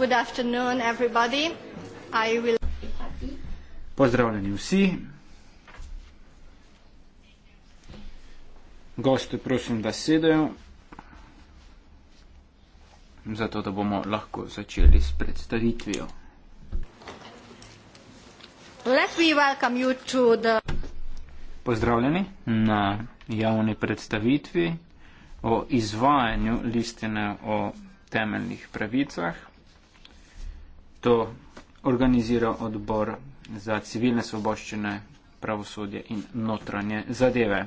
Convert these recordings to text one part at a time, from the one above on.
Good afternoon, everybody. I will... Pozdravljeni vsi. Goste prosim, da sedajo. Zato, da bomo lahko začeli s predstavitvijo. Let me welcome you to the... Pozdravljeni na javni predstavitvi o izvajanju listine o temeljnih pravicah to organiziral odbor za civilne svoboščine, pravosodje in notranje zadeve.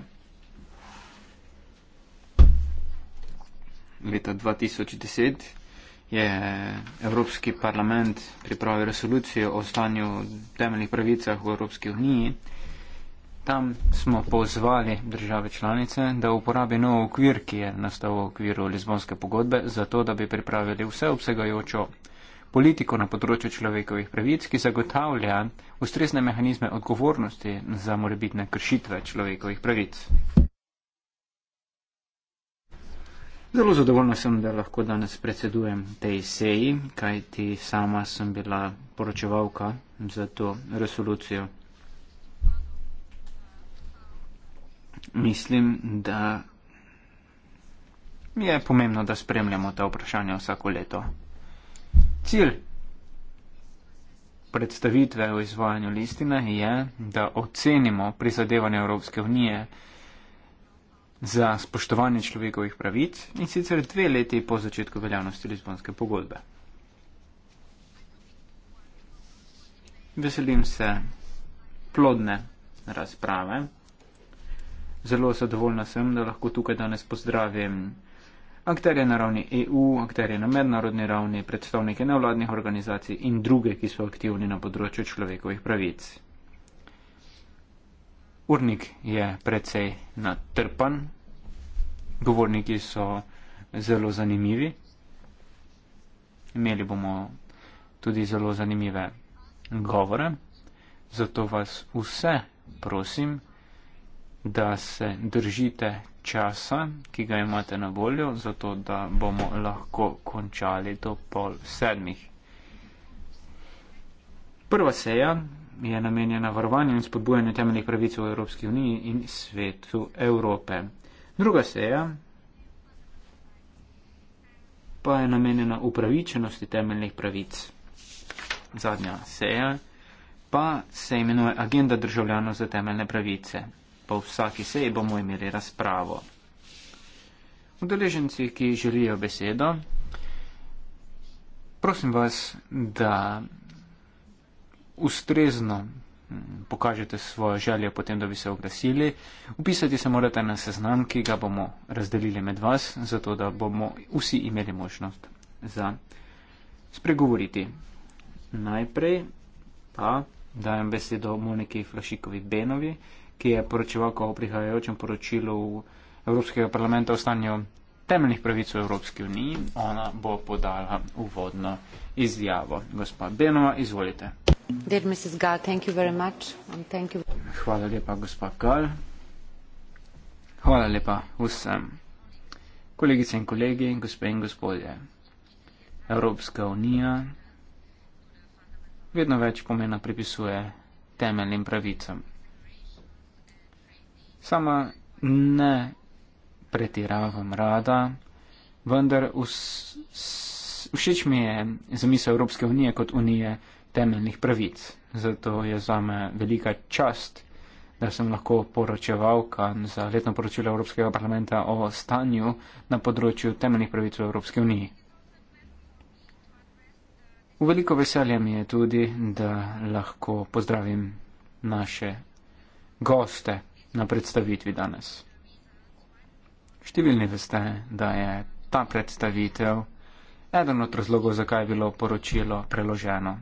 Leta 2010 je Evropski parlament pripravil resolucijo o stanju temeljnih pravicah v Evropski uniji. Tam smo pozvali države članice, da uporabi nov okvir, ki je nastal v okviru Lizbonske pogodbe, zato da bi pripravili vseobsegajočo politiko na področju človekovih pravic, ki zagotavlja ustrezne mehanizme odgovornosti za morebitne kršitve človekovih pravic. Zelo zadovoljna sem, da lahko danes predsedujem tej seji, kajti sama sem bila poročevalka za to resolucijo. Mislim, da je pomembno, da spremljamo ta vprašanja vsako leto. Cilj predstavitve o izvajanju listine je, da ocenimo prizadevanje Evropske unije za spoštovanje človekovih pravic in sicer dve leti po začetku veljavnosti Lizbonske pogodbe. Veselim se plodne razprave. Zelo zadovoljna sem, da lahko tukaj danes pozdravim akterje na ravni EU, akterje na mednarodni ravni, predstavnike nevladnih organizacij in druge, ki so aktivni na področju človekovih pravic. Urnik je precej natrpan, govorniki so zelo zanimivi, imeli bomo tudi zelo zanimive govore, zato vas vse prosim, da se držite časa, ki ga imate na voljo, zato da bomo lahko končali do pol sedmih. Prva seja je namenjena varovanju in spodbujanju temeljnih pravic v Evropski uniji in svetu Evrope. Druga seja pa je namenjena upravičenosti temeljnih pravic. Zadnja seja pa se imenuje Agenda državljanov za temeljne pravice pa vsaki seji bomo imeli razpravo. Udeleženci, ki želijo besedo, prosim vas, da ustrezno hm, pokažete svojo željo potem, da bi se oglasili. Upisati se morate na seznam, ki ga bomo razdelili med vas, zato da bomo vsi imeli možnost za spregovoriti. Najprej pa dajem besedo Moniki Flašikovi Benovi ki je poročeval o prihajajočem poročilu Evropskega parlamenta o stanju temeljnih pravic v Evropski uniji. Ona bo podala uvodno izjavo. Gospa Benova, izvolite. Dear Mrs. Gall, thank you very much. And thank you. Hvala lepa, gospa Gall. Hvala lepa vsem. Kolegice in kolegi, gospe in gospodje, Evropska unija vedno več pomena pripisuje temeljnim pravicam. Sama ne pretiravam rada, vendar všeč mi je zamisel Evropske unije kot unije temeljnih pravic. Zato je zame velika čast, da sem lahko poročevalka za letno poročilo Evropskega parlamenta o stanju na področju temeljnih pravic v Evropski uniji. V veliko veselje mi je tudi, da lahko pozdravim naše goste na predstavitvi danes. Številni veste, da je ta predstavitev eden od razlogov, zakaj je bilo poročilo preloženo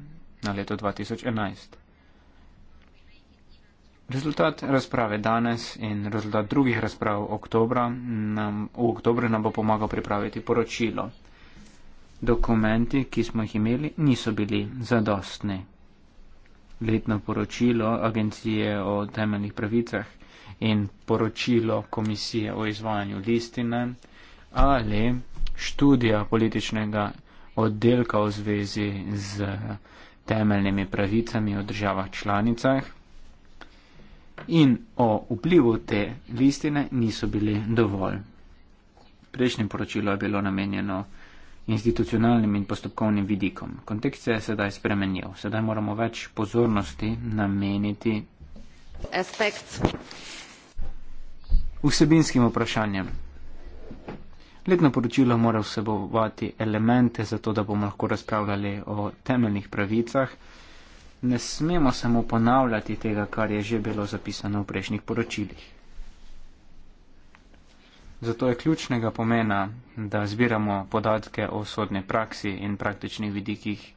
na leto 2011. Rezultat razprave danes in rezultat drugih razprav oktobra nam, v oktobru nam bo pomagal pripraviti poročilo. Dokumenti, ki smo jih imeli, niso bili zadostni. Letno poročilo Agencije o temeljnih pravicah in poročilo komisije o izvajanju listine ali študija političnega oddelka v zvezi z temeljnimi pravicami v državah članicah in o vplivu te listine niso bili dovolj. Prejšnje poročilo je bilo namenjeno institucionalnim in postopkovnim vidikom. Kontekst se je sedaj spremenil. Sedaj moramo več pozornosti nameniti aspektom vsebinskim vprašanjem. Letno poročilo mora vsebovati elemente, zato da bomo lahko razpravljali o temeljnih pravicah. Ne smemo samo ponavljati tega, kar je že bilo zapisano v prejšnjih poročilih. Zato je ključnega pomena, da zbiramo podatke o sodni praksi in praktičnih vidikih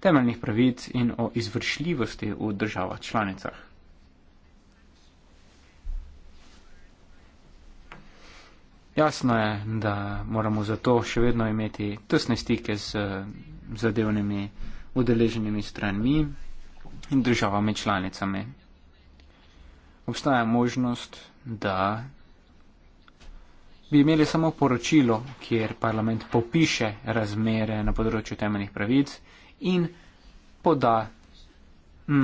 temeljnih pravic in o izvršljivosti v državah članicah. Jasno je, da moramo zato še vedno imeti tesne stike z zadevnimi udeleženimi stranmi in državami članicami. Obstaja možnost, da bi imeli samo poročilo, kjer parlament popiše razmere na področju temeljnih pravic in poda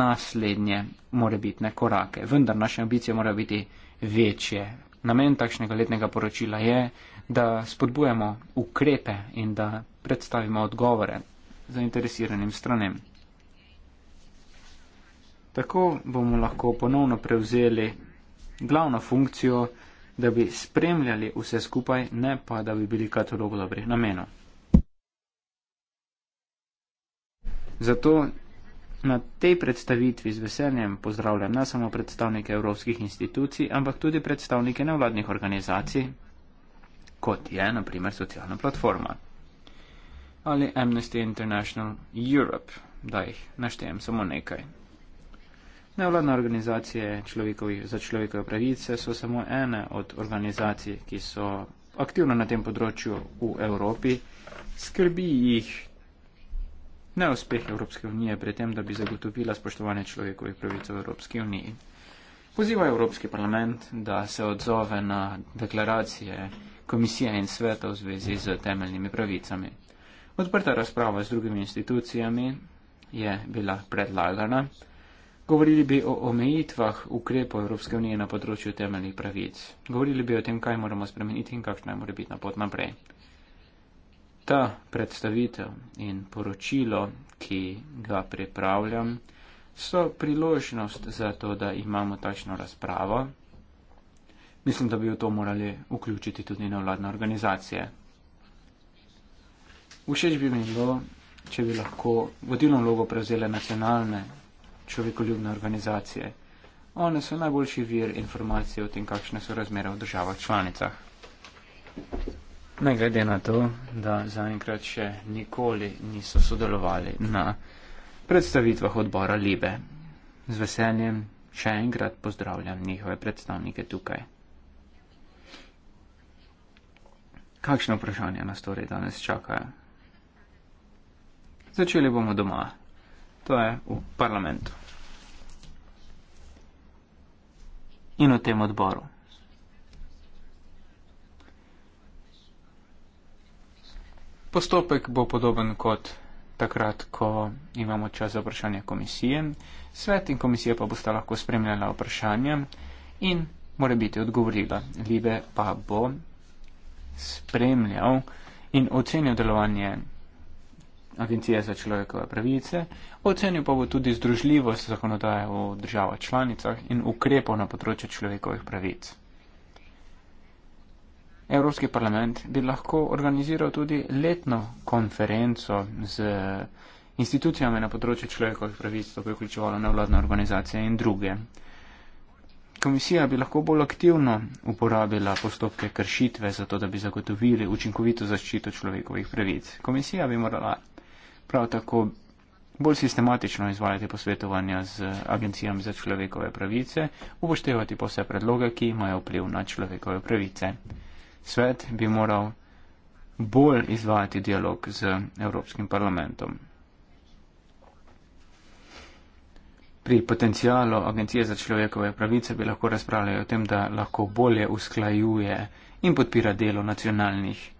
naslednje morebitne korake. Vendar naše ambicije morajo biti večje, namen takšnega letnega poročila je, da spodbujamo ukrepe in da predstavimo odgovore zainteresiranim stranem. Tako bomo lahko ponovno prevzeli glavno funkcijo, da bi spremljali vse skupaj, ne pa da bi bili katalog dobrih namenov. Zato Na tej predstavitvi z veseljem pozdravljam ne samo predstavnike evropskih institucij, ampak tudi predstavnike nevladnih organizacij, kot je naprimer socialna platforma ali Amnesty International Europe, da jih naštejem samo nekaj. Nevladne organizacije za človekove pravice so samo ene od organizacij, ki so aktivno na tem področju v Evropi. Skrbi jih neuspeh Evropske unije pri tem, da bi zagotovila spoštovanje človekovih pravic v Evropski uniji. Poziva Evropski parlament, da se odzove na deklaracije komisije in sveta v zvezi z temeljnimi pravicami. Odprta razprava z drugimi institucijami je bila predlagana. Govorili bi o omejitvah ukrepov Evropske unije na področju temeljnih pravic. Govorili bi o tem, kaj moramo spremeniti in kakšna je mora biti na pot naprej ta predstavitev in poročilo, ki ga pripravljam, so priložnost za to, da imamo tačno razpravo. Mislim, da bi v to morali vključiti tudi nevladne organizacije. Všeč bi mi bilo, če bi lahko vodilno vlogo prevzele nacionalne človekoljubne organizacije. One so najboljši vir informacije o tem, kakšne so razmere v državah članicah. Thank you ne glede na to, da zaenkrat še nikoli niso sodelovali na predstavitvah odbora Libe. Z veseljem še enkrat pozdravljam njihove predstavnike tukaj. Kakšno vprašanje nas torej danes čakajo? Začeli bomo doma, to je v parlamentu. In v tem odboru. Postopek bo podoben kot takrat, ko imamo čas za vprašanje komisije. Svet in komisija pa bosta lahko spremljala vprašanja in mora biti odgovorila. Libe pa bo spremljal in ocenil delovanje Agencije za človekove pravice, ocenil pa bo tudi združljivost zakonodaje v državah članicah in ukrepov na področju človekovih pravic. Evropski parlament bi lahko organiziral tudi letno konferenco z institucijami na področju človekovih pravic, to bi vključevalo nevladne organizacije in druge. Komisija bi lahko bolj aktivno uporabila postopke kršitve, zato da bi zagotovili učinkovito zaščito človekovih pravic. Komisija bi morala prav tako bolj sistematično izvajati posvetovanja z agencijami za človekove pravice, upoštevati pa vse predloge, ki imajo vpliv na človekove pravice. Svet bi moral bolj izvajati dialog z Evropskim parlamentom. Pri potencijalu Agencije za človekove pravice bi lahko razpravljali o tem, da lahko bolje usklajuje in podpira delo nacionalnih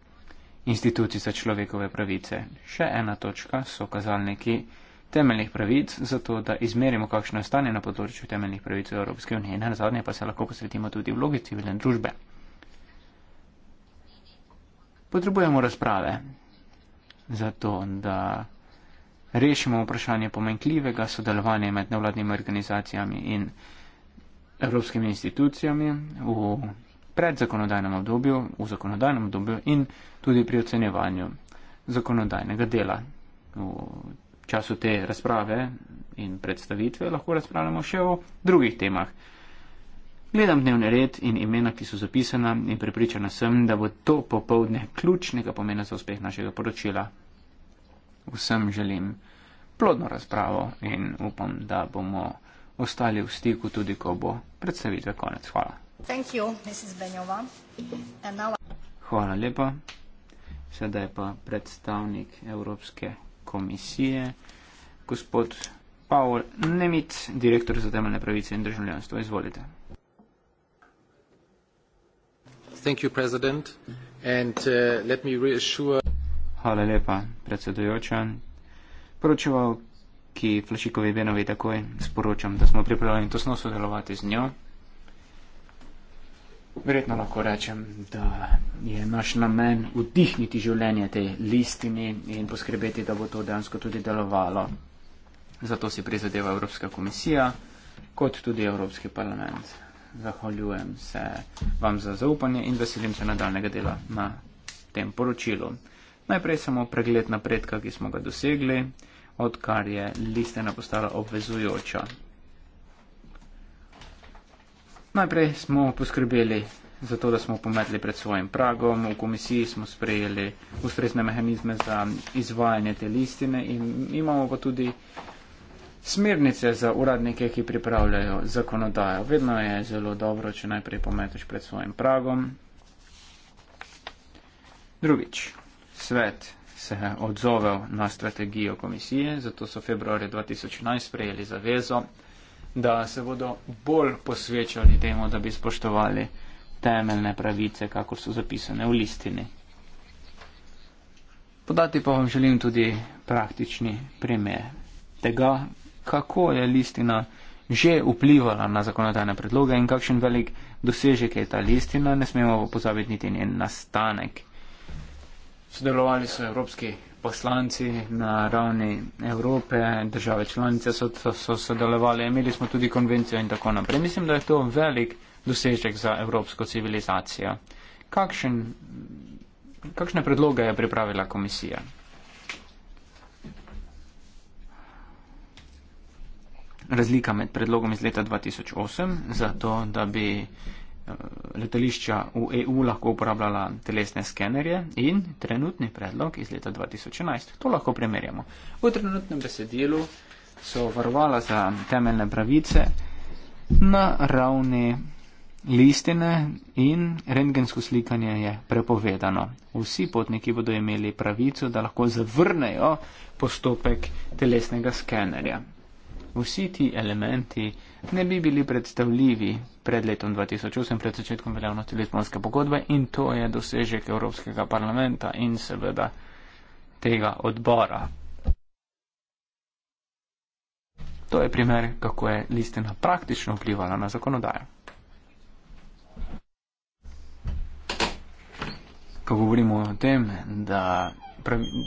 institucij za človekove pravice. Še ena točka so kazalniki temeljnih pravic, zato da izmerimo, kakšno je stanje na področju temeljnih pravic v Evropske unije. Na zadnje pa se lahko posvetimo tudi vlogi civilne družbe potrebujemo razprave za to, da rešimo vprašanje pomenkljivega sodelovanja med nevladnimi organizacijami in evropskimi institucijami v predzakonodajnem obdobju, v zakonodajnem obdobju in tudi pri ocenjevanju zakonodajnega dela. V času te razprave in predstavitve lahko razpravljamo še o drugih temah. Gledam dnevni red in imena, ki so zapisana in prepričana sem, da bo to popovdne ključnega pomena za uspeh našega poročila. Vsem želim plodno razpravo in upam, da bomo ostali v stiku tudi, ko bo predstavitve konec. Hvala. You, now... Hvala lepa. Sedaj pa predstavnik Evropske komisije, gospod Paul Nemit, direktor za temeljne pravice in državljanstvo. Izvolite. Uh, Hvala lepa, predsedujoča. Poročeval, ki Flašikovi Benovi takoj sporočam, da smo pripravljeni tesno sodelovati z njo. Verjetno lahko rečem, da je naš namen vdihniti življenje tej listini in poskrbeti, da bo to dejansko tudi delovalo. Zato si prizadeva Evropska komisija kot tudi Evropski parlament zahvaljujem se vam za zaupanje in veselim se nadaljnega dela na tem poročilu. Najprej samo pregled napredka, ki smo ga dosegli, odkar je listena postala obvezujoča. Najprej smo poskrbeli za to, da smo pometli pred svojim pragom, v komisiji smo sprejeli ustrezne mehanizme za izvajanje te listine in imamo pa tudi smernice za uradnike, ki pripravljajo zakonodajo. Vedno je zelo dobro, če najprej pometeš pred svojim pragom. Drugič, svet se je odzoval na strategijo komisije, zato so februarja 2011 sprejeli zavezo, da se bodo bolj posvečali temu, da bi spoštovali temeljne pravice, kako so zapisane v listini. Podati pa vam želim tudi praktični primer tega, kako je listina že vplivala na zakonodajne predloge in kakšen velik dosežek je ta listina, ne smemo pozabiti niti njen nastanek. Sodelovali so evropski poslanci na ravni Evrope, države članice so, so sodelovali, imeli smo tudi konvencijo in tako naprej. Mislim, da je to velik dosežek za evropsko civilizacijo. Kakšen, kakšne predloge je pripravila komisija? razlika med predlogom iz leta 2008, zato da bi eh, letališča v EU lahko uporabljala telesne skenerje in trenutni predlog iz leta 2011. To lahko primerjamo. V trenutnem besedilu so varovala za temeljne pravice na ravni listine in rentgensko slikanje je prepovedano. Vsi potniki bodo imeli pravico, da lahko zavrnejo postopek telesnega skenerja vsi ti elementi ne bi bili predstavljivi pred letom 2008, pred začetkom veljavnosti Lisbonske pogodbe in to je dosežek Evropskega parlamenta in seveda tega odbora. To je primer, kako je listina praktično vplivala na zakonodajo. Ko govorimo o tem, da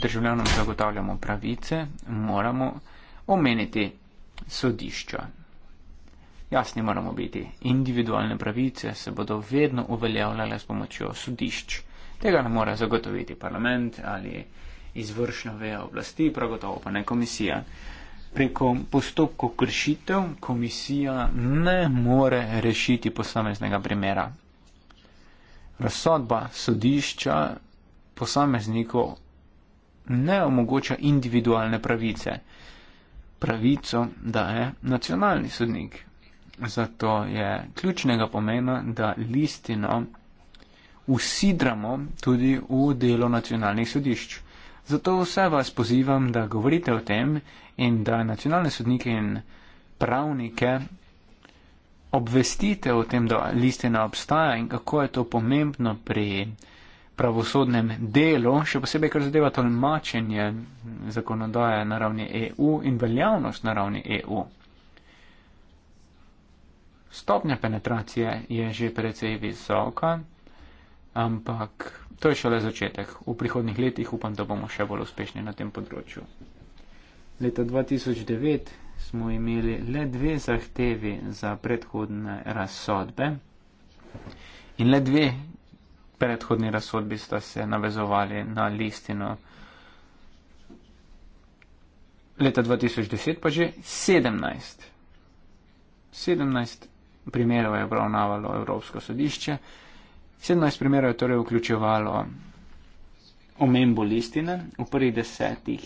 državljanom zagotavljamo pravice, moramo omeniti sodišča. Jasni moramo biti, individualne pravice se bodo vedno uveljavljale s pomočjo sodišč. Tega ne more zagotoviti parlament ali izvršna veja oblasti, prav gotovo pa ne komisija. Preko postopkov kršitev komisija ne more rešiti posameznega primera. Razsodba sodišča posameznikov ne omogoča individualne pravice pravico, da je nacionalni sodnik. Zato je ključnega pomena, da listino usidramo tudi v delo nacionalnih sodišč. Zato vse vas pozivam, da govorite o tem in da nacionalne sodnike in pravnike obvestite o tem, da listina obstaja in kako je to pomembno pri pravosodnem delu, še posebej, kar zadeva tolmačenje zakonodaje na ravni EU in veljavnost na ravni EU. Stopnja penetracije je že precej visoka, ampak to je šele začetek. V prihodnih letih upam, da bomo še bolj uspešni na tem področju. Leta 2009 smo imeli le dve zahtevi za predhodne razsodbe in le dve predhodni razsodbi sta se navezovali na listino. Leta 2010 pa že 17. 17 primerov je obravnavalo Evropsko sodišče. 17 primerov je torej vključevalo omembo listine. V prvih desetih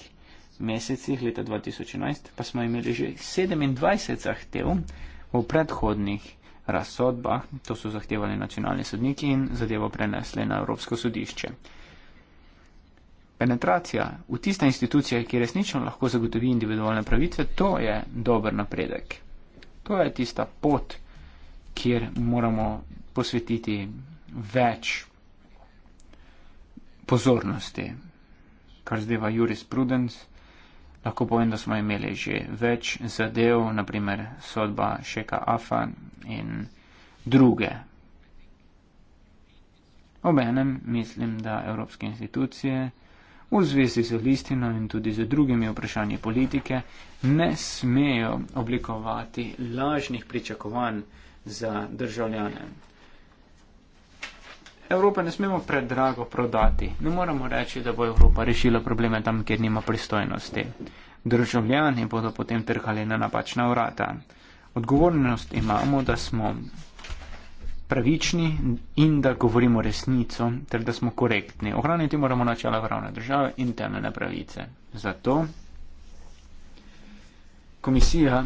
mesecih leta 2011 pa smo imeli že 27 zahtev v predhodnih razsodba, to so zahtevali nacionalni sodniki in zadevo prenesli na Evropsko sodišče. Penetracija v tiste institucije, ki resnično lahko zagotovi individualne pravice, to je dober napredek. To je tista pot, kjer moramo posvetiti več pozornosti, kar zdaj v jurisprudence. Lahko povem, da smo imeli že več zadev, naprimer sodba Šeka Afa in druge. Obenem mislim, da evropske institucije v zvezi z listino in tudi z drugimi vprašanji politike ne smejo oblikovati lažnih pričakovanj za državljane. Evrope ne smemo predrago prodati. Ne moramo reči, da bo Evropa rešila probleme tam, kjer nima pristojnosti. Državljani bodo potem trhali na napačna vrata odgovornost imamo, da smo pravični in da govorimo resnico, ter da smo korektni. Ohraniti moramo načela pravne države in temeljne pravice. Zato komisija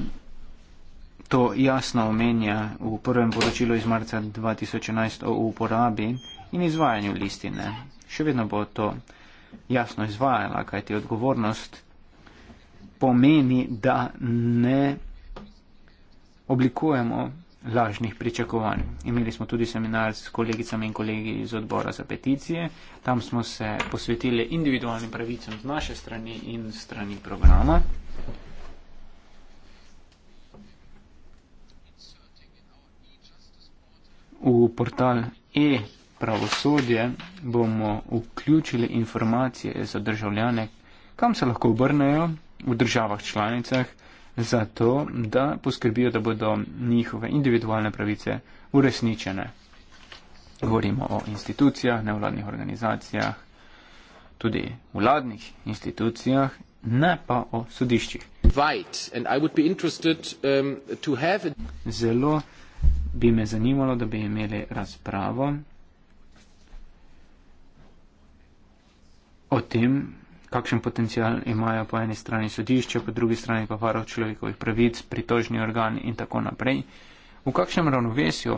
to jasno omenja v prvem poročilu iz marca 2011 o uporabi in izvajanju listine. Še vedno bo to jasno izvajala, kajti odgovornost pomeni, da ne oblikujemo lažnih pričakovanj. Imeli smo tudi seminar s kolegicami in kolegi iz odbora za peticije. Tam smo se posvetili individualnim pravicam z naše strani in strani programa. V portal e-pravosodje bomo vključili informacije za državljane, kam se lahko obrnejo v državah članicah, za to, da poskrbijo, da bodo njihove individualne pravice uresničene. Govorimo o institucijah, nevladnih organizacijah, tudi vladnih institucijah, ne pa o sodiščih. Um, Zelo bi me zanimalo, da bi imeli razpravo o tem, kakšen potencial imajo po eni strani sodišče, po drugi strani pa varov človekovih pravic, pritožni organ in tako naprej. V kakšnem ravnovesju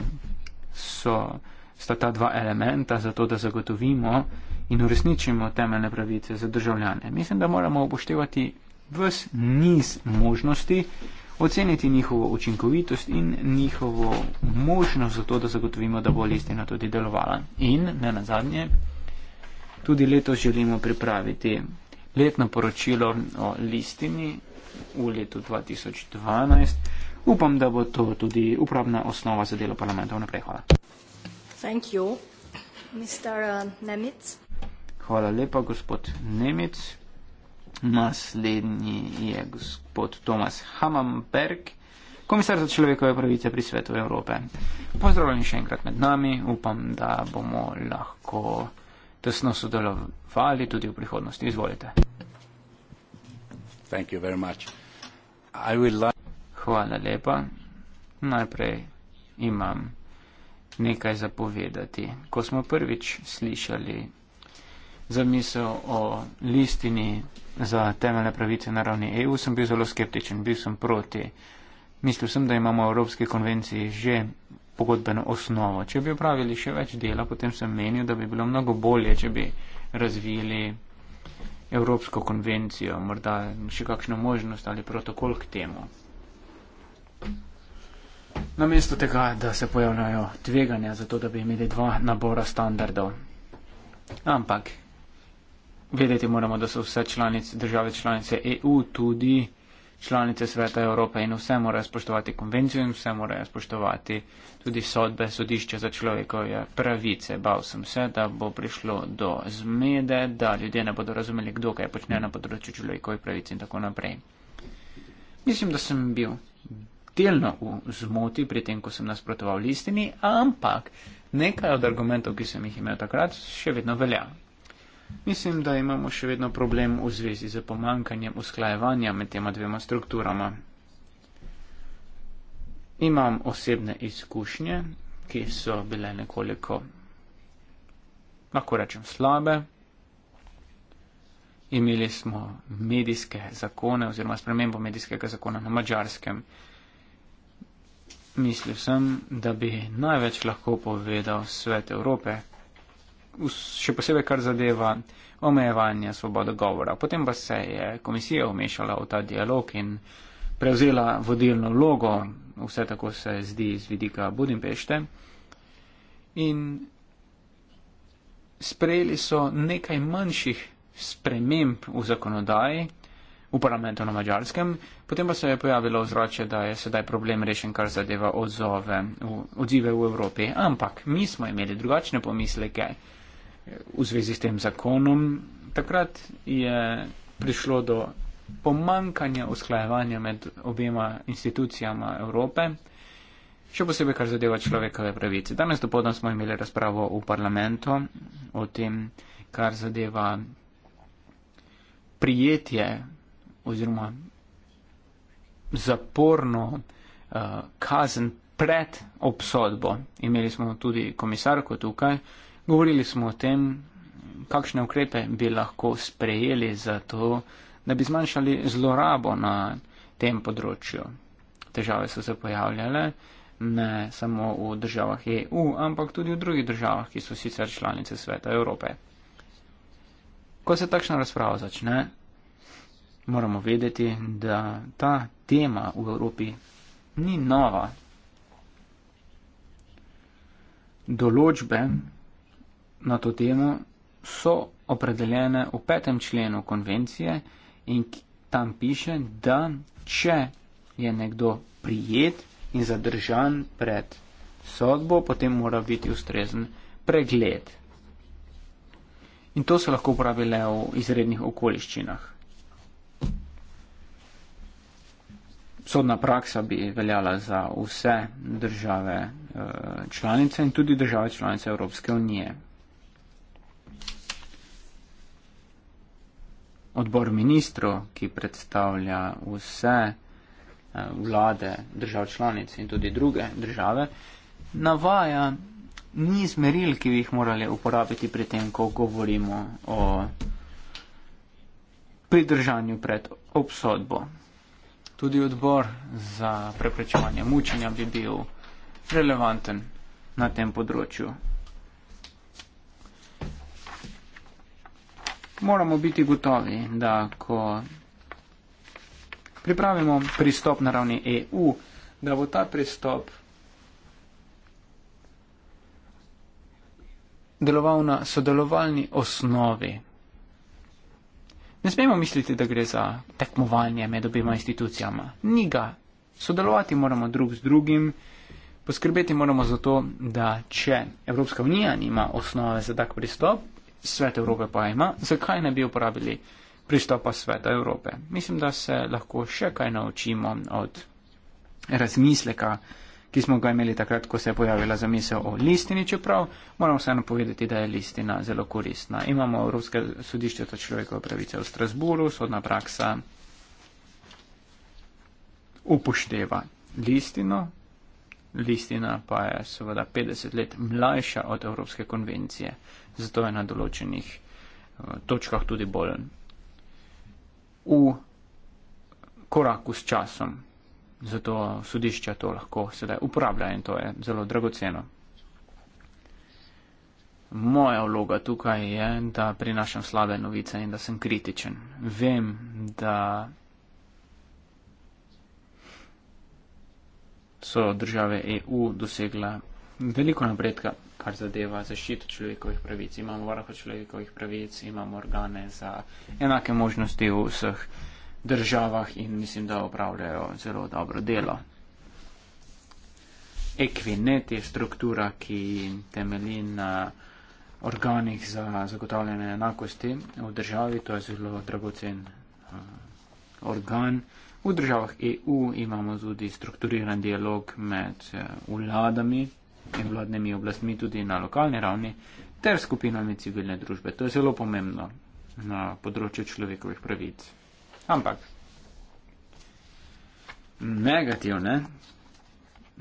so, sta ta dva elementa za to, da zagotovimo in uresničimo temeljne pravice za državljane? Mislim, da moramo upoštevati vs niz možnosti, oceniti njihovo učinkovitost in njihovo možnost za to, da zagotovimo, da bo listina tudi delovala. In ne na zadnje, tudi letos želimo pripraviti letno poročilo o listini v letu 2012. Upam, da bo to tudi upravna osnova za delo parlamenta. Vnaprej hvala. Thank you, Mr. Uh, Nemec. Hvala lepa, gospod Nemec. Naslednji je gospod Tomas Hammamberg, komisar za človekove pravice pri svetu Evrope. Pozdravljen še enkrat med nami. Upam, da bomo lahko tesno sodelovali tudi v prihodnosti. Izvolite. Hvala lepa. Najprej imam nekaj zapovedati. Ko smo prvič slišali zamisel o listini za temeljne pravice na ravni EU, sem bil zelo skeptičen, bil sem proti. Mislil sem, da imamo v Evropski konvenciji že pogodbeno osnovo. Če bi opravili še več dela, potem sem menil, da bi bilo mnogo bolje, če bi razvili Evropsko konvencijo, morda še kakšno možnost ali protokol k temu. Namesto tega, da se pojavljajo tveganja, zato da bi imeli dva nabora standardov. Ampak, vedeti moramo, da so vse članice, države članice EU tudi članice sveta Evrope in vse morajo spoštovati konvencijo in vse morajo spoštovati tudi sodbe sodišča za človekove pravice. Bal sem se, da bo prišlo do zmede, da ljudje ne bodo razumeli, kdo kaj počne na področju človekove pravice in tako naprej. Mislim, da sem bil delno v zmoti pri tem, ko sem nasprotoval listini, ampak nekaj od argumentov, ki sem jih imel takrat, še vedno velja. Mislim, da imamo še vedno problem v zvezi z pomankanjem usklajevanja med tema dvema strukturama. Imam osebne izkušnje, ki so bile nekoliko, lahko rečem, slabe. Imeli smo medijske zakone oziroma spremembo medijskega zakona na mačarskem. Mislil sem, da bi največ lahko povedal svet Evrope, še posebej kar zadeva omejevanje svobode govora. Potem pa se je komisija umešala v ta dialog in prevzela vodilno vlogo, vse tako se zdi z vidika Budimpešte. In sprejeli so nekaj manjših sprememb v zakonodaji v parlamentu na mačarskem, potem pa se je pojavilo vzroče, da je sedaj problem rešen, kar zadeva odzove, odzive v Evropi. Ampak mi smo imeli drugačne pomisleke v zvezi s tem zakonom. Takrat je prišlo do pomankanja usklajevanja med obema institucijama Evrope, še posebej kar zadeva človekove pravice. Danes dopoldne smo imeli razpravo v parlamentu o tem, kar zadeva prijetje oziroma zaporno uh, kazen pred obsodbo. Imeli smo tudi komisarko tukaj, uh, Govorili smo o tem, kakšne ukrepe bi lahko sprejeli za to, da bi zmanjšali zlorabo na tem področju. Težave so se pojavljale ne samo v državah EU, ampak tudi v drugih državah, ki so sicer članice sveta Evrope. Ko se takšna razprava začne, moramo vedeti, da ta tema v Evropi ni nova. Določbe, na to temo so opredeljene v petem členu konvencije in tam piše, da če je nekdo prijet in zadržan pred sodbo, potem mora biti ustrezen pregled. In to se lahko uporabi le v izrednih okoliščinah. Sodna praksa bi veljala za vse države eh, članice in tudi države članice Evropske unije. odbor ministrov, ki predstavlja vse eh, vlade držav članic in tudi druge države, navaja niz meril, ki bi jih morali uporabiti pri tem, ko govorimo o pridržanju pred obsodbo. Tudi odbor za preprečevanje mučenja bi bil relevanten na tem področju. moramo biti gotovi, da ko pripravimo pristop na ravni EU, da bo ta pristop deloval na sodelovalni osnovi. Ne smemo misliti, da gre za tekmovanje med obima institucijama. Ni ga. Sodelovati moramo drug z drugim, poskrbeti moramo za to, da če Evropska unija nima osnove za tak pristop, svet Evrope pa ima, zakaj ne bi uporabili pristopa sveta Evrope? Mislim, da se lahko še kaj naučimo od razmisleka, ki smo ga imeli takrat, ko se je pojavila zamisel o listini, čeprav moram vseeno povedati, da je listina zelo koristna. Imamo Evropske sodišče za človekove pravice v Strasburu, sodna praksa upošteva listino, listina pa je seveda 50 let mlajša od Evropske konvencije zato je na določenih eh, točkah tudi bolj v koraku s časom. Zato sodišča to lahko sedaj uporablja in to je zelo dragoceno. Moja vloga tukaj je, da prinašam slabe novice in da sem kritičen. Vem, da so države EU dosegla veliko napredka, kar zadeva zaščito človekovih pravic. Imamo varuha človekovih pravic, imamo organe za enake možnosti v vseh državah in mislim, da upravljajo zelo dobro delo. Equinet je struktura, ki temelji na organih za zagotavljanje enakosti v državi. To je zelo dragocen uh, organ. V državah EU imamo tudi strukturiran dialog med uh, vladami, in vladnimi oblastmi tudi na lokalni ravni ter skupinami civilne družbe. To je zelo pomembno na področju človekovih pravic. Ampak negativne,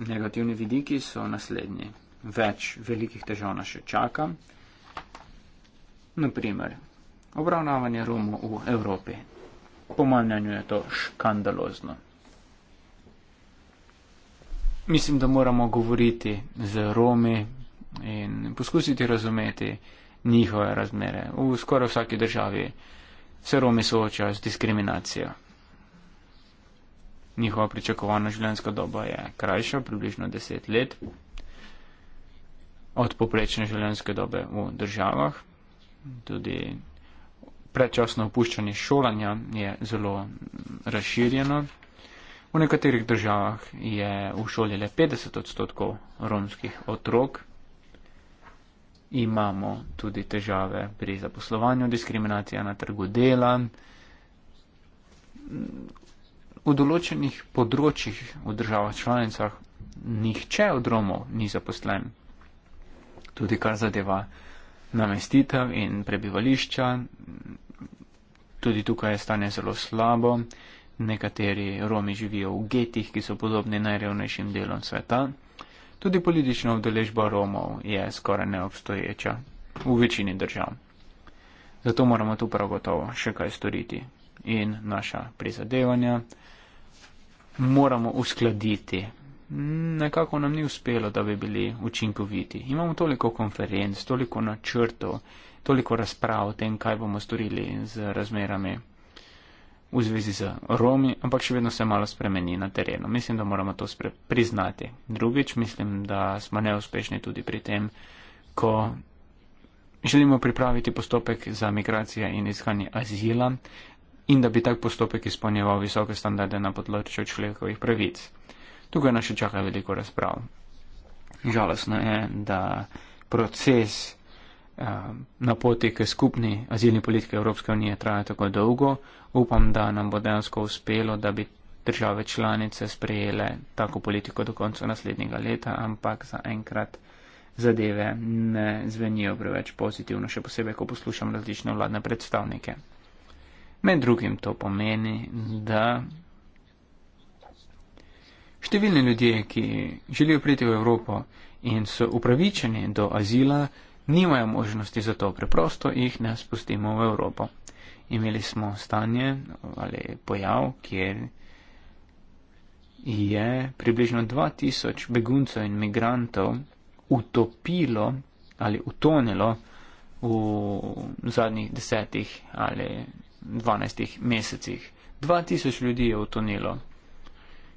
negativni vidiki so naslednji. Več velikih težav nas še čaka. Naprimer, obravnavanje Romov v Evropi. Po mojem mnenju je to škandalozno mislim, da moramo govoriti z Romi in poskusiti razumeti njihove razmere. V skoraj vsaki državi se Romi soočajo z diskriminacijo. Njihova pričakovana življenjska doba je krajša, približno 10 let od poprečne življenjske dobe v državah. Tudi predčasno opuščanje šolanja je zelo razširjeno V nekaterih državah je v šoli le 50 odstotkov romskih otrok. Imamo tudi težave pri zaposlovanju, diskriminacija na trgu dela. V določenih področjih v državah članicah nihče od Romov ni zaposlen. Tudi kar zadeva namestitev in prebivališča. Tudi tukaj je stanje zelo slabo nekateri Romi živijo v getih, ki so podobni najrevnejšim delom sveta, tudi politična vdeležba Romov je skoraj neobstoječa v večini držav. Zato moramo tu prav gotovo še kaj storiti in naša prizadevanja moramo uskladiti. Nekako nam ni uspelo, da bi bili učinkoviti. Imamo toliko konferenc, toliko načrtov, toliko razprav o tem, kaj bomo storili z razmerami v zvezi z Romi, ampak še vedno se malo spremeni na terenu. Mislim, da moramo to priznati. Drugič, mislim, da smo neuspešni tudi pri tem, ko želimo pripraviti postopek za migracije in iskanje azila in da bi tak postopek izpolnjeval visoke standarde na področju človekovih pravic. Tukaj nas še čaka veliko razprav. Žalostno je, da proces eh, na poti k skupni azilni politiki Evropske unije traja tako dolgo, upam, da nam bo dejansko uspelo, da bi države članice sprejele tako politiko do konca naslednjega leta, ampak zaenkrat zadeve ne zvenijo preveč pozitivno, še posebej, ko poslušam različne vladne predstavnike. Med drugim to pomeni, da številni ljudje, ki želijo priti v Evropo in so upravičeni do azila, nimajo možnosti za to, preprosto jih ne spustimo v Evropo imeli smo stanje ali pojav, kjer je približno 2000 beguncev in migrantov utopilo ali utonilo v zadnjih desetih ali dvanajstih mesecih. 2000 ljudi je utonilo.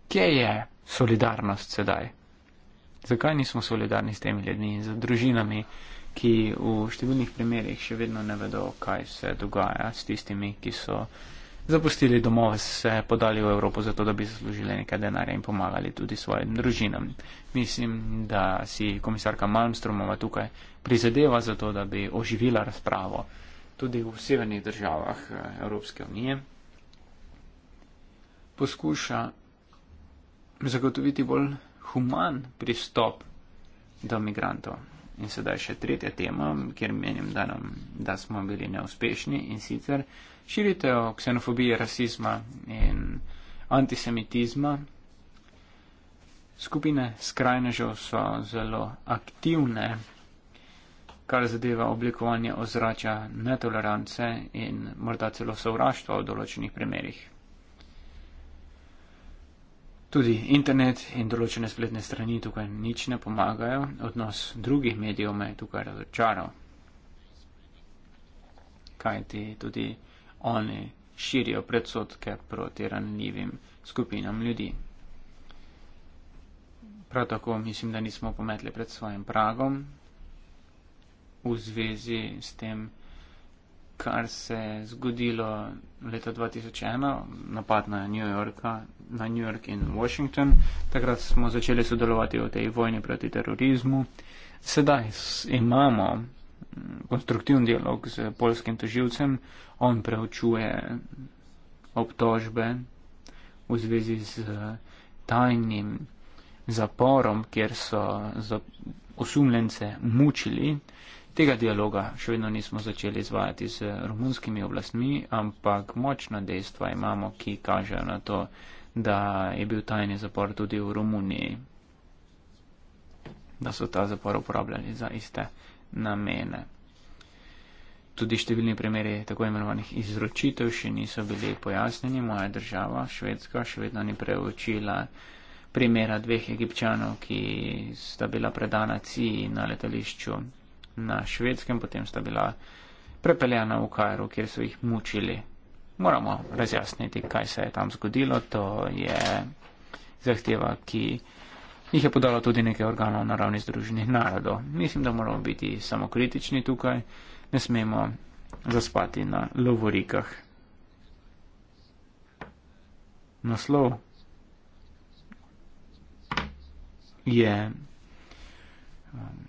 Kje je solidarnost sedaj? Zakaj nismo solidarni s temi ljudmi in z družinami? ki v številnih primerjih še vedno ne vedo, kaj se dogaja s tistimi, ki so zapustili domove, se podali v Evropo zato, da bi zaslužili nekaj denarja in pomagali tudi svojim družinam. Mislim, da si komisarka Malmstromova tukaj prizadeva za to, da bi oživila razpravo tudi v severnih državah eh, Evropske unije. Poskuša zagotoviti bolj human pristop do migrantov. In sedaj še tretja tema, kjer menim, da, nam, da smo bili neuspešni in sicer širitev ksenofobije, rasizma in antisemitizma. Skupine skrajnežev so zelo aktivne, kar zadeva oblikovanje ozračja netolerance in morda celo sovraštva v določenih primerjih. Tudi internet in določene spletne strani tukaj nič ne pomagajo, odnos drugih medijev me je tukaj razočaral. Kaj ti tudi oni širijo predsotke proti ranljivim skupinam ljudi. Prav tako mislim, da nismo pometli pred svojim pragom v zvezi s tem, kar se je zgodilo leta 2001, napad na New, Yorka, na New York in Washington. Takrat smo začeli sodelovati v tej vojni proti terorizmu. Sedaj imamo mm, konstruktivn dialog z polskim toživcem, on preučuje obtožbe v zvezi z tajnim zaporom, kjer so osumljence mučili. Tega dialoga še vedno nismo začeli izvajati z romunskimi oblastmi, ampak močna dejstva imamo, ki kažejo na to, da je bil tajni zapor tudi v Romuniji, da so ta zapor uporabljali za iste namene. Tudi številni primeri tako imenovanih izročitev še niso bili pojasnjeni. Moja država, Švedska, še vedno ni preučila primera dveh egipčanov, ki sta bila predana CIA na letališču na švedskem, potem sta bila prepeljana v Kajru, kjer so jih mučili. Moramo razjasniti, kaj se je tam zgodilo. To je zahteva, ki jih je podalo tudi nekaj organov na ravni Združenih narodov. Mislim, da moramo biti samokritični tukaj, ne smemo zaspati na lovorikah. Naslov je um,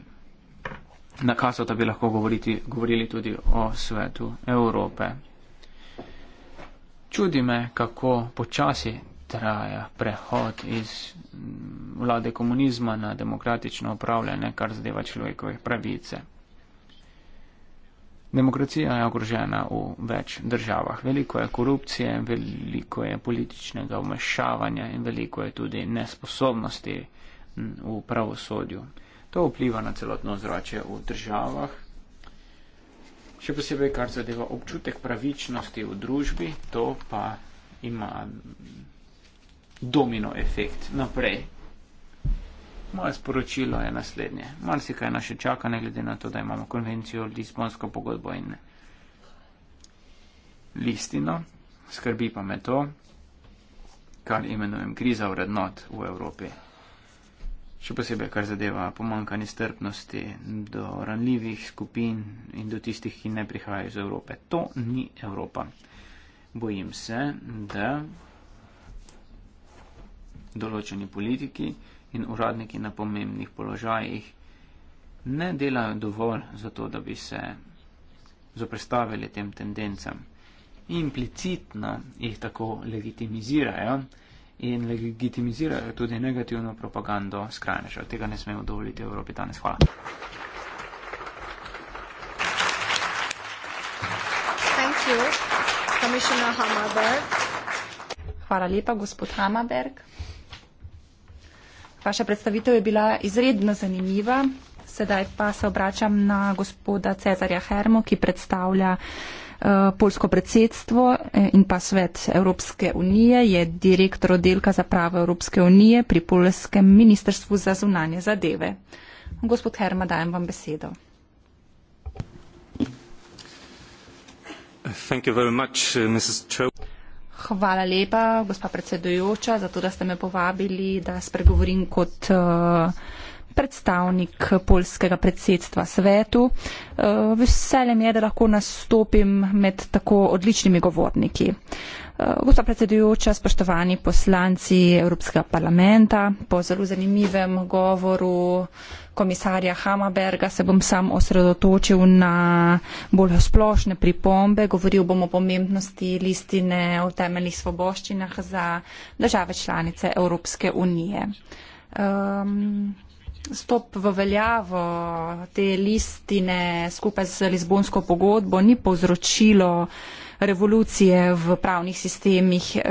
nakazal, da bi lahko govoriti, govorili tudi o svetu Evrope. Čudi me, kako počasi traja prehod iz mm, vlade komunizma na demokratično upravljanje, kar zadeva človekove pravice. Demokracija je ogrožena v več državah. Veliko je korupcije, veliko je političnega vmešavanja in veliko je tudi nesposobnosti mm, v pravosodju. To vpliva na celotno zrače v državah, še posebej kar zadeva občutek pravičnosti v družbi, to pa ima domino efekt naprej. Moje sporočilo je naslednje. Mar si kaj naše čaka, ne glede na to, da imamo konvencijo, Lisbonsko pogodbo in listino. Skrbi pa me to, kar imenujem kriza vrednot v Evropi še posebej, kar zadeva pomankanje strpnosti do ranljivih skupin in do tistih, ki ne prihajajo iz Evrope. To ni Evropa. Bojim se, da določeni politiki in uradniki na pomembnih položajih ne delajo dovolj za to, da bi se zoprestavili tem tendencam. Implicitno jih tako legitimizirajo, in legitimizirajo tudi negativno propagando skrajnežev. Tega ne smemo dovoliti v Evropi danes. Hvala. Hvala lepa, gospod Hamaberg. Vaša predstavitev je bila izredno zanimiva. Sedaj pa se obračam na gospoda Cezarja Hermo, ki predstavlja uh, Eh, polsko predsedstvo eh, in pa svet Evropske unije je direktor oddelka za pravo Evropske unije pri Polskem ministrstvu za zunanje zadeve. Gospod Herma, dajem vam besedo. Eh, Hvala lepa, gospa predsedujoča, za to, da ste me povabili, da spregovorim kot uh, predstavnik polskega predsedstva svetu. Eh, Veselim je, da lahko nastopim med tako odličnimi govorniki. Eh, gospa predsedujoča, spoštovani poslanci Evropskega parlamenta, po zelo zanimivem govoru komisarja Hamaberga se bom sam osredotočil na bolj splošne pripombe. Govoril bom o pomembnosti listine o temeljnih svoboščinah za države članice Evropske unije. Um, stop v veljavo te listine skupaj z Lizbonsko pogodbo ni povzročilo revolucije v pravnih sistemih eh,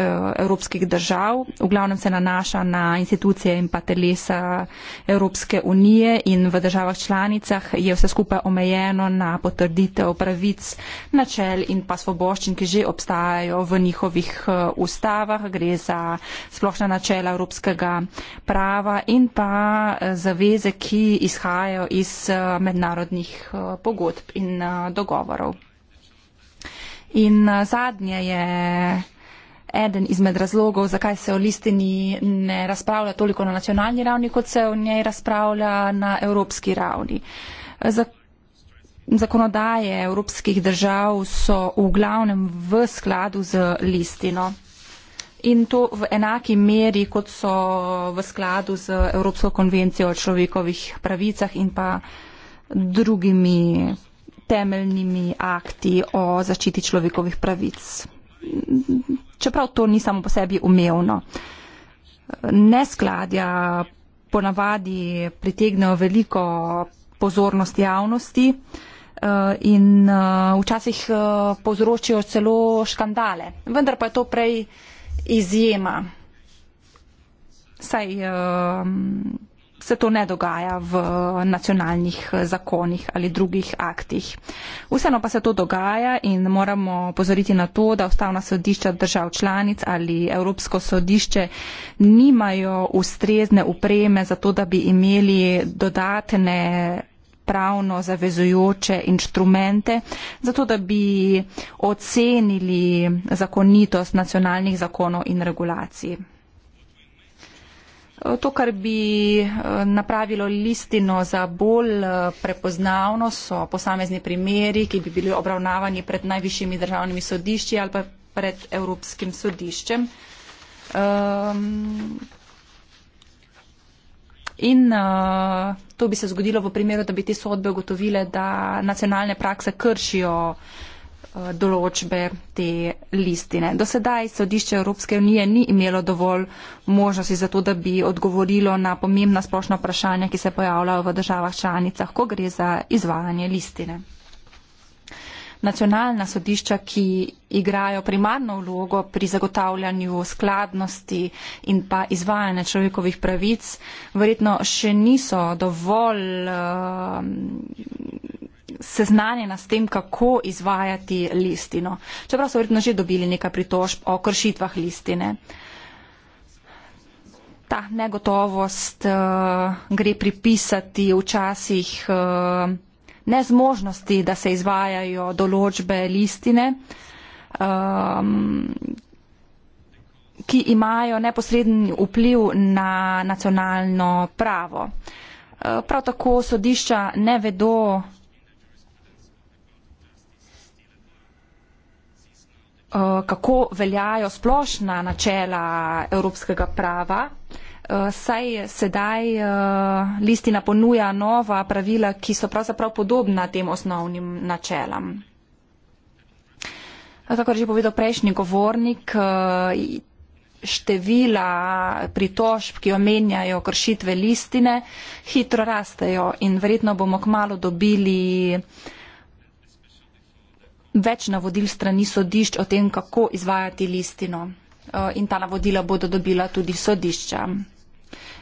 evropskih držav. V glavnem se nanaša na institucije in pa telesa Evropske unije in v državah članicah je vse skupaj omejeno na potrditev pravic, načel in pa svoboščin, ki že obstajajo v njihovih eh, ustavah. Gre za splošna načela evropskega prava in pa eh, zaveze, ki izhajajo iz mednarodnih pogodb in dogovorov. In eh, zadnje je eden izmed razlogov, zakaj se o listini ne razpravlja toliko na nacionalni ravni, kot se o njej razpravlja na evropski ravni. Eh, zakonodaje evropskih držav so v glavnem v skladu z listino. In to v enaki meri, kot so v skladu z Evropsko konvencijo o človekovih pravicah in pa drugimi temeljnimi akti o zaščiti človekovih pravic. Čeprav to ni samo po sebi umevno. Neskladja ponavadi pritegnejo veliko pozornost javnosti eh, in eh, včasih eh, povzročijo celo škandale. Vendar pa je to prej izjema. Saj se to ne dogaja v nacionalnih zakonih ali drugih aktih. Vseeno pa se to dogaja in moramo pozoriti na to, da ustavna sodišča držav članic ali Evropsko sodišče nimajo ustrezne upreme za to, da bi imeli dodatne pravno zavezujoče inštrumente, zato da bi ocenili zakonitost nacionalnih zakonov in regulacij. To, kar bi eh, napravilo listino za bolj eh, prepoznavno, so posamezni primeri, ki bi bili obravnavani pred najvišjimi državnimi sodišči ali pa pred Evropskim sodiščem. Um, In uh, to bi se zgodilo v primeru, da bi te sodbe ugotovile, da nacionalne prakse kršijo uh, Eh, določbe te listine. Do sedaj sodišče Evropske unije ni imelo dovolj možnosti za to, da bi odgovorilo na pomembna splošna vprašanja, ki se pojavljajo v državah članicah, ko gre za izvajanje listine nacionalna sodišča, ki igrajo primarno vlogo pri zagotavljanju skladnosti in pa izvajanja človekovih pravic, verjetno še niso dovolj uh, seznanjena s tem, kako izvajati listino. Čeprav so verjetno že dobili nekaj pritožb o kršitvah listine. Ta negotovost uh, gre pripisati včasih uh, nezmožnosti, da se izvajajo določbe listine, um, ki imajo neposreden vpliv na nacionalno pravo. Uh, prav tako sodišča ne vedo, uh, kako veljajo splošna načela evropskega prava. Eh, saj sedaj eh, listina ponuja nova pravila, ki so pravzaprav podobna tem osnovnim načelam. Tako eh, je že povedal prejšnji govornik, števila pritožb, ki omenjajo kršitve listine, hitro rastejo in verjetno bomo kmalo dobili več navodil strani sodišč o tem, kako izvajati listino. In ta navodila bodo dobila tudi sodišča.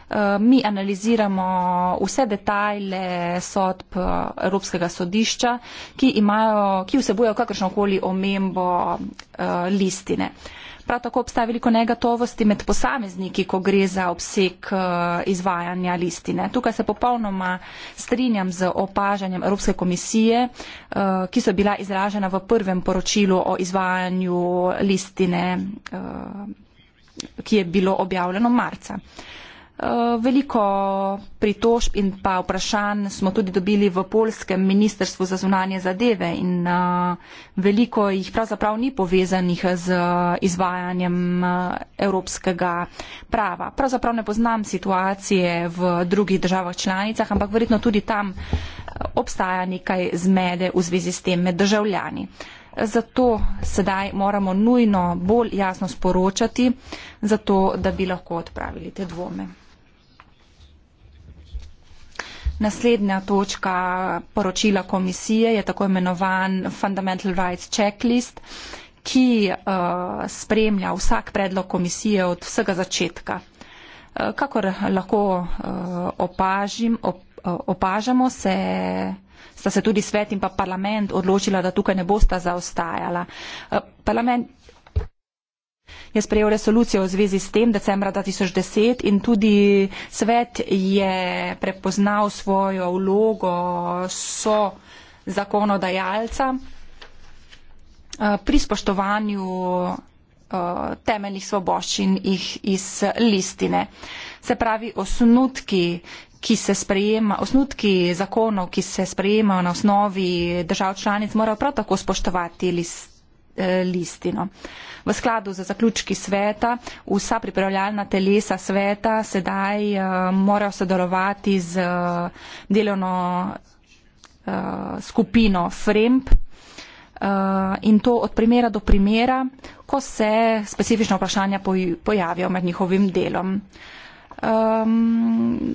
Eh, mi analiziramo vse detajle sodb eh, Evropskega sodišča, ki, imajo, ki vsebujejo kakršnokoli omembo eh, listine. Prav tako obstaja veliko negotovosti med posamezniki, ko gre za obseg izvajanja listine. Tukaj se popolnoma strinjam z opažanjem Evropske komisije, ki so bila izražena v prvem poročilu o izvajanju listine, ki je bilo objavljeno marca. Eh, veliko pritožb in pa vprašanj smo tudi dobili v polskem ministrstvu za zunanje zadeve in eh, veliko jih pravzaprav ni povezanih z eh, izvajanjem evropskega prava. Pravzaprav ne poznam situacije v drugih državah članicah, ampak verjetno tudi tam obstaja nekaj zmede v zvezi s tem med državljani. Zato sedaj moramo nujno bolj jasno sporočati, zato da bi lahko odpravili te dvome. Naslednja točka poročila komisije je tako imenovan Fundamental Rights Checklist, ki uh, spremlja vsak predlog komisije od vsega začetka. Uh, kakor eh, lahko uh, opažim, op, opažamo, se, sta se tudi svet in pa parlament odločila, da tukaj ne bosta zaostajala. Uh, parlament je sprejel resolucijo v zvezi s tem decembra 2010 in tudi svet je prepoznal svojo vlogo so zakonodajalca eh, pri spoštovanju eh, temeljnih svoboščin jih iz listine. Se pravi, osnutki, ki se sprejema, osnutki zakonov, ki se sprejemajo na osnovi držav članic, morajo prav tako spoštovati list Eh, listino. V skladu za zaključki sveta, vsa pripravljalna telesa sveta sedaj eh, morajo sodelovati z eh, delovno skupino FREMP in to od primera do primera, ko se specifična vprašanja pojavijo med njihovim delom. Ehm,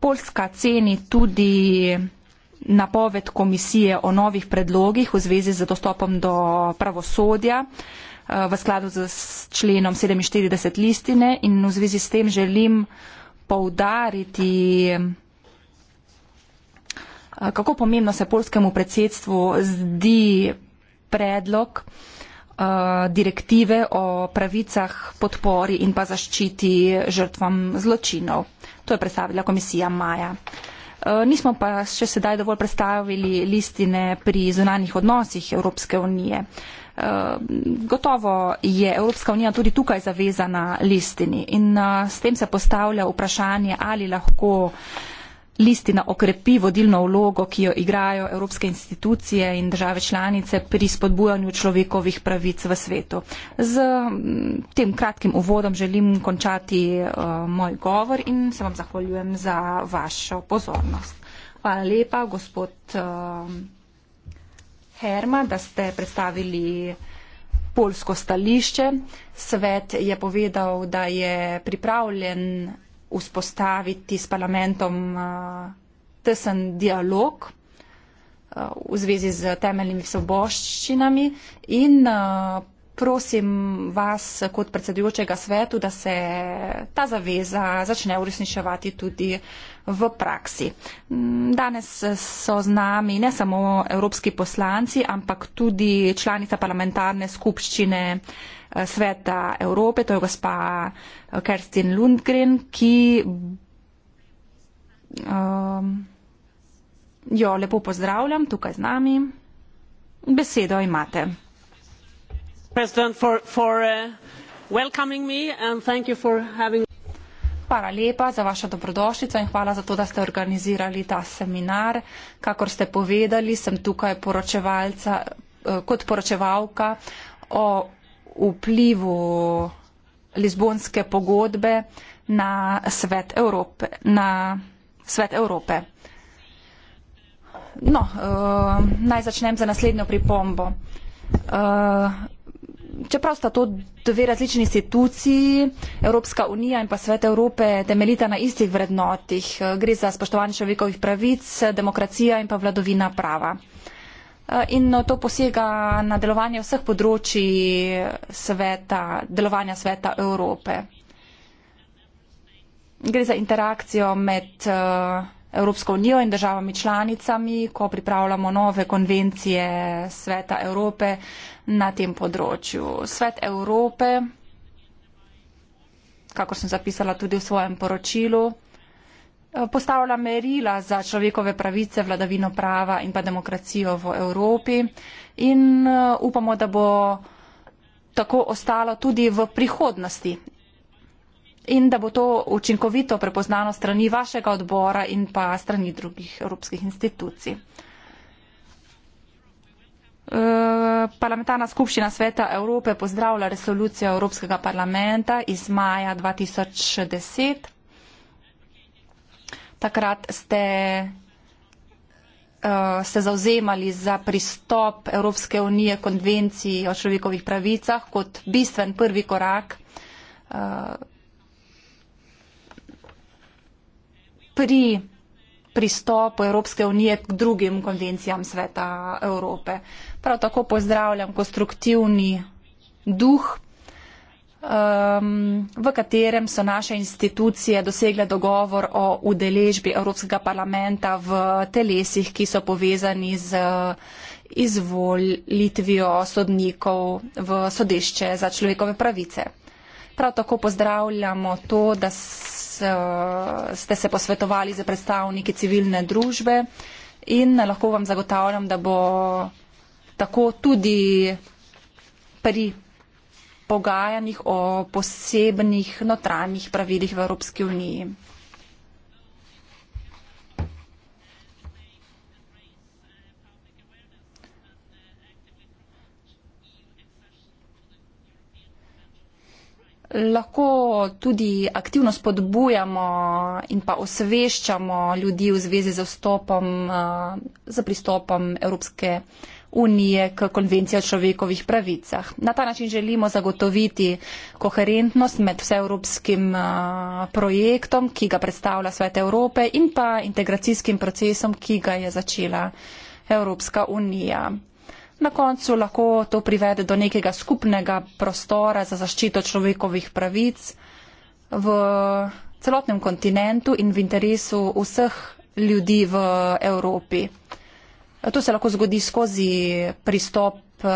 Poljska ceni tudi napoved komisije o novih predlogih v zvezi z dostopom do pravosodja eh, v skladu z členom 47 listine in v zvezi s tem želim poudariti, eh, kako pomembno se polskemu predsedstvu zdi predlog eh, direktive o pravicah podpori in pa zaščiti žrtvam zločinov. To je predstavila komisija Maja. Eh, nismo pa še sedaj dovolj predstavili listine pri zunanjih odnosih Evropske unije. Eh, gotovo je Evropska unija tudi tukaj zavezana listini in eh, s tem se postavlja vprašanje, ali lahko uh, listina okrepi vodilno vlogo, ki jo igrajo evropske institucije in države članice pri spodbujanju človekovih pravic v svetu. Z tem kratkim uvodom želim končati uh, moj govor in se vam zahvaljujem za vašo pozornost. Hvala lepa, gospod uh, eh, Herma, da ste predstavili polsko stališče. Svet je povedal, da je pripravljen vzpostaviti s parlamentom eh, tesen dialog eh, v zvezi z temeljnimi soboščinami in eh, prosim vas kot predsedujočega svetu, da se ta zaveza začne uresničevati tudi v praksi. Mm, danes so z nami ne samo evropski poslanci, ampak tudi članica parlamentarne skupščine Eh, sveta Evrope, to je gospa eh, Kerstin Lundgren, ki um, jo lepo pozdravljam tukaj z nami. Besedo imate. Eh, hvala lepa za vašo dobrodošljico in hvala za to, da ste organizirali ta seminar. Kakor ste povedali, sem tukaj poročevalca, kot poročevalka o vplivu Lizbonske pogodbe na svet Evrope. Na svet Evrope. No, uh, naj začnem za naslednjo pripombo. Uh, čeprav sta to dve različni instituciji, Evropska unija in pa svet Evrope, temeljita na istih vrednotih, eh, gre za spoštovanje človekovih pravic, demokracija in pa vladovina prava. Eh, in eh, to posega na delovanje vseh področji eh, sveta, delovanja sveta Evrope. Gre za interakcijo med Evropsko unijo in državami članicami, ko pripravljamo nove konvencije sveta Evrope na tem področju. Svet Evrope, kako sem zapisala tudi v svojem poročilu, postavila merila za človekove pravice, vladavino prava in pa demokracijo v Evropi. In eh, upamo, da bo tako ostalo tudi v prihodnosti in da bo to učinkovito prepoznano strani vašega odbora in pa strani drugih evropskih institucij. Eh, parlamentarna skupščina Sveta Evrope pozdravlja resolucijo Evropskega parlamenta iz maja 2010 takrat ste uh, se zauzemali za pristop Evropske unije konvenciji o človekovih pravicah kot bistven prvi korak uh, pri pristopu Evropske unije k drugim konvencijam sveta Evrope. Prav tako pozdravljam konstruktivni duh um, v katerem so naše institucije dosegle dogovor o udeležbi Evropskega parlamenta v telesih, ki so povezani z uh, izvolitvijo sodnikov v sodišče za človekove pravice. Prav tako pozdravljamo to, da s, uh, ste se posvetovali z predstavniki civilne družbe in lahko vam zagotavljam, da bo tako tudi pri pogajanjih o posebnih notranjih pravilih v Evropski uniji. Lahko tudi aktivno spodbujamo in pa osveščamo ljudi v zvezi z vstopom, eh, z pristopom Evropske unije unije k konvenciji o človekovih pravicah. Na ta način želimo zagotoviti koherentnost med vseevropskim eh, projektom, ki ga predstavlja Svet Evrope in pa integracijskim procesom, ki ga je začela Evropska unija. Na koncu lahko to privede do nekega skupnega prostora za zaščito človekovih pravic v celotnem kontinentu in v interesu vseh ljudi v Evropi. To se lahko zgodi skozi pristop eh,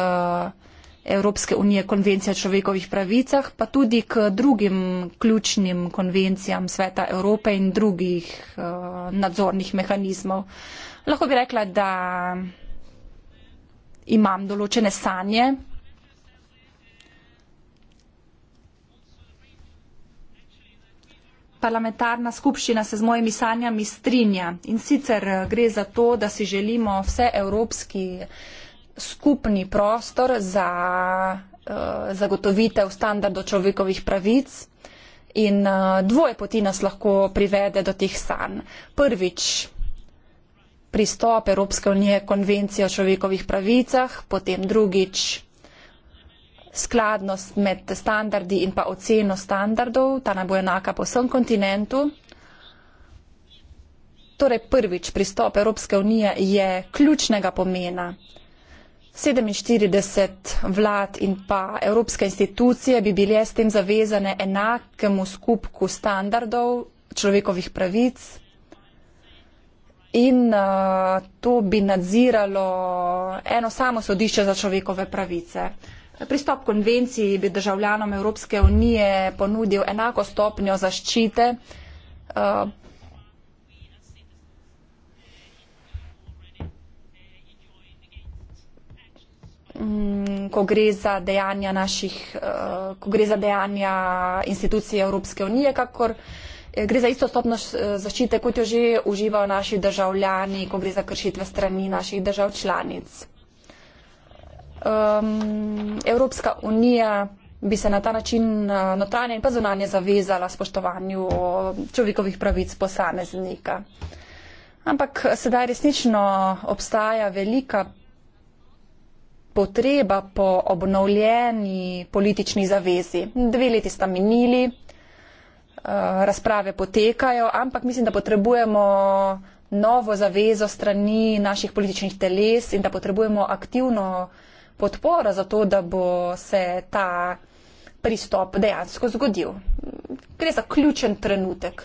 Evropske unije konvencija o človekovih pravicah, pa tudi k drugim ključnim konvencijam sveta Evrope in drugih eh, nadzornih mehanizmov. Lahko bi rekla, da imam določene sanje, parlamentarna skupščina se z mojimi sanjami strinja in sicer eh, gre za to, da si želimo vse evropski skupni prostor za uh, zagotovitev standardov človekovih pravic in uh, dvoje poti nas lahko privede do teh sanj. Prvič pristop Evropske unije konvencije o človekovih pravicah, potem drugič skladnost med standardi in pa oceno standardov, ta naj bo enaka po vsem kontinentu. Torej prvič pristop Evropske unije je ključnega pomena. 47 vlad in pa evropske institucije bi bile s tem zavezane enakemu skupku standardov človekovih pravic in uh, to bi nadziralo eno samo sodišče za človekove pravice. Uh, Pristop konvenciji bi državljanom Evropske unije ponudil enako stopnjo zaščite. Eh, mm, ko gre, naših, eh, ko gre za dejanja institucij Evropske unije, kakor eh, gre za isto stopno zaščite, kot jo že uživajo naši državljani, ko gre za kršitve strani naših držav članic um, Evropska unija bi se na ta način uh, notranje in pa zunanje zavezala spoštovanju človekovih pravic posameznika. Ampak sedaj resnično obstaja velika potreba po obnovljeni politični zavezi. Dve leti sta minili, uh, razprave potekajo, ampak mislim, da potrebujemo novo zavezo strani naših političnih teles in da potrebujemo aktivno podpora za to, da bo se ta pristop dejansko zgodil. Gre za ključen trenutek.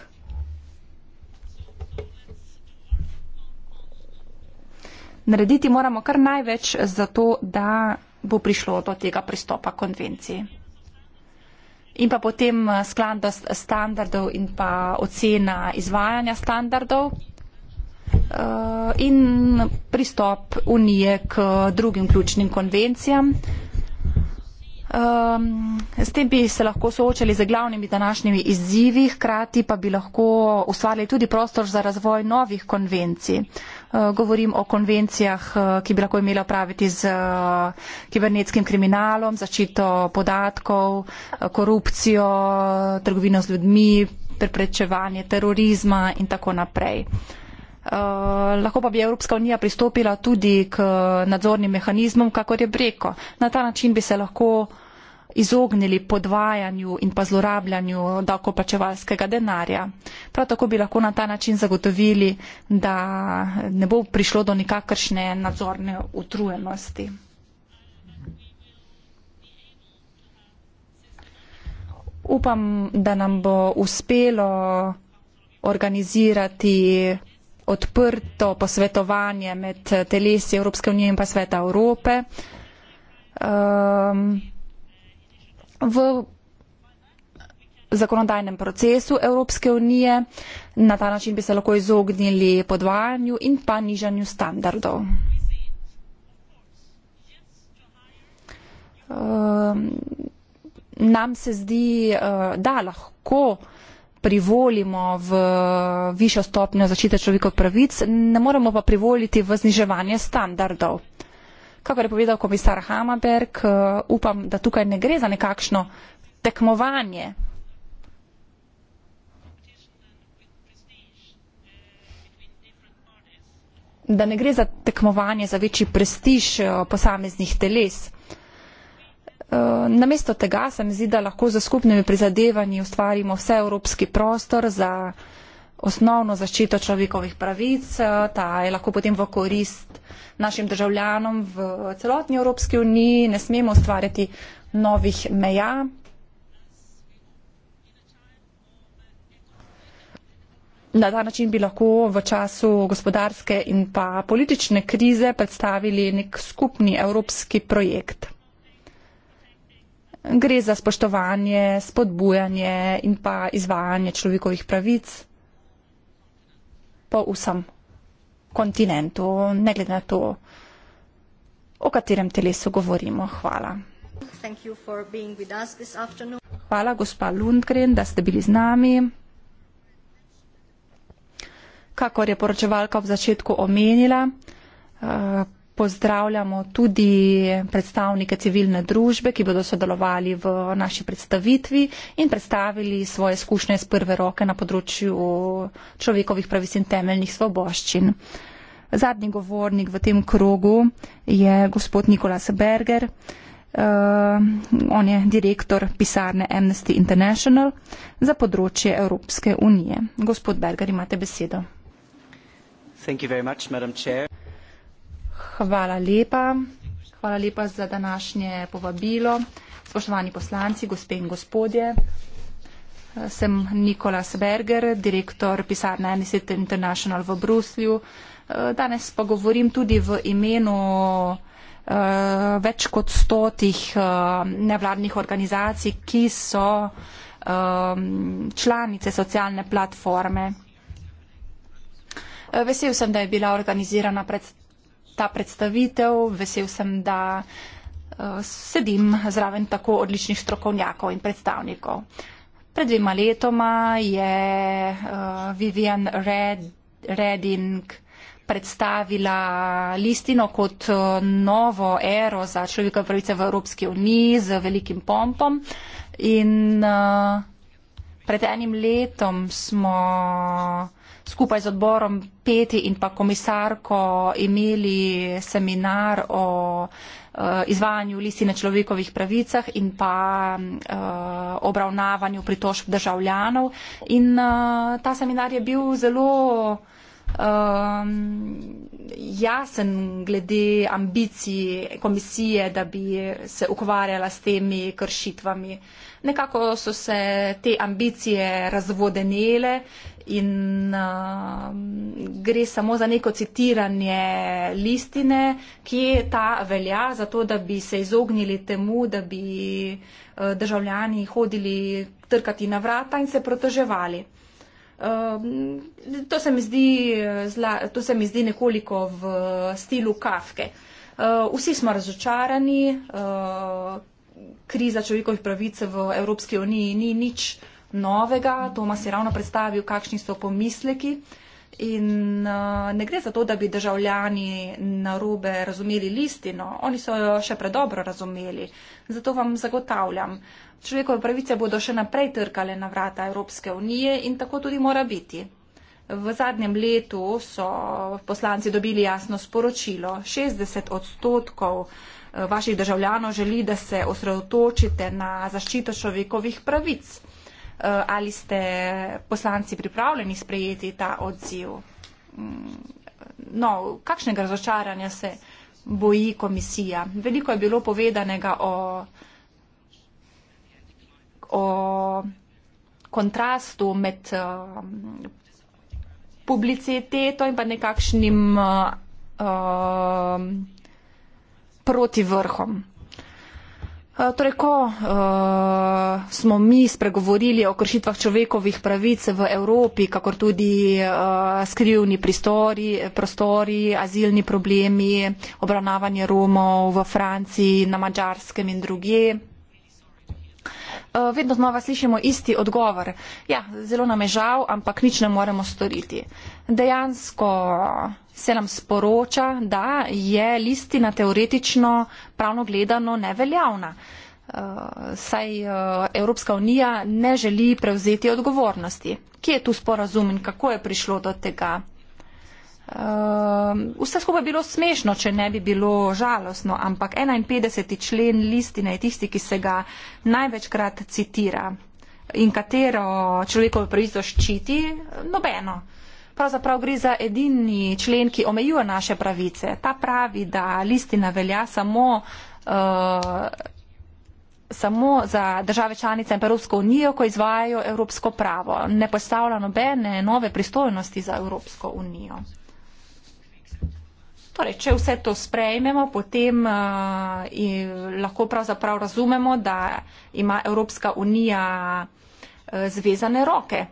Narediti moramo kar največ za to, da bo prišlo do tega pristopa konvenciji. In pa potem eh, skladnost standardov in pa ocena izvajanja standardov in pristop Unije k drugim ključnim konvencijam. Ehm, s tem bi se lahko soočali z glavnimi današnjimi izzivi, hkrati pa bi lahko ustvarili tudi prostor za razvoj novih konvencij. Eh, govorim o konvencijah, eh, ki bi lahko imela praviti z eh, kibernetskim kriminalom, zaščito podatkov, korupcijo, trgovino z ljudmi, preprečevanje terorizma in tako naprej. Eh, lahko pa bi Evropska unija pristopila tudi k nadzornim mehanizmom, kakor je breko. Na ta način bi se lahko izognili podvajanju in pa zlorabljanju davkoplačevalskega denarja. Prav tako bi lahko na ta način zagotovili, da ne bo prišlo do nikakršne nadzorne utrujenosti. Upam, da nam bo uspelo organizirati odprto posvetovanje med eh, telesi Evropske unije in pa sveta Evrope. Um, v zakonodajnem procesu Evropske unije na ta način bi se lahko izognili podvajanju in pa nižanju standardov. Um, nam se zdi, uh, da lahko uh, privolimo v višjo stopnjo zaščite človekovih pravic, ne moremo pa privoliti v zniževanje standardov. Kako je povedal komisar Hamaberg, eh, upam, da tukaj ne gre za nekakšno tekmovanje. da ne gre za tekmovanje, za večji prestiž eh, posameznih teles. Eh, namesto tega se mi zdi, da lahko za skupnimi prizadevanji ustvarimo vse evropski prostor za osnovno zaščito človekovih pravic, eh, ta je lahko potem v korist našim državljanom v celotni Evropski uniji, ne smemo ustvarjati novih meja. Na ta način bi lahko v času gospodarske in pa politične krize predstavili nek skupni evropski projekt gre za spoštovanje, spodbujanje in pa izvajanje človekovih pravic po vsem kontinentu, ne glede na to, o katerem telesu govorimo. Hvala. Hvala, gospa Lundgren, da ste bili z nami. Kakor je poročevalka v začetku omenila, eh, Pozdravljamo tudi predstavnike civilne družbe, ki bodo sodelovali v naši predstavitvi in predstavili svoje izkušnje iz prve roke na področju človekovih pravic in temeljnih svoboščin. Zadnji govornik v tem krogu je gospod Nikolas Berger. Uh, on je direktor pisarne Amnesty International za področje Evropske unije. Gospod Berger, imate besedo. Hvala, gospod predsednik. Hvala lepa. Hvala lepa za današnje povabilo. Spoštovani poslanci, gospe in gospodje. Sem Nikola Sberger, direktor pisarne Amnesty International v Bruslju. Danes pa govorim tudi v imenu eh, več kot stotih eh, nevladnih organizacij, ki so eh, članice socialne platforme. Vesel sem, da je bila organizirana predstavitev ta predstavitev. Vesel sem, da uh, sedim zraven tako odličnih strokovnjakov in predstavnikov. Pred dvema letoma je uh, Vivian Red, Redding predstavila listino kot eh, novo ero za človeka pravice v Evropski uniji z velikim pompom. In uh, pred enim letom smo uh, skupaj z odborom Peti in pa komisarko imeli seminar o eh, izvajanju listine človekovih pravicah in pa eh, obravnavanju pritožb državljanov. In eh, ta seminar je bil zelo ehm, jasen glede ambicij komisije, da bi se ukvarjala s temi kršitvami nekako so se te ambicije razvodenele in uh, gre samo za neko citiranje listine, ki je ta velja za to, da bi se izognili temu, da bi uh, državljani hodili trkati na vrata in se protoževali. Um, to se, zdi, uh, to se mi zdi nekoliko v stilu Kafke. Uh, vsi smo razočarani, uh, kriza človekovih pravic v Evropski uniji ni nič novega. Tomas je ravno predstavil, kakšni so pomisleki. In uh, ne gre za to, da bi državljani narobe razumeli listino, oni so jo še predobro razumeli. Zato vam zagotavljam, človekove pravice bodo še naprej trkale na vrata Evropske unije in tako tudi mora biti. V zadnjem letu so poslanci dobili jasno sporočilo, 60 odstotkov uh, Eh, vaših državljanov želi, da se osredotočite na zaščito človekovih pravic. Eh, ali ste poslanci pripravljeni sprejeti ta odziv? Mm, no, kakšnega razočaranja se boji komisija? Veliko je bilo povedanega o, o kontrastu med um, publiciteto in pa nekakšnim um, proti vrhom. Eh, torej, ko uh, smo mi spregovorili o kršitvah človekovih pravic v Evropi, kakor tudi uh, skrivni pristori, prostori, azilni problemi, obravnavanje Romov v Franciji, na Mačarskem in druge, uh, vedno znova slišimo isti odgovor. Ja, zelo nam je žal, ampak nič ne moremo storiti. Dejansko se nam sporoča, da je listina teoretično pravno gledano neveljavna. Uh, saj uh, Evropska unija ne želi prevzeti odgovornosti. Kje je tu sporazum in kako je prišlo do tega? Uh, vse skupaj bilo smešno, če ne bi bilo žalostno, ampak 51. člen listine je tisti, ki se ga največkrat citira in katero človekovo pravico ščiti, nobeno. Uh, pravzaprav gre za edini člen, ki omejuje naše pravice. Ta pravi, da listina velja samo, uh, samo za države članice Evropsko unijo, ko izvajajo evropsko pravo. Ne postavlja nobene nove pristojnosti za Evropsko unijo. Torej, če vse to sprejmemo, potem uh, eh, in, lahko pravzaprav razumemo, da ima Evropska unija uh, zvezane roke.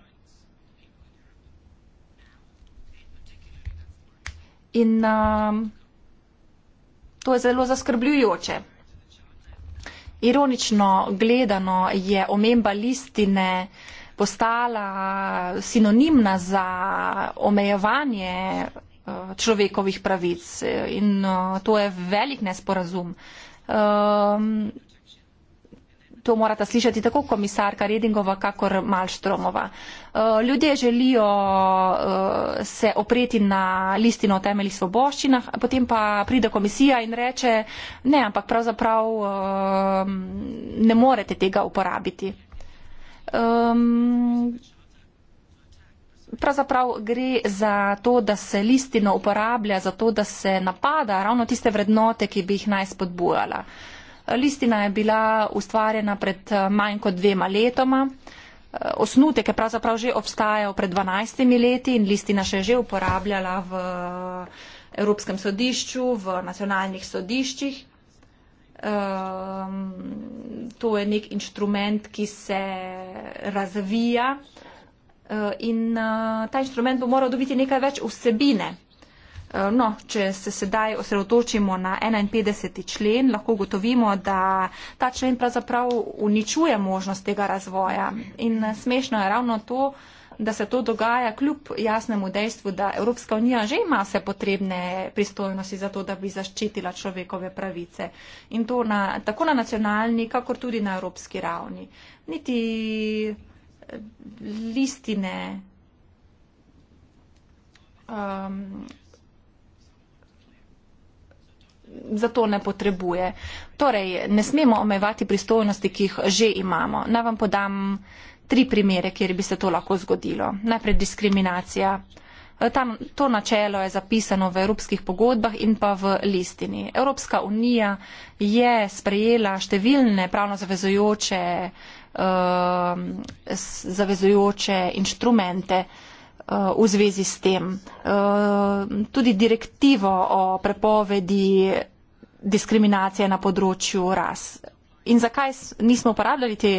In um, to je zelo zaskrbljujoče. Ironično gledano je omemba listine postala sinonimna za omejevanje uh, človekovih pravic in uh, to je velik nesporazum. Um, to morata slišati tako komisarka Redingova, kakor Malštromova. Eh, ljudje želijo eh, se opreti na listino o temeljih svoboščinah, potem pa pride komisija in reče, ne, ampak pravzaprav eh, ne morete tega uporabiti. Pravzaprav gre za to, da se listino uporablja, za to, da se napada ravno tiste vrednote, ki bi jih naj spodbujala. Listina je bila ustvarjena pred eh, manj kot dvema letoma. Eh, osnutek je pravzaprav že obstajal pred 12 leti in listina še je že uporabljala v eh, Evropskem sodišču, v nacionalnih sodiščih. To je nek inštrument, ki se razvija in ta inštrument bo moral dobiti nekaj več vsebine. Eh, no, če se sedaj osredotočimo na 51. člen, lahko gotovimo, da ta člen pravzaprav uničuje možnost tega razvoja. In eh, smešno je ravno to, da se to dogaja kljub jasnemu dejstvu, da Evropska unija že ima vse potrebne pristojnosti za to, da bi zaščitila človekove pravice. In to na, tako na nacionalni, kakor tudi na evropski ravni. Niti eh, listine. Um, za to ne potrebuje. Torej, ne smemo omejevati pristojnosti, ki jih že imamo. Naj vam podam tri primere, kjer bi se to lahko zgodilo. Najprej diskriminacija. Tam, to načelo je zapisano v evropskih pogodbah in pa v listini. Evropska unija je sprejela številne pravno zavezujoče, uh, zavezujoče inštrumente uh, Eh, v zvezi s tem. Eh, tudi direktivo o prepovedi diskriminacije na področju ras. In zakaj nismo uporabljali te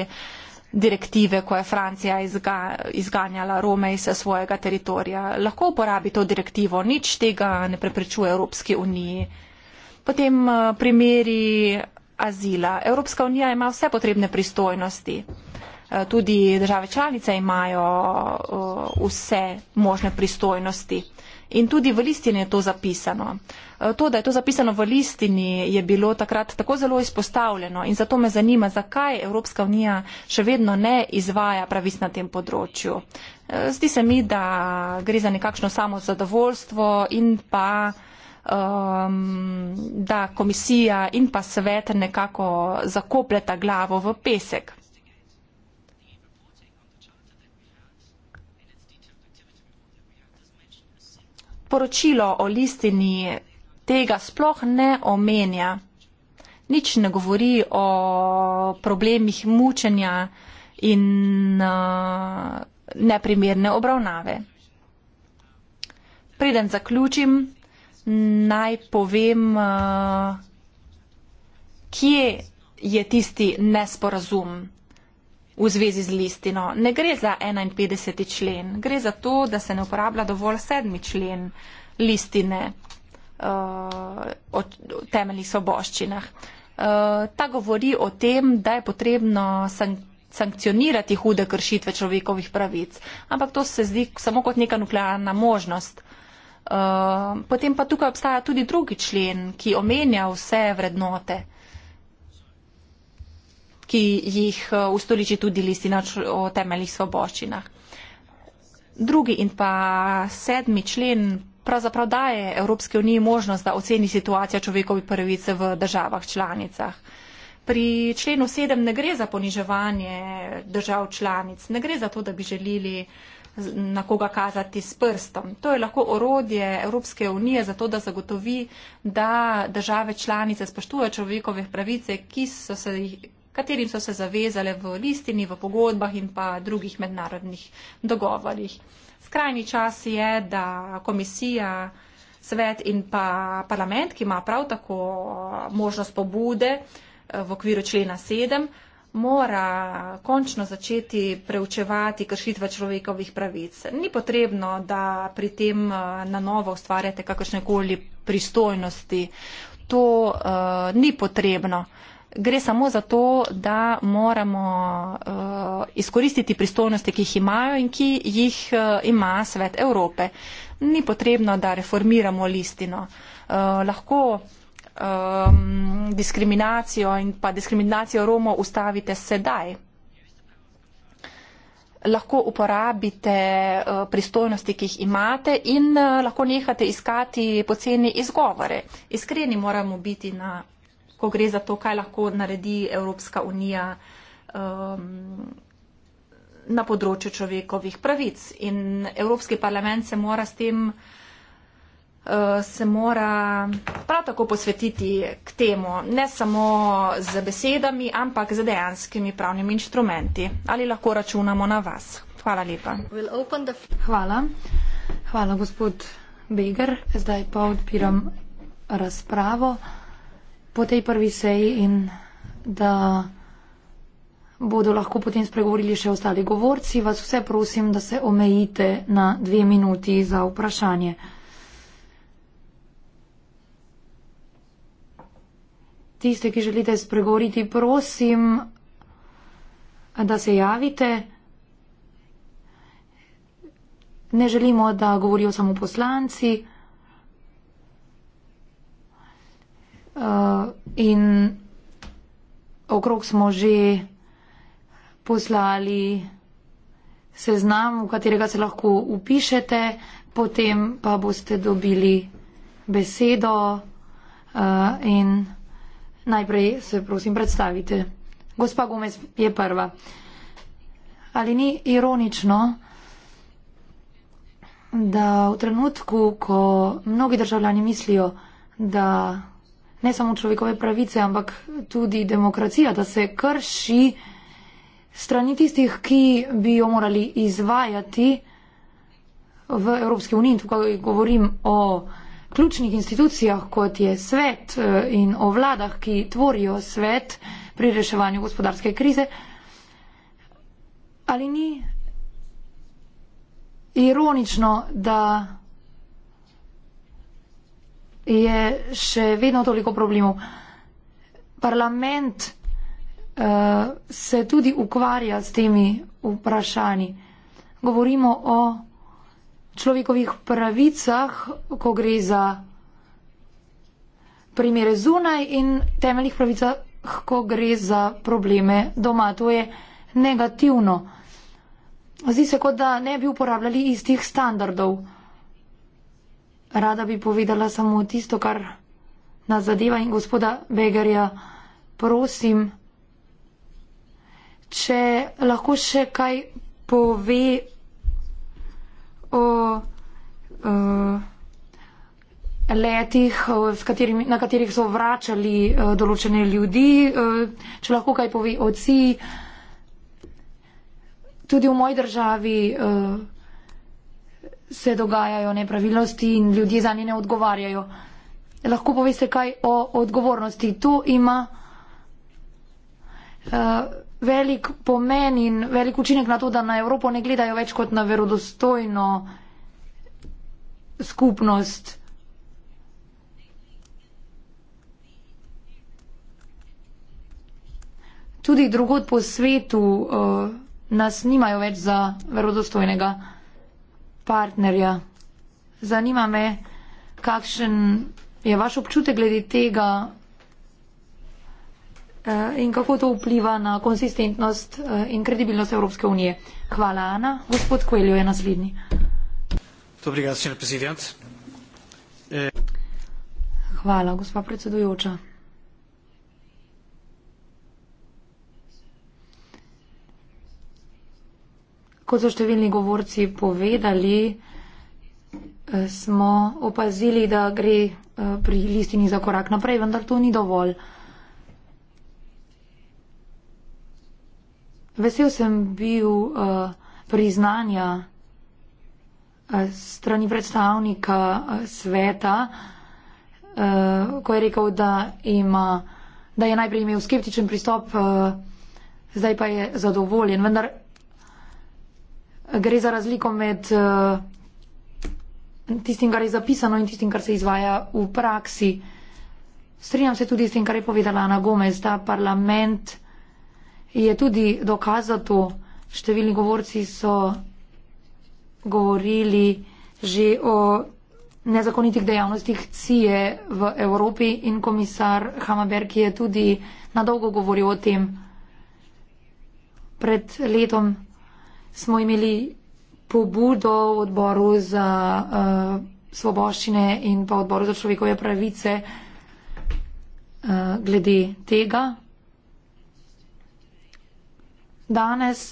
direktive, ko je Francija izga, izganjala Rome iz svojega teritorija? Lahko uporabi to direktivo, nič tega ne preprečuje Evropski uniji. Potem eh, primeri azila. Evropska unija ima vse potrebne pristojnosti. Eh, tudi države članice imajo eh, vse možne pristojnosti. In tudi v listini je to zapisano. Eh, to, da je to zapisano v listini, je bilo takrat tako zelo izpostavljeno in zato me zanima, zakaj Evropska unija še vedno ne izvaja pravic na tem področju. Zdi se mi, da gre za nekakšno samozadovoljstvo in pa, um, da komisija in pa svet nekako zakopleta glavo v pesek. poročilo o listini tega sploh ne omenja. Nič ne govori o problemih mučenja in eh, neprimerne obravnave. Preden zaključim, naj povem, eh, kje je tisti nesporazum v zvezi z listino. Ne gre za 51. člen, gre za to, da se ne uporablja dovolj sedmi člen listine uh, o temeljih soboščinah. Uh, ta govori o tem, da je potrebno sankcionirati hude kršitve človekovih pravic, ampak to se zdi samo kot neka nuklearna možnost. Uh, potem pa tukaj obstaja tudi drugi člen, ki omenja vse vrednote ki jih eh, ustoliči tudi listina o temeljih svoboščinah. Drugi in pa sedmi člen pravzaprav daje Evropske unije možnost, da oceni situacijo človekovih prvic v državah članicah. Pri členu sedem ne gre za poniževanje držav članic, ne gre za to, da bi želeli na koga kazati s prstom. To je lahko orodje Evropske unije za to, da zagotovi, da države članice spoštujejo človekove pravice, ki so se jih katerim so se zavezale v listini, v pogodbah in pa drugih mednarodnih dogovorjih. Skrajni čas je, da komisija, svet in pa parlament, ki ima prav tako možnost pobude eh, v okviru člena 7, mora končno začeti preučevati kršitve človekovih pravic. Ni potrebno, da pri tem eh, na novo ustvarjate kakršnekoli pristojnosti. To uh, ni potrebno. Uh, gre samo za to, da moramo uh, izkoristiti pristojnosti, ki jih imajo in ki jih uh, ima svet Evrope. Ni potrebno, da reformiramo listino. Uh, lahko um, diskriminacijo in pa diskriminacijo Romo ustavite sedaj. Lahko uporabite uh, pristojnosti, ki jih imate in uh, lahko nehate iskati poceni izgovore. Iskreni moramo biti na ko gre za to, kaj lahko naredi Evropska unija um, na področju človekovih pravic. In Evropski parlament se mora s tem, uh, se mora prav tako posvetiti k temu, ne samo z besedami, ampak z dejanskimi pravnimi inštrumenti. Ali lahko računamo na vas? Hvala lepa. Hvala. Hvala, gospod Beger. Zdaj pa odpiram razpravo po tej prvi seji in da bodo lahko potem spregovorili še ostali govorci, vas vse prosim, da se omejite na dve minuti za vprašanje. Tiste, ki želite spregovoriti, prosim, da se javite. Ne želimo, da govorijo samo poslanci. Uh, in okrog smo že poslali seznam, v katerega se lahko upišete, potem pa boste dobili besedo uh, in najprej se prosim predstavite. Gospa Gomez je prva. Ali ni ironično, da v trenutku, ko mnogi državljani mislijo, da ne samo človekove pravice, ampak tudi demokracija, da se krši strani tistih, ki bi jo morali izvajati v Evropski uniji. Tukaj govorim o ključnih institucijah, kot je svet eh, in o vladah, ki tvorijo svet pri reševanju gospodarske krize. Ali ni ironično, da je še vedno toliko problemov. Parlament uh, se tudi ukvarja s temi vprašanji. Govorimo o človekovih pravicah, ko gre za primere zunaj in temeljih pravicah, ko gre za probleme doma. To je negativno. Zdi se, kot da ne bi uporabljali istih standardov. Uh, rada bi povedala samo tisto, kar nas zadeva in gospoda Begerja, prosim, če lahko še kaj pove o, eh, o letih, s katerimi, na katerih so vračali eh, določene ljudi, eh, če lahko kaj pove oci. Tudi v moji državi uh, se dogajajo nepravilnosti in ljudje za nje ne odgovarjajo. Lahko poveste kaj o odgovornosti. To ima uh, velik pomen in velik učinek na to, da na Evropo ne gledajo več kot na verodostojno skupnost. Tudi drugod po svetu uh, nas nimajo več za verodostojnega. Ja partnerja. Zanima me, kakšen je vaš občutek glede tega eh, in kako to vpliva na konsistentnost eh, in kredibilnost Evropske unije. Hvala, Ana. Gospod Kueljo je naslednji. Eh, Hvala, gospa predsedujoča. Kot so številni govorci povedali, eh, smo opazili, da gre eh, pri listini za korak naprej, vendar to ni dovolj. Vesel sem bil uh, priznanja uh, strani predstavnika uh, sveta, uh, ko je rekel, da, ima, da je najprej imel skeptičen pristop, uh, zdaj pa je zadovoljen. Vendar gre za razliko med eh, tistim, kar je zapisano in tistim, kar se izvaja v praksi. Strinjam se tudi s tem, kar je povedala Ana Gomez, da parlament je tudi dokazal to. Številni govorci so govorili že o nezakonitih dejavnostih CIE v Evropi in komisar Hamaberg je tudi nadolgo govoril o tem. Pred letom smo imeli pobudo v odboru za uh, svoboščine in pa odboru za človekove pravice uh, glede tega. Danes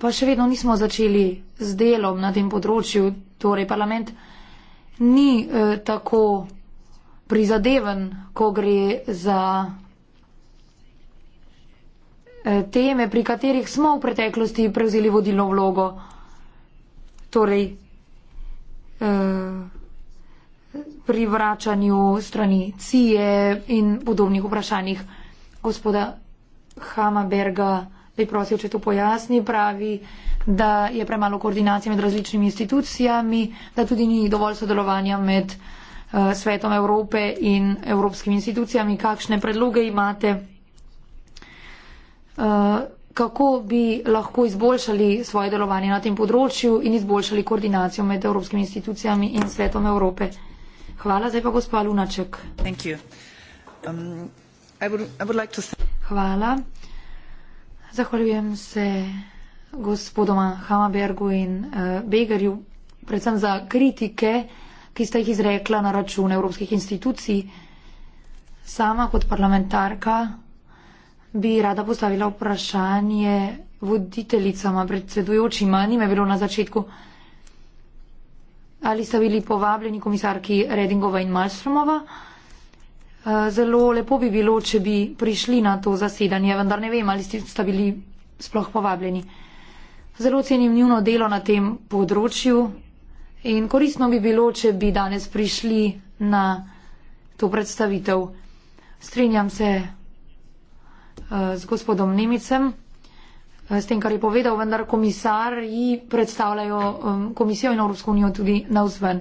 pa še vedno nismo začeli z delom na tem področju, torej parlament ni uh, tako prizadeven, ko gre za. Eh, teme, pri katerih smo v preteklosti prevzeli vodilno vlogo. Torej, eh, pri vračanju strani CIE in podobnih vprašanjih. Gospoda Hamaberga bi prosil, če to pojasni, pravi, da je premalo koordinacije med različnimi institucijami, da tudi ni dovolj sodelovanja med eh, svetom Evrope in evropskimi institucijami. Kakšne predloge imate? Eh, kako bi lahko izboljšali svoje delovanje na tem področju in izboljšali koordinacijo med evropskimi institucijami in svetom Evrope. Hvala, zdaj pa gospa Lunaček. Um, I would, I would like Hvala. Zahvaljujem se gospodoma Hamabergu in uh, Begerju, predvsem za kritike, ki ste jih izrekla na račun evropskih institucij. Sama kot parlamentarka bi rada postavila vprašanje voditeljicama, predsedujočima, njima je bilo na začetku. Ali sta bili povabljeni komisarki Redingova in Malstromova? Eh, zelo lepo bi bilo, če bi prišli na to zasedanje, vendar ne vem, ali sta bili sploh povabljeni. Zelo cenim njuno delo na tem področju in koristno bi bilo, če bi danes prišli na to predstavitev. Strinjam se Eh, z gospodom Nemicem, eh, s tem, kar je povedal, vendar komisarji predstavljajo komisijo in Evropsko unijo tudi na vzven.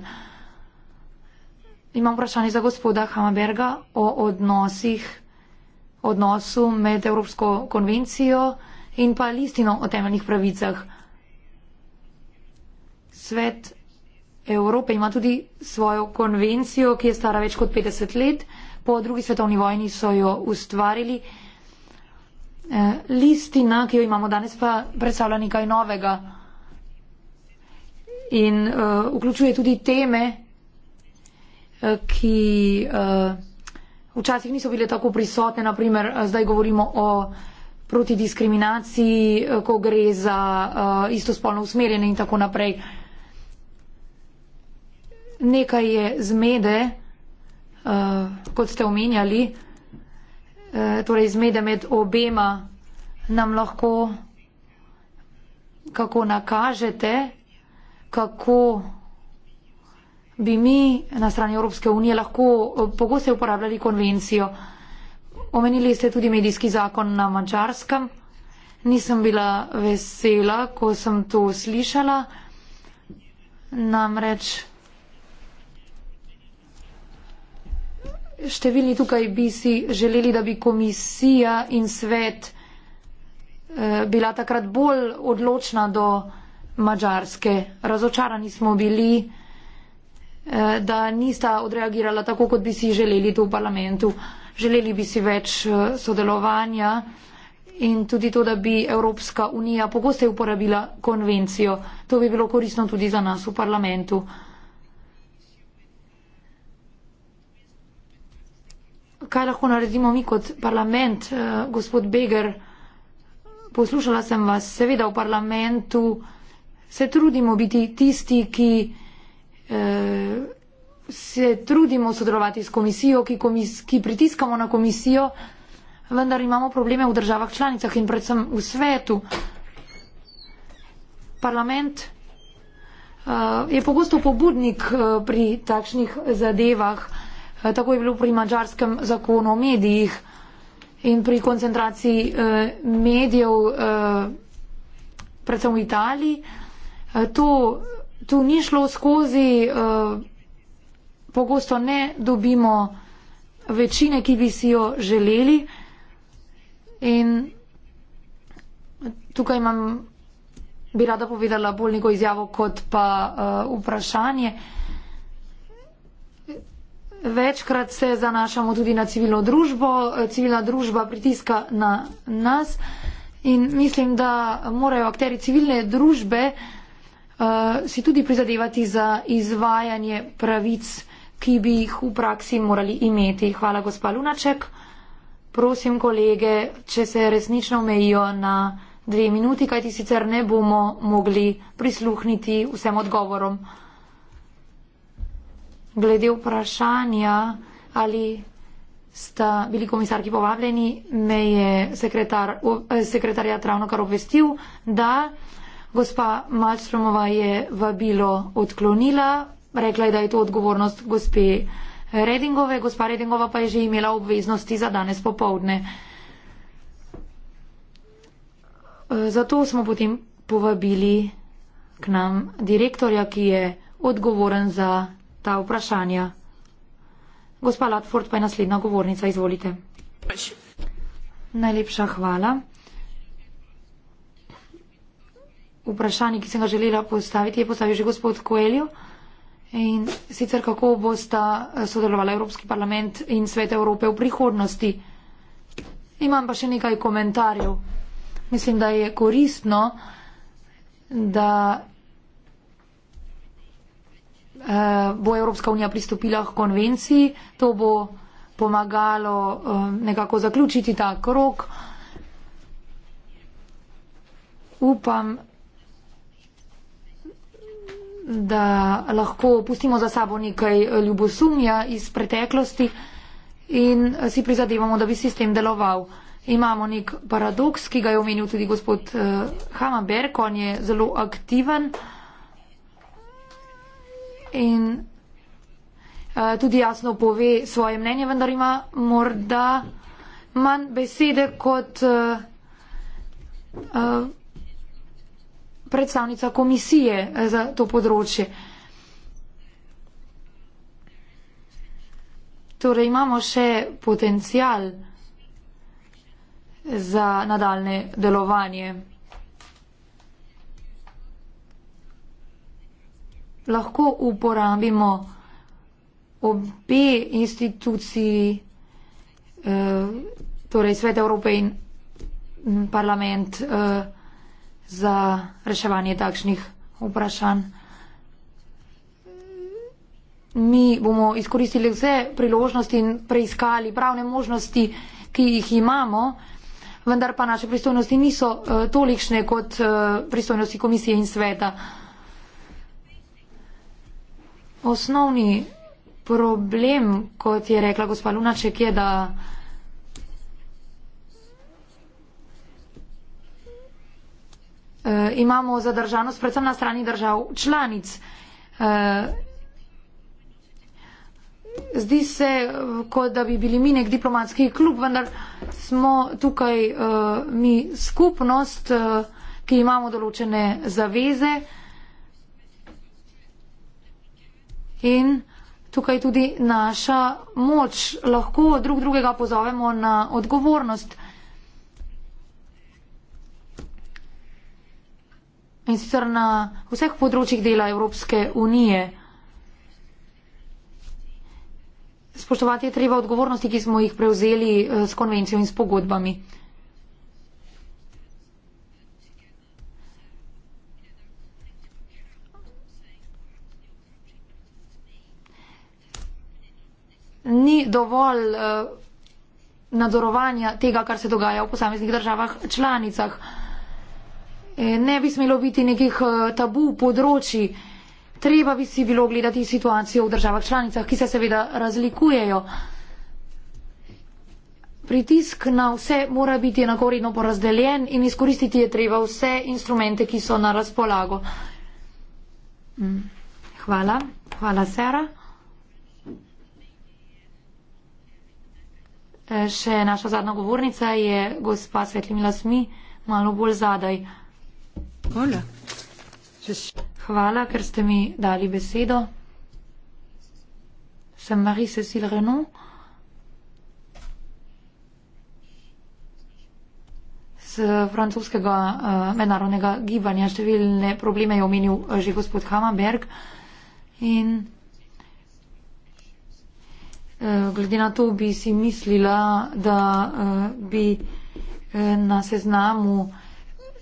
Imam vprašanje za gospoda Hamaberga o odnosih, odnosu med Evropsko konvencijo in pa listino o temeljnih pravicah. Svet Evrope ima tudi svojo konvencijo, ki je stara več kot 50 let. Po drugi svetovni vojni so jo ustvarili. Eh, listina, ki jo imamo danes, pa predstavlja nekaj novega in uh, vključuje tudi teme, uh, ki uh, včasih niso bile tako prisotne. Naprimer, zdaj govorimo o protidiskriminaciji, ko gre za uh, istospolno usmerjene in tako naprej. Nekaj je zmede, uh, kot ste omenjali, uh, Eh, torej zmede med obema nam lahko kako nakažete, kako bi mi na strani Evropske unije lahko eh, pogosto uporabljali konvencijo. Omenili ste tudi medijski zakon na mačarskem. Nisem bila vesela, ko sem to slišala. Namreč številni tukaj bi si želeli, da bi komisija in svet eh, bila takrat bolj odločna do Mačarske. Razočarani smo bili, eh, da nista odreagirala tako, kot bi si želeli tu v parlamentu. Želeli bi si več eh, sodelovanja in tudi to, da bi Evropska unija pogosteje uporabila konvencijo. To bi bilo koristno tudi za nas v parlamentu. kaj lahko naredimo mi kot parlament, eh, gospod Beger. Poslušala sem vas, seveda v parlamentu se trudimo biti tisti, ki eh, se trudimo sodelovati s komisijo, ki, komis, ki pritiskamo na komisijo, vendar imamo probleme v državah članicah in predvsem v svetu. Parlament eh, je pogosto pobudnik pri takšnih zadevah. Eh, tako je bilo pri mađarskem zakonu o medijih in pri koncentraciji eh, medijev, eh, predvsem v Italiji. To, to ni šlo skozi, pogosto ne dobimo večine, ki bi si jo želeli. In tukaj imam, bi rada povedala bolj neko izjavo kot pa uh, vprašanje. Uh, večkrat se zanašamo tudi na civilno družbo, civilna družba pritiska na nas in mislim, da morajo akteri civilne družbe uh, si tudi prizadevati za izvajanje pravic, ki bi jih v praksi morali imeti. Hvala, gospa Lunaček. Prosim, kolege, če se resnično omejijo na dve minuti, kajti sicer ne bomo mogli prisluhniti vsem odgovorom glede vprašanja, ali sta bili komisarki povabljeni, me je sekretar, eh, sekretarjat ravno kar obvestil, da gospa Malstromova je vabilo odklonila, rekla je, da je to odgovornost gospe Redingove, gospa Redingova pa je že imela obveznosti za danes popovdne. Eh, zato smo potem povabili k nam direktorja, ki je odgovoren za ta vprašanja. Gospa Latford pa je naslednja govornica, izvolite. Najlepša hvala. Vprašanje, ki sem ga želela postaviti, je postavil že gospod Koeljo. In sicer kako bosta eh, sodelovala Evropski parlament in svet Evrope v prihodnosti. Imam pa še nekaj komentarjev. Mislim, da je koristno, da Eh, bo Evropska unija pristopila k konvenciji, to bo pomagalo eh, nekako zaključiti ta krok. Upam, da lahko pustimo za sabo nekaj eh, ljubosumja iz preteklosti in si prizadevamo, da bi sistem deloval. Imamo nek paradoks, ki ga je omenil tudi gospod Hamaberko, on je zelo aktiven in uh, tudi jasno pove svoje mnenje, vendar ima morda manj besede kot uh, uh, predstavnica komisije za to področje. Torej imamo še potencial za nadaljne delovanje. lahko uporabimo obe instituciji, eh, torej Svet Evrope in parlament eh, za reševanje takšnih vprašanj. Mi bomo izkoristili vse priložnosti in preiskali pravne možnosti, ki jih imamo, vendar pa naše pristojnosti niso eh, tolikšne kot pristojnosti komisije in sveta. Osnovni problem, kot je rekla gospa Lunaček, je, da uh, imamo zadržanost predvsem na strani držav članic. Uh, zdi se, kot da bi bili mi nek diplomatski klub, vendar smo tukaj uh, mi skupnost, uh, ki imamo določene zaveze. In tukaj tudi naša moč lahko drug drugega pozovemo na odgovornost. In sicer na vseh področjih dela Evropske unije. Spoštovati je treba odgovornosti, ki smo jih prevzeli eh, s konvencijo in s pogodbami. ni dovolj eh, nadzorovanja tega, kar se dogaja v posameznih državah članicah. Eh, ne bi smelo biti nekih eh, tabu področji. Treba bi si bilo gledati situacijo v državah članicah, ki se seveda razlikujejo. Pritisk na vse mora biti enakoredno porazdeljen in izkoristiti je treba vse instrumente, ki so na razpolago. Mm. Hvala. Hvala, Sara. Še naša zadnja govornica je gospa Svetlina Smi, malo bolj zadaj. Hola. Hvala, ker ste mi dali besedo. Sem Marie-Cécile Renaud. Z francoskega uh, mednarodnega gibanja številne probleme je omenil uh, že gospod Hamaberg. In Eh, glede na to bi si mislila, da eh, bi eh, na seznamu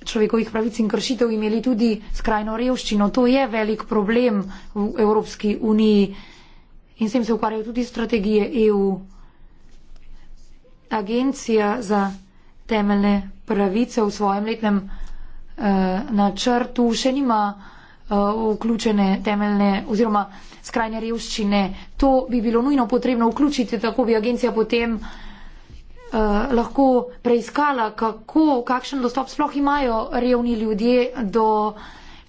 človekovih pravic in kršitev imeli tudi skrajno revščino. To je velik problem v Evropski uniji in sem se ukvarjal tudi strategije EU. Agencija za temeljne pravice v svojem letnem eh, načrtu še nima eh, Eh, vključene temeljne oziroma skrajne revščine. To bi bilo nujno potrebno vključiti, tako bi agencija potem eh, lahko preiskala, kako, kakšen dostop sploh imajo revni ljudje do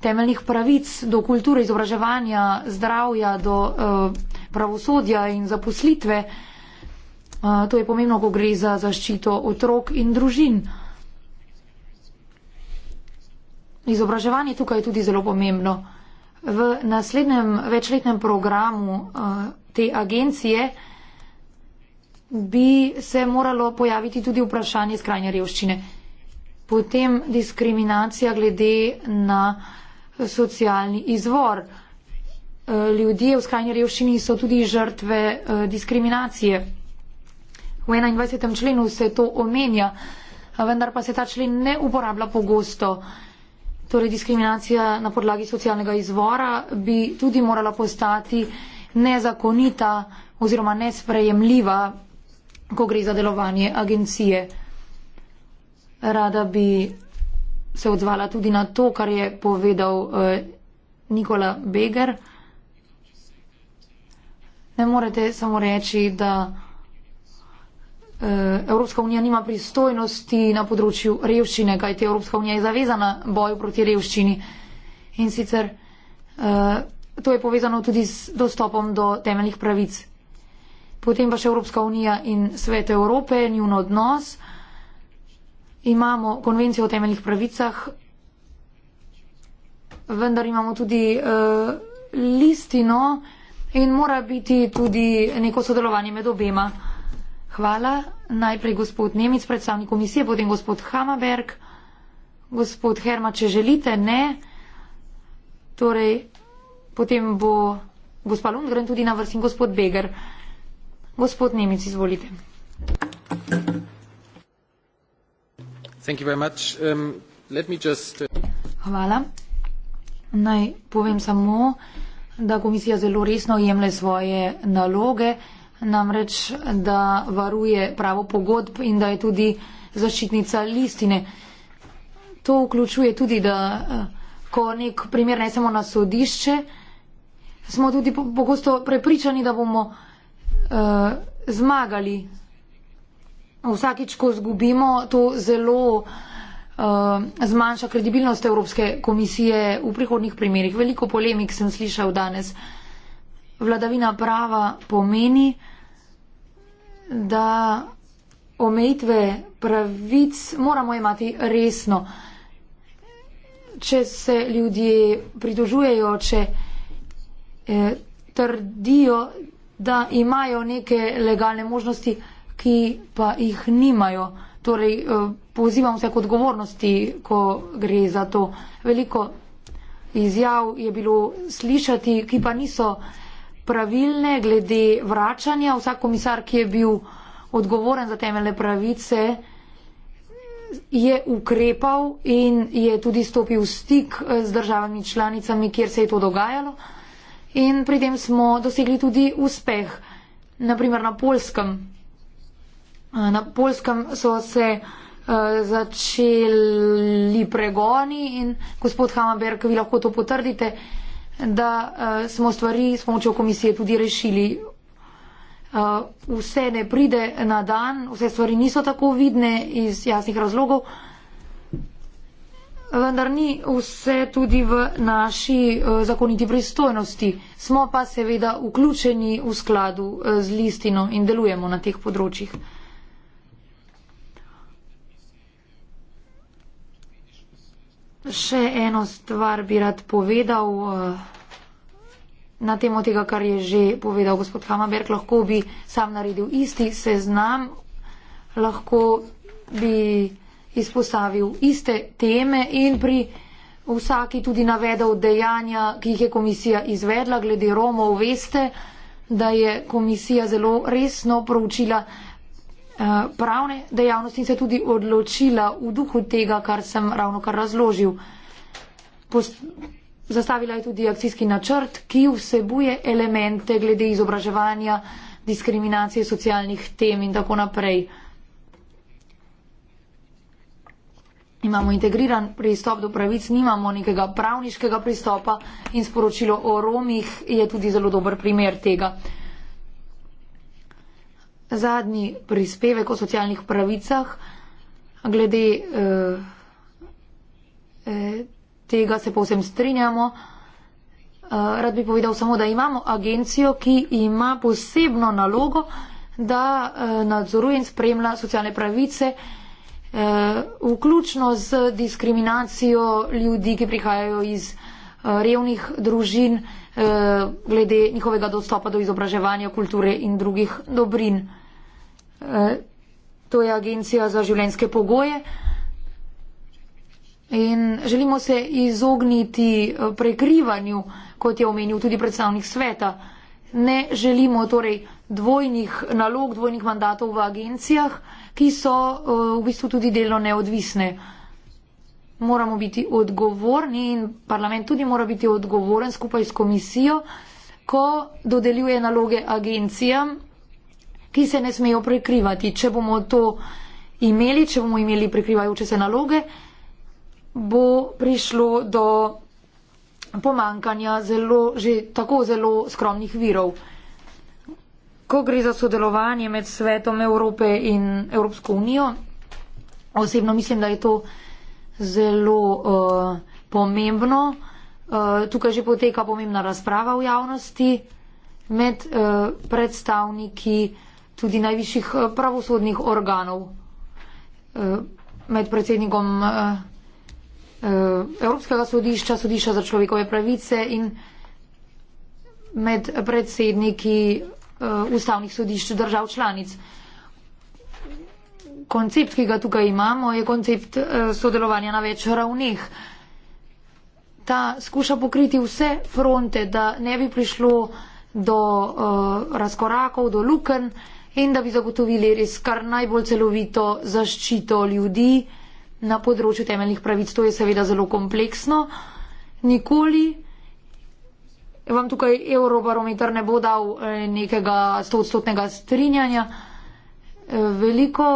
temeljnih pravic, do kulture, izobraževanja, zdravja, do eh, pravosodja in zaposlitve. To je pomembno, ko gre za zaščito otrok in družin. Izobraževanje tukaj je tudi zelo pomembno. V naslednjem večletnem programu eh, te agencije bi se moralo pojaviti tudi vprašanje skrajne revščine. Potem diskriminacija glede na socialni izvor. Eh, ljudje v skrajni revščini so tudi žrtve eh, diskriminacije. V 21. členu se to omenja, vendar pa se ta člen ne uporablja pogosto torej diskriminacija na podlagi socialnega izvora, bi tudi morala postati nezakonita oziroma nesprejemljiva, ko gre za delovanje agencije. Rada bi se odzvala tudi na to, kar je povedal eh, Nikola Beger. Ne morete samo reči, da Eh, Evropska unija nima pristojnosti na področju revščine, kajti Evropska unija je zavezana boju proti revščini. In sicer eh, to je povezano tudi s dostopom do temeljnih pravic. Potem pa še Evropska unija in Svet Evrope, njun odnos. Imamo konvencijo o temeljnih pravicah, vendar imamo tudi eh, listino in mora biti tudi neko sodelovanje med obema. Hvala. Najprej gospod Nemec, predstavnik komisije, potem gospod Hamaberg. Gospod Herma, če želite, ne. Torej, potem bo gospa Lundgren tudi na vrsti in gospod Beger. Gospod Nemec, izvolite. Um, uh, Hvala. Naj povem samo, da komisija zelo resno jemlje svoje naloge namreč, da varuje pravo pogodb in da je tudi zaščitnica listine. To vključuje tudi, da eh, ko nek primer ne samo na sodišče, smo tudi pogosto prepričani, da bomo uh, zmagali. Vsakič, ko zgubimo, to zelo uh, zmanjša kredibilnost Evropske komisije v prihodnih primerih. Veliko polemik sem slišal danes. Uh, vladavina prava pomeni, da omejitve pravic moramo imeti resno. Če se ljudje pridružujejo, če eh, trdijo, da imajo neke legalne možnosti, ki pa jih nimajo. Torej, eh, pozivam vse k odgovornosti, ko gre za to. Veliko izjav je bilo slišati, ki pa niso pravilne glede vračanja. Vsak komisar, ki je bil odgovoren za temeljne pravice, je ukrepal in je tudi stopil v stik eh, z državami članicami, kjer se je to dogajalo. In pri tem smo dosegli tudi uspeh. Naprimer na Polskem. Na Polskem eh, so se eh, začeli pregoni in gospod Hamaberg, vi lahko to potrdite, da uh, smo stvari s pomočjo komisije tudi rešili. Uh, vse ne pride na dan, vse stvari niso tako vidne iz jasnih razlogov, vendar ni vse tudi v naši uh, zakoniti pristojnosti. Smo pa seveda vključeni v skladu uh, z listino in delujemo na teh področjih. Še eno stvar bi rad povedal eh, na temo tega, kar je že povedal gospod Hamaberg. Lahko bi sam naredil isti seznam, lahko bi izpostavil iste teme in pri vsaki tudi navedel dejanja, ki jih je komisija izvedla glede Romov. Veste, da je komisija zelo resno proučila Eh, pravne dejavnosti in se tudi odločila v duhu tega, kar sem ravno kar razložil. Post zastavila je tudi akcijski načrt, ki vsebuje elemente glede izobraževanja, diskriminacije socialnih tem in tako naprej. Imamo integriran pristop do pravic, nimamo nekega pravniškega pristopa in sporočilo o Romih je tudi zelo dober primer tega zadnji prispevek o socialnih pravicah. Glede eh, eh, tega se povsem strinjamo. Eh, rad bi povedal samo, da imamo agencijo, ki ima posebno nalogo, da eh, nadzoruje in spremlja socialne pravice, eh, vključno z diskriminacijo ljudi, ki prihajajo iz eh, revnih družin, eh, glede njihovega dostopa do izobraževanja, kulture in drugih dobrin. Eh, to je agencija za življenjske pogoje. In želimo se izogniti eh, prekrivanju, kot je omenil tudi predstavnik sveta. Ne želimo torej dvojnih nalog, dvojnih mandatov v agencijah, ki so eh, v bistvu tudi delno neodvisne. Moramo biti odgovorni in parlament tudi mora biti odgovoren skupaj s komisijo, ko dodeljuje naloge agencijam ki se ne smejo prekrivati. Če bomo to imeli, če bomo imeli prekrivajoče se naloge, bo prišlo do pomankanja zelo, že tako zelo skromnih virov. Ko gre za sodelovanje med svetom Evrope in Evropsko unijo, osebno mislim, da je to zelo uh, pomembno. Uh, tukaj že poteka pomembna razprava v javnosti med uh, predstavniki uh, tudi najvišjih eh, pravosodnih organov eh, med predsednikom eh, Evropskega sodišča, sodišča za človekove pravice in med predsedniki ustavnih sodišč držav članic. Koncept, ki ga tukaj imamo, je koncept sodelovanja na več ravneh. Ta skuša pokriti vse fronte, da ne bi prišlo do uh, razkorakov, do lukenj in da bi zagotovili res kar najbolj celovito zaščito ljudi na področju temeljnih pravic. To je seveda zelo kompleksno. Nikoli vam tukaj Eurobarometer ne bo dal eh, nekega stotstotnega strinjanja. Eh, veliko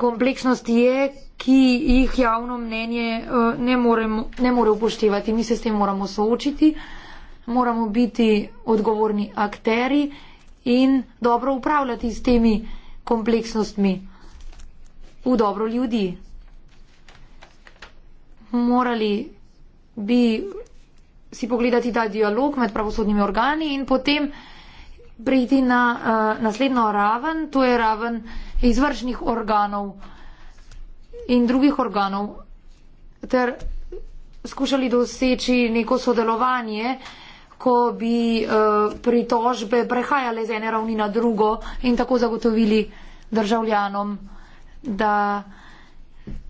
kompleksnosti je, ki jih javno mnenje eh, ne, moremo, ne more upoštevati. Mi se s tem moramo soočiti, moramo biti odgovorni akteri in dobro upravljati s temi kompleksnostmi v dobro ljudi. Morali bi si pogledati ta dialog med pravosodnimi organi in potem prejti na uh, naslednjo raven, to je raven izvršnih organov in drugih organov, ter skušali doseči neko sodelovanje uh, lahko bi eh, pritožbe prehajale z ene ravni na drugo in tako zagotovili državljanom, da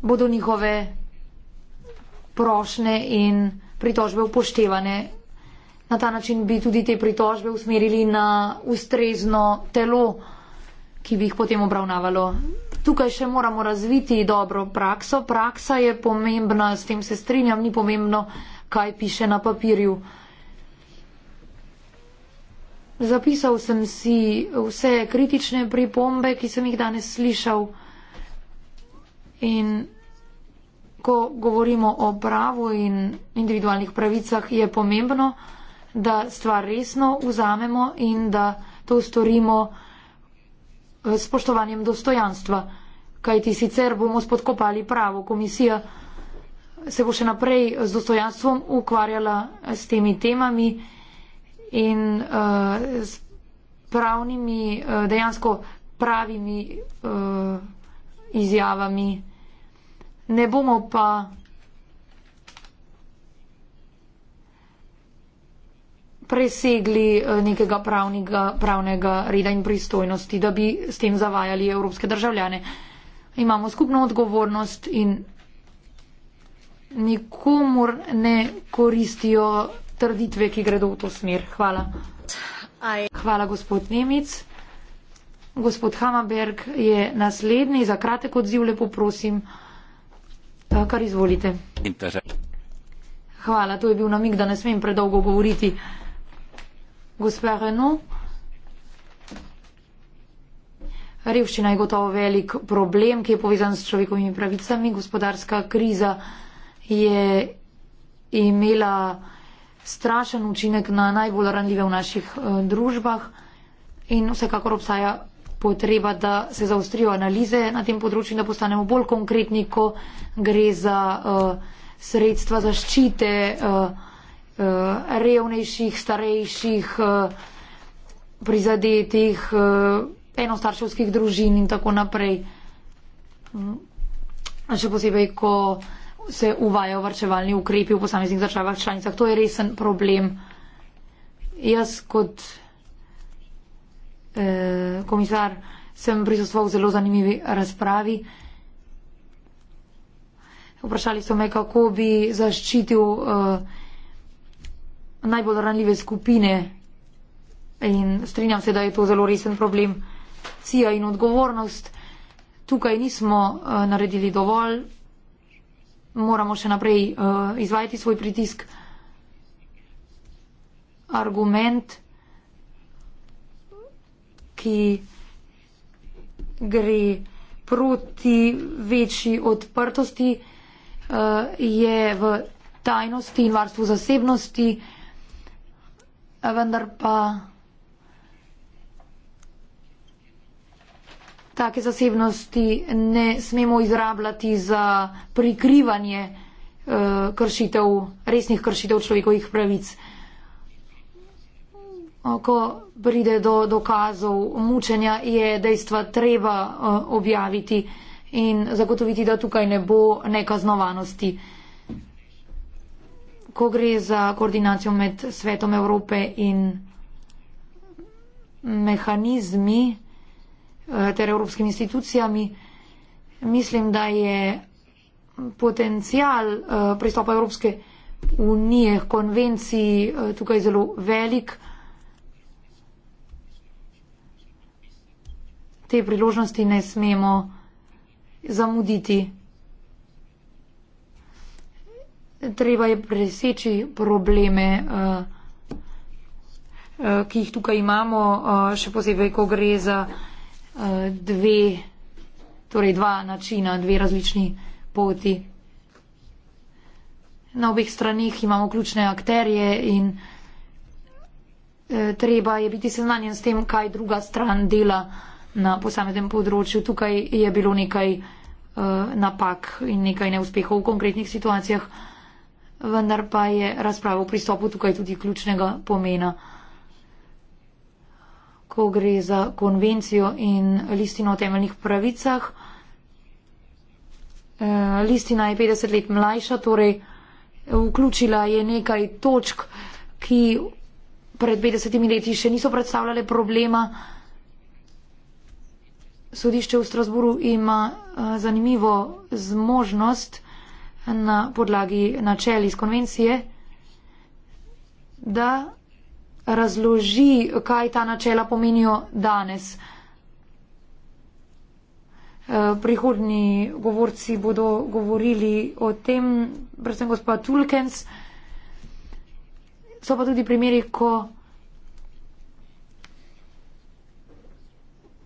bodo njihove prošne in pritožbe upoštevane. Na ta način bi tudi te pritožbe usmerili na ustrezno telo, ki bi jih potem obravnavalo. Tukaj še moramo razviti dobro prakso. Praksa je pomembna, s tem se strinjam, ni pomembno, kaj piše na papirju. Zapisal sem si vse kritične pripombe, ki sem jih danes slišal. In ko govorimo o pravu in individualnih pravicah, je pomembno, da stvar resno vzamemo in da to storimo eh, s spoštovanjem dostojanstva. Kajti sicer bomo spodkopali pravo. Komisija se bo še naprej z dostojanstvom ukvarjala s temi temami in uh, s pravnimi, uh, dejansko pravimi uh, izjavami. Ne bomo pa. presegli nekega pravnega, pravnega reda in pristojnosti, da bi s tem zavajali evropske državljane. Imamo skupno odgovornost in nikomu ne koristijo trditve, ki gredo v to smer. Hvala. Hvala, gospod Nemec. Gospod Hamaberg je naslednji. Za kratek odziv lepo prosim, eh, kar izvolite. Hvala, to je bil namig, da ne smem predolgo govoriti. Gospa Renu. Revščina je gotovo velik problem, ki je povezan s človekovimi pravicami. Gospodarska kriza je imela strašen učinek na najbolj ranljive v naših eh, družbah in vsekakor obstaja potreba, da se zaostrijo analize na tem področju in da postanemo bolj konkretni, ko gre za uh, sredstva zaščite uh, uh, revnejših, starejših, uh, prizadetih, uh, enostarševskih družin in tako naprej. Mm. Še posebej, ko se uvajajo varčevalni ukrepi v posameznih državah članicah. To je resen problem. Jaz kot eh, komisar sem prisostval v zelo zanimivi razpravi. Vprašali so me, kako bi zaščitil eh, najbolj ranljive skupine. In strinjam se, da je to zelo resen problem. Cija in odgovornost. Tukaj nismo eh, naredili dovolj moramo še naprej uh, izvajati svoj pritisk. Argument, ki gre proti večji odprtosti, uh, je v tajnosti in varstvu zasebnosti, vendar pa. take zasebnosti ne smemo izrabljati za prikrivanje eh, kršitev, resnih kršitev človekovih pravic. Ko pride do dokazov mučenja, je dejstva treba eh, objaviti in zagotoviti, da tukaj ne bo nekaznovanosti. Ko gre za koordinacijo med svetom Evrope in mehanizmi, Eh, ter evropskimi institucijami. Mislim, da je potencial eh, pristopa Evropske unije k konvenciji eh, tukaj zelo velik. Te priložnosti ne smemo zamuditi. Treba je preseči probleme, ki jih tukaj imamo, še posebej, ko gre za dve, torej dva načina, dve različni poti. Na obeh stranih imamo ključne akterje in e, treba je biti seznanjen s tem, kaj druga stran dela na posameznem področju. Tukaj je bilo nekaj e, napak in nekaj neuspehov v konkretnih situacijah, vendar pa je razprava o pristopu tukaj tudi ključnega pomena ko gre za konvencijo in listino o temeljnih pravicah. Eh, listina je 50 let mlajša, torej vključila je nekaj točk, ki pred 50 leti še niso predstavljale problema. Sodišče v Strasburu ima eh, zanimivo zmožnost na podlagi načel iz konvencije, da razloži, kaj ta načela pomenijo danes. Eh, Prihodni govorci bodo govorili o tem, predvsem gospa Tulkens. So pa tudi primeri, ko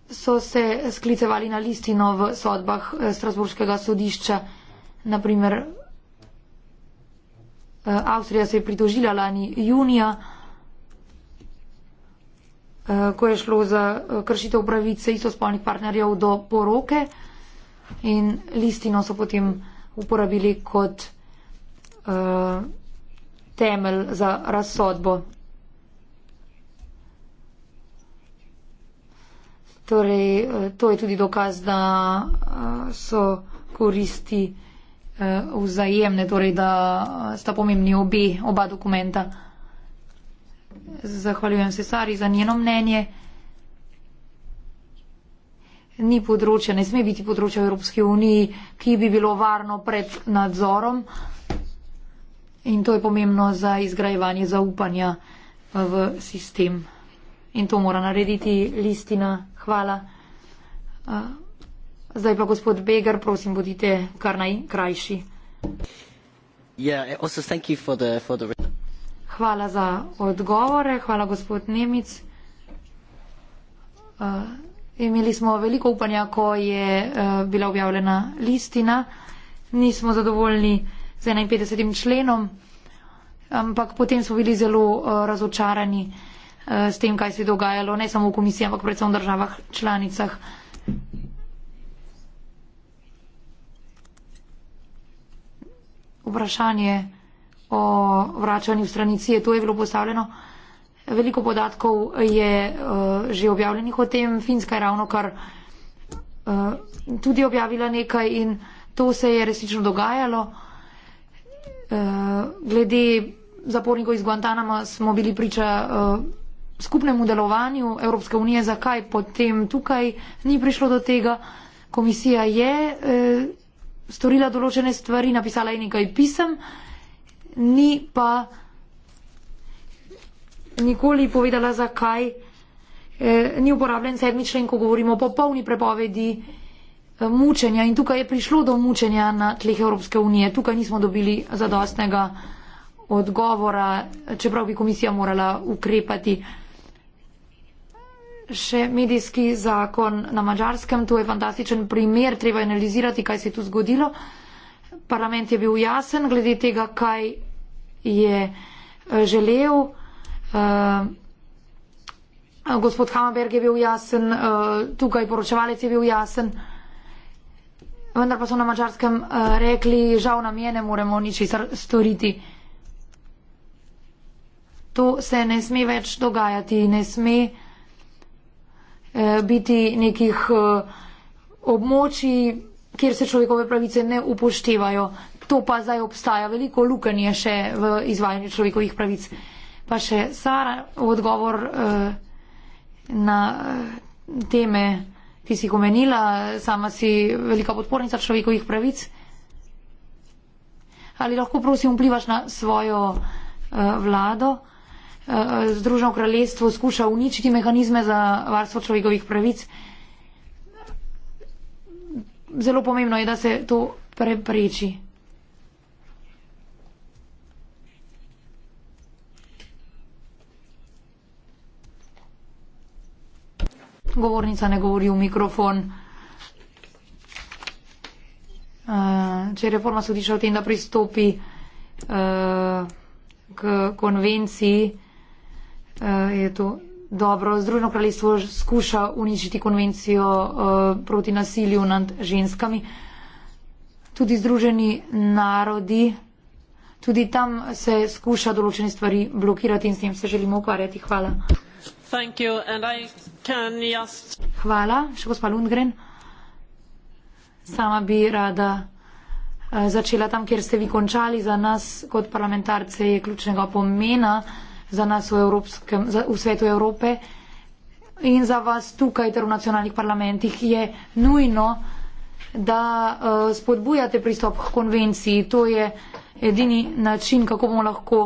so se sklicevali na listino v sodbah eh, Strasburskega sodišča. Naprimer, eh, Avstrija se je pritožila lani junija. Eh, ko je šlo za eh, kršitev pravice istospolnih partnerjev do poroke in listino so potem uporabili kot eh, temelj za razsodbo. Torej, to je tudi dokaz, da so koristi vzajemne, torej da sta pomembni obi, oba dokumenta. Zahvaljujem se Sari za njeno mnenje. Ni področja, ne sme biti področja Evropske unije, ki bi bilo varno pred nadzorom. In to je pomembno za izgrajevanje zaupanja v sistem. In to mora narediti listina. Hvala. Zdaj pa gospod Begar, prosim, bodite kar najkrajši. Yeah, also thank you for the, for the hvala za odgovore, hvala gospod Nemic. Uh, imeli smo veliko upanja, ko je uh, bila objavljena listina. Nismo zadovoljni z 51. členom, ampak potem smo bili zelo uh, razočarani uh, s tem, kaj se je dogajalo, ne samo v komisiji, ampak predvsem v državah članicah. Vprašanje je o vračanju stranici, je to je bilo postavljeno. Veliko podatkov je uh, že objavljenih o tem. Finska je ravno kar uh, tudi objavila nekaj in to se je resnično dogajalo. Uh, glede zapornikov iz Guantanama smo bili priča uh, skupnemu delovanju Evropske unije, zakaj potem tukaj ni prišlo do tega. Komisija je uh, storila določene stvari, napisala je nekaj pisem. Uh, ni pa nikoli povedala, zakaj eh, ni uporabljen sedmi člen, ko govorimo o popolni prepovedi eh, mučenja. In tukaj je prišlo do mučenja na tleh Evropske unije. Tukaj nismo dobili zadostnega odgovora, čeprav bi komisija morala ukrepati. Še medijski zakon na mačarskem, to je fantastičen primer, treba analizirati, kaj se je tu zgodilo. Parlament je bil jasen glede tega, kaj je eh, želel. Eh, gospod Hamberg je bil jasen, eh, tukaj poročevalec je bil jasen, vendar pa so na mačarskem rekli, žal nam je, ne moremo ničesar storiti. To se ne sme več dogajati, ne sme biti nekih območij, kjer se človekove pravice ne upoštevajo to pa zdaj obstaja, veliko lukenj je še v izvajanju človekovih pravic. Pa še Sara, odgovor uh, na eh, teme, ki si jih omenila, sama si velika podpornica človekovih pravic. Ali lahko prosim vplivaš na svojo uh, vlado? Združeno kraljestvo skuša uničiti mehanizme za varstvo človekovih pravic. Zelo pomembno je, da se to prepreči. govornica ne govori v mikrofon. Uh, če je reforma sodišča o tem, da pristopi uh, k konvenciji, uh, je to dobro. Združeno kraljestvo skuša uničiti konvencijo uh, proti nasilju nad ženskami. Tudi združeni narodi, tudi tam se skuša določene stvari blokirati in s tem se želimo ukvarjati. Hvala. Thank you. And I can just... Hvala, še gospa Lundgren. Sama bi rada eh, začela tam, kjer ste vi končali. Za nas kot parlamentarce je ključnega pomena za nas v, Evropskem, v svetu Evrope in za vas tukaj ter v nacionalnih parlamentih je nujno, da eh, spodbujate pristop k konvenciji. To je edini način, kako bomo lahko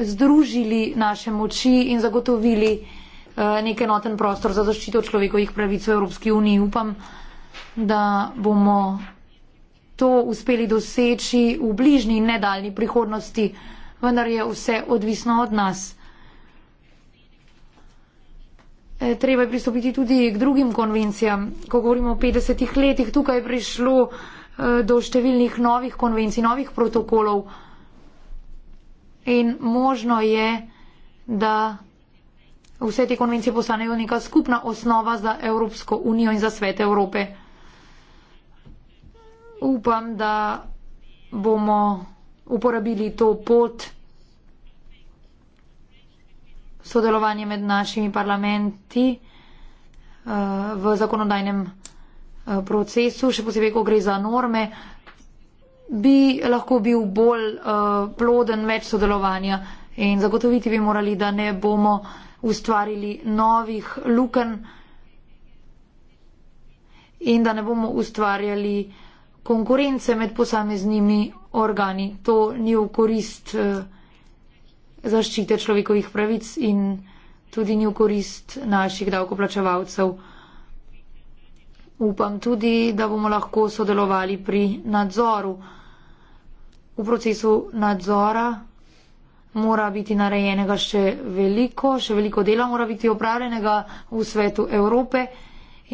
združili naše moči in zagotovili Eh, nek enoten prostor za zaščito človekovih pravic v Evropski uniji. Upam, da bomo to uspeli doseči v bližnji in nedaljni prihodnosti, vendar je vse odvisno od nas. Eh, treba je pristopiti tudi k drugim konvencijam. Ko govorimo o 50 letih, tukaj je prišlo eh, do številnih novih konvencij, novih protokolov. In možno je, da vse te konvencije postanejo neka skupna osnova za Evropsko unijo in za svet Evrope. Upam, da bomo uporabili to pot sodelovanje med našimi parlamenti eh, v zakonodajnem eh, procesu, še posebej, ko gre za norme, bi lahko bil bolj eh, ploden več sodelovanja in zagotoviti bi morali, da ne bomo uh, ustvarili novih luken in da ne bomo ustvarjali konkurence med posameznimi organi. To ni v korist eh, zaščite človekovih pravic in tudi ni v korist naših davkoplačevalcev. Upam tudi, da bomo lahko sodelovali pri nadzoru. V procesu nadzora mora biti narejenega še veliko, še veliko dela mora biti opravljenega v svetu Evrope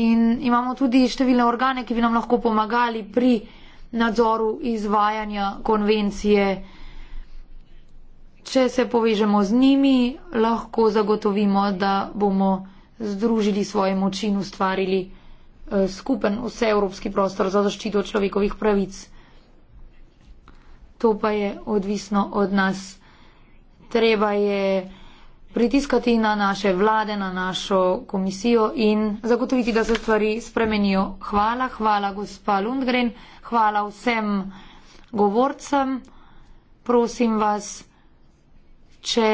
in imamo tudi številne organe, ki bi nam lahko pomagali pri nadzoru izvajanja konvencije. Če se povežemo z njimi, lahko zagotovimo, da bomo združili svoje moči in ustvarili eh, skupen vseevropski prostor za zaščito človekovih pravic. To pa je odvisno od nas treba je pritiskati na naše vlade, na našo komisijo in zagotoviti, da se stvari spremenijo. Hvala, hvala gospa Lundgren, hvala vsem govorcem. Prosim vas, če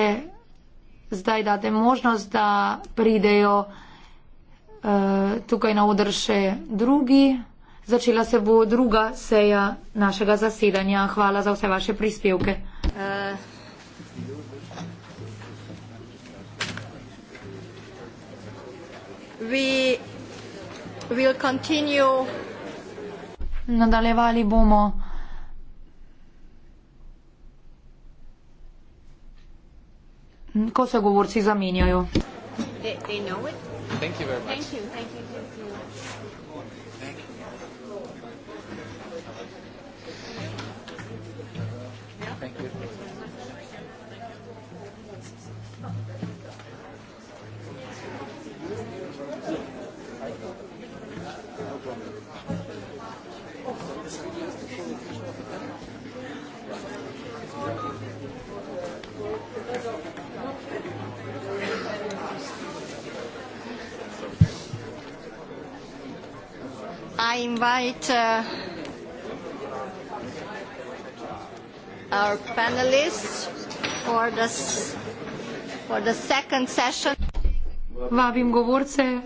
zdaj date možnost, da pridejo uh, tukaj na odr še drugi. Začela se bo druga seja našega zasedanja. Hvala za vse vaše prispevke. Uh. we will continue. Nadaljevali bomo. Ko se govorci zamenjajo. They, they know it. Thank you very much. Thank you, thank you. invite uh, our panelists for the for the second session. Vabim govorce uh,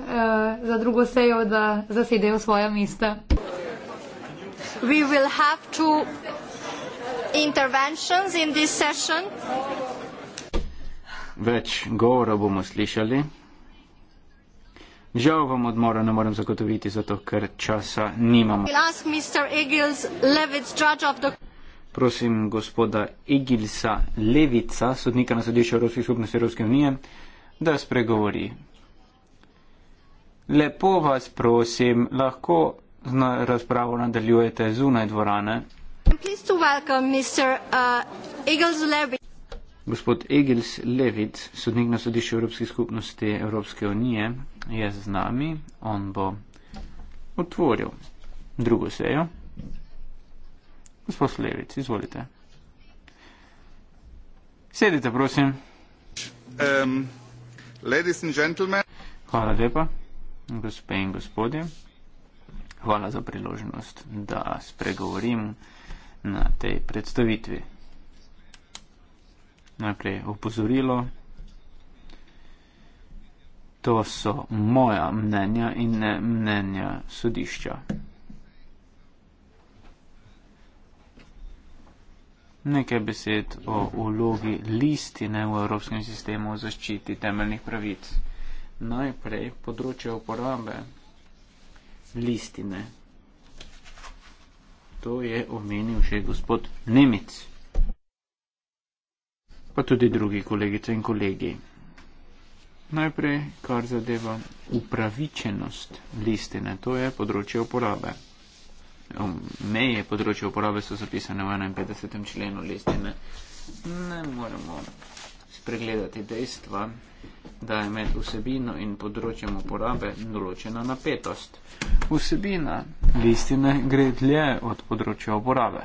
za drugo sejo, da zasedejo svoja mesta. We will have two interventions in this session. Več govora bomo slišali. Žal vam odmora ne morem zagotoviti, zato ker časa nimamo. Prosim gospoda Egilsa Levica, sodnika na sodišču Evropske skupnosti Evropske unije, da spregovori. Lepo vas prosim, lahko razpravo nadaljujete zunaj dvorane. Prosim, da vas prosim, gospod Egilsa Levica. Gospod Egils Levit, sodnik na sodišču Evropske skupnosti Evropske unije, je z nami. On bo otvoril drugo sejo. Gospod Levit, izvolite. Sedite, prosim. Um, ladies and gentlemen. Hvala lepa, gospe in gospodje. Hvala za priložnost, da spregovorim na tej predstavitvi najprej opozorilo. To so moja mnenja in ne mnenja sodišča. Nekaj besed o ulogi listine v Evropskem sistemu o zaščiti temeljnih pravic. Najprej področje uporabe listine. To je omenil še gospod Nemec pa tudi drugi kolegice in kolegi. Najprej, kar zadeva upravičenost listine, to je področje uporabe. Meje področja uporabe so zapisane v 51. členu listine. Ne moremo spregledati dejstva, da je med vsebino in področjem uporabe določena napetost. Vsebina listine gre dlje od področja uporabe.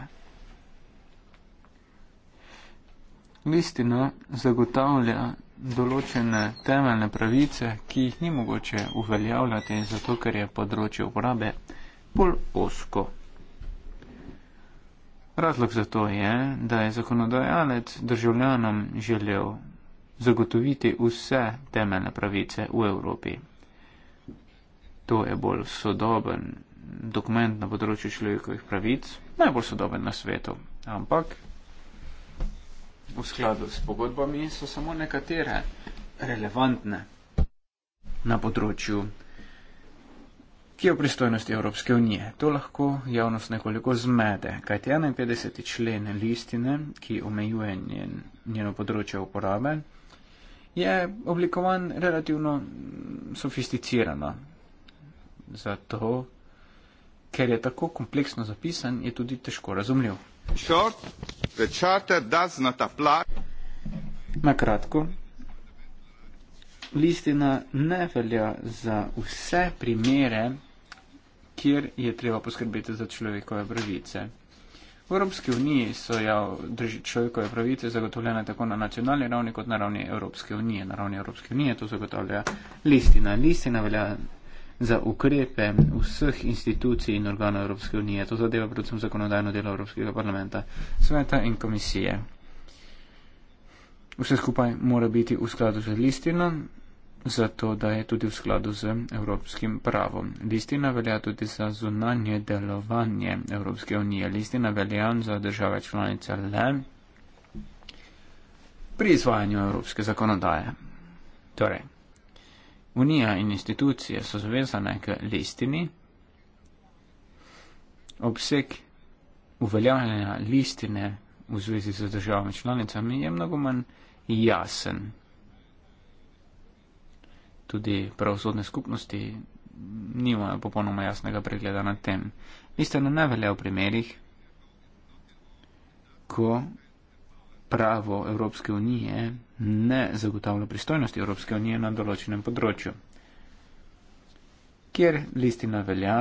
Listina zagotavlja določene temeljne pravice, ki jih ni mogoče uveljavljati in zato, ker je področje uporabe bolj osko. Razlog za to je, da je zakonodajalec državljanom želel zagotoviti vse temeljne pravice v Evropi. To je bolj sodoben dokument na področju človekovih pravic, najbolj sodoben na svetu. Ampak v skladu s pogodbami in so samo nekatere relevantne na področju, ki je v pristojnosti Evropske unije. To lahko javnost nekoliko zmede, kajti 51. člen listine, ki omejuje njen, njeno področje uporabe, je oblikovan relativno sofisticirano. Zato, ker je tako kompleksno zapisan, je tudi težko razumljiv. Short, the charter does not apply. Na kratko, listina ne velja za vse primere, kjer je treba poskrbeti za človekove pravice. V Evropski uniji so ja človekove pravice zagotovljene tako na nacionalni ravni kot na ravni Evropske unije. Na ravni Evropske unije to zagotavlja listina. Listina velja za ukrepe vseh institucij in organov Evropske unije. To zadeva predvsem zakonodajno delo Evropskega parlamenta, sveta in komisije. Vse skupaj mora biti v skladu z listino, zato da je tudi v skladu z evropskim pravom. Listina velja tudi za zunanje delovanje Evropske unije. Listina velja za države članice le pri izvajanju evropske zakonodaje. Torej, Unija in institucije so zvezane k listini. Obseg uveljavljanja listine v zvezi z državami članicami je mnogo manj jasen. Tudi pravosodne skupnosti nimajo popolnoma jasnega pregleda na tem. Listina ne velja v primerih, ko pravo Evropske unije ne zagotavlja pristojnosti Evropske unije na določenem področju. Kjer listina velja,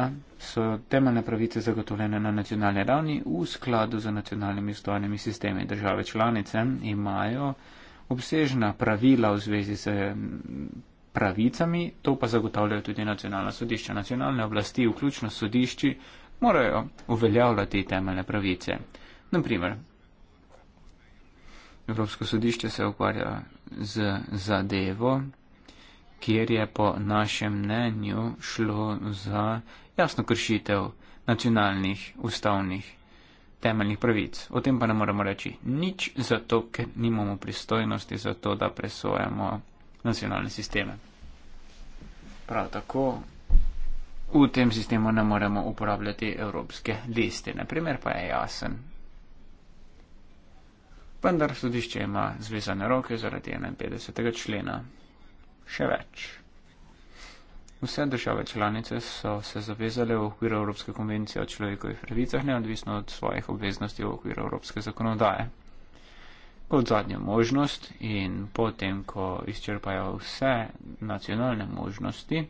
so temeljne pravice zagotovljene na nacionalni ravni v skladu z nacionalnimi ustvarjami sistemi. Države članice imajo obsežna pravila v zvezi z pravicami, to pa zagotavljajo tudi nacionalna sodišča. Nacionalne oblasti, vključno sodišči, morajo uveljavljati temeljne pravice. Naprimer, Evropsko sodišče se ukvarja z zadevo, kjer je po našem mnenju šlo za jasno kršitev nacionalnih ustavnih temeljnih pravic. O tem pa ne moremo reči nič, zato ker nimamo pristojnosti za to, da presojamo nacionalne sisteme. Prav tako v tem sistemu ne moremo uporabljati evropske liste. Naprimer pa je jasen vendar sodišče ima zvezane roke zaradi 51. člena. Še več. Vse države članice so se zavezale v okviru Evropske konvencije o človekovih pravicah, neodvisno od svojih obveznosti v okviru Evropske zakonodaje. Kot zadnjo možnost in potem, ko izčrpajo vse nacionalne možnosti,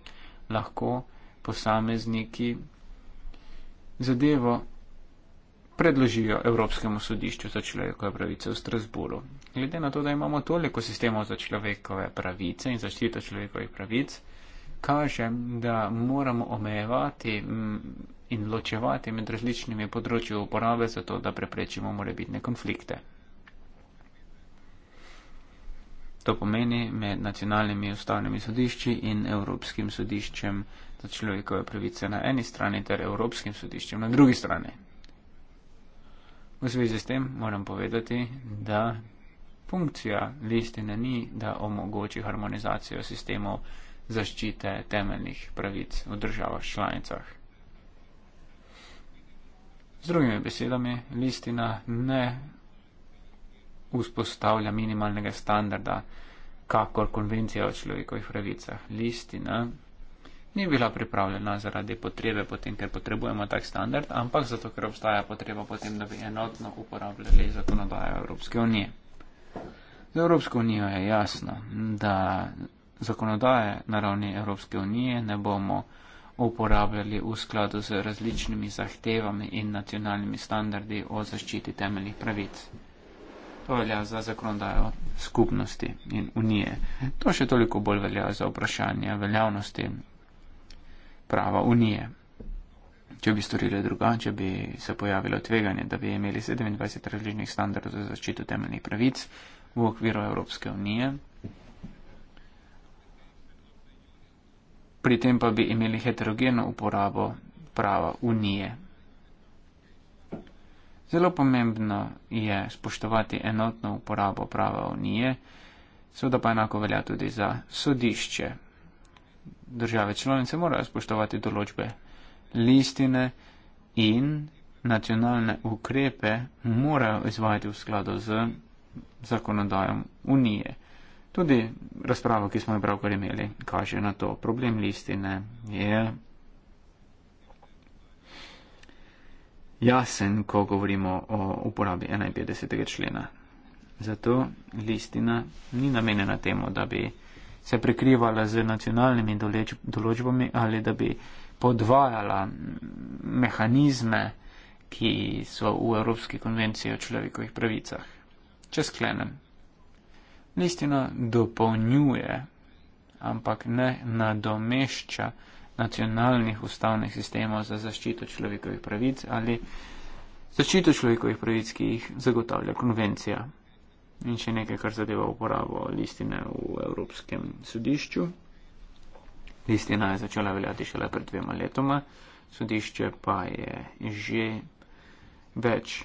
lahko posamezniki zadevo predložijo Evropskemu sodišču za človekove pravice v Strasburu. Glede na to, da imamo toliko sistemov za človekove pravice in zaščito človekovih pravic, kaže, da moramo omejevati mm, in ločevati med različnimi področji uporabe, zato da preprečimo morebitne konflikte. To pomeni med nacionalnimi ustavnimi sodišči in Evropskim sodiščem za človekove pravice na eni strani ter Evropskim sodiščem na drugi strani. V zvezi s tem moram povedati, da funkcija listine ni, da omogoči harmonizacijo sistemov zaščite temeljnih pravic v državah članicah. Z drugimi besedami, listina ne vzpostavlja minimalnega standarda, kakor konvencija o človekovih pravicah. Listina ni bila pripravljena zaradi potrebe potem, ker potrebujemo tak standard, ampak zato, ker obstaja potreba potem, da bi enotno uporabljali zakonodajo Evropske unije. Za Evropsko unijo je jasno, da zakonodaje na ravni Evropske unije ne bomo uporabljali v skladu z različnimi zahtevami in nacionalnimi standardi o zaščiti temeljnih pravic. To velja za zakonodajo skupnosti in unije. To še toliko bolj velja za vprašanje veljavnosti prava unije. Če bi storili drugače, bi se pojavilo tveganje, da bi imeli 27 različnih standardov za zaščito temeljnih pravic v okviru Evropske unije. Pri tem pa bi imeli heterogeno uporabo prava unije. Zelo pomembno je spoštovati enotno uporabo prava unije, seveda pa enako velja tudi za sodišče države članice morajo spoštovati določbe listine in nacionalne ukrepe morajo izvajati v skladu z zakonodajom Unije. Tudi razprava, ki smo jo pravkar imeli, kaže na to. Problem listine je jasen, ko govorimo o uporabi 51. člena. Zato listina ni namenjena temu, da bi se prekrivala z nacionalnimi določbami ali da bi podvajala mehanizme, ki so v Evropski konvenciji o človekovih pravicah. Če sklenem, listina dopolnjuje, ampak ne nadomešča nacionalnih ustavnih sistemov za zaščito človekovih pravic ali zaščito človekovih pravic, ki jih zagotavlja konvencija in še nekaj, kar zadeva uporabo listine v Evropskem sodišču. Listina je začela veljati šele pred dvema letoma, sodišče pa je že več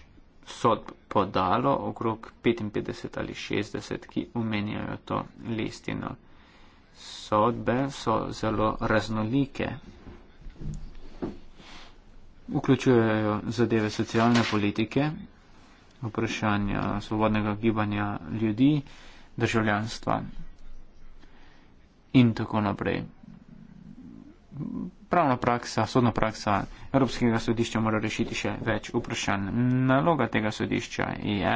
sodb podalo, okrog 55 ali 60, ki omenjajo to listino. Sodbe so zelo raznolike. Vključujejo zadeve socialne politike, vprašanj svobodnega gibanja ljudi, državljanstva in tako naprej. Pravna praksa, sodna praksa Evropskega sodišča mora rešiti še več vprašanj. Naloga tega sodišča je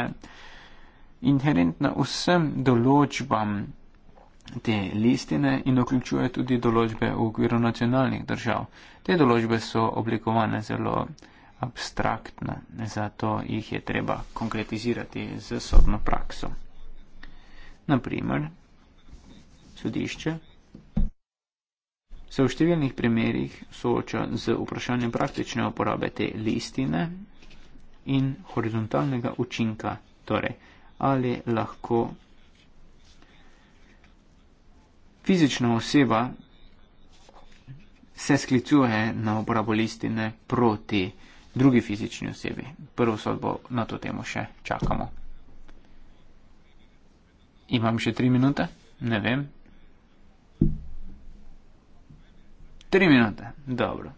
inherentna vsem določbam te listine in vključuje tudi določbe v okviru nacionalnih držav. Te določbe so oblikovane zelo abstraktna, zato jih je treba konkretizirati z sodno prakso. Naprimer, sodišče se v številnih primerjih sooča z vprašanjem praktične uporabe te listine in horizontalnega učinka, torej ali lahko fizična oseba se sklicuje na uporabo listine proti uh, drugi fizični osebi. Prvo sodbo na to temo še čakamo. Imam še tri minute? Ne vem. Tri minute, dobro.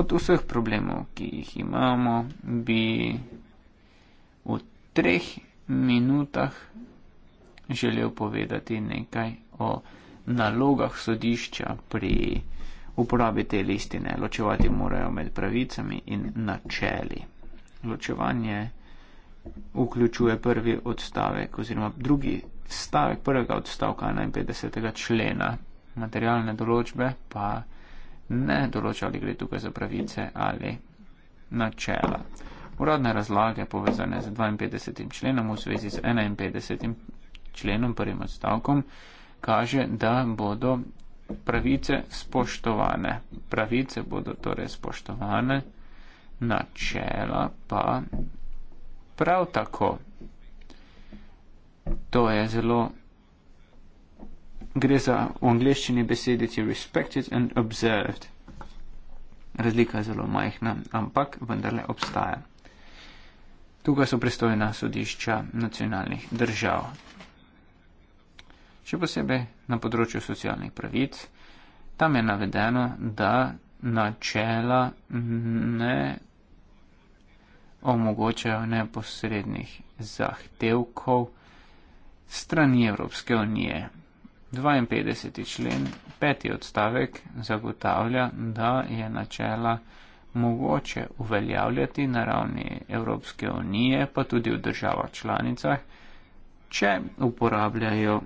Od vseh problemov, ki jih imamo, bi v treh minutah želel povedati nekaj o nalogah sodišča pri uporabi te listine, ločevati morajo med pravicami in načeli. Ločevanje vključuje prvi odstavek oziroma drugi stavek prvega odstavka 51. člena. Materialne določbe pa ne določa, ali gre tukaj za pravice ali načela. Uradne razlage povezane z 52. členom v zvezi z 51. členom prvim odstavkom kaže, da bodo pravice spoštovane. Pravice bodo torej spoštovane, načela pa prav tako. To je zelo. Gre za v angleščini besedici respected and observed. Razlika je zelo majhna, ampak vendarle obstaja. Tukaj so pristojna sodišča nacionalnih držav še posebej na področju socialnih pravic. Tam je navedeno, da načela ne omogočajo neposrednih zahtevkov strani Evropske unije. 52. člen, peti odstavek zagotavlja, da je načela mogoče uveljavljati na ravni Evropske unije, pa tudi v državah članicah, če uporabljajo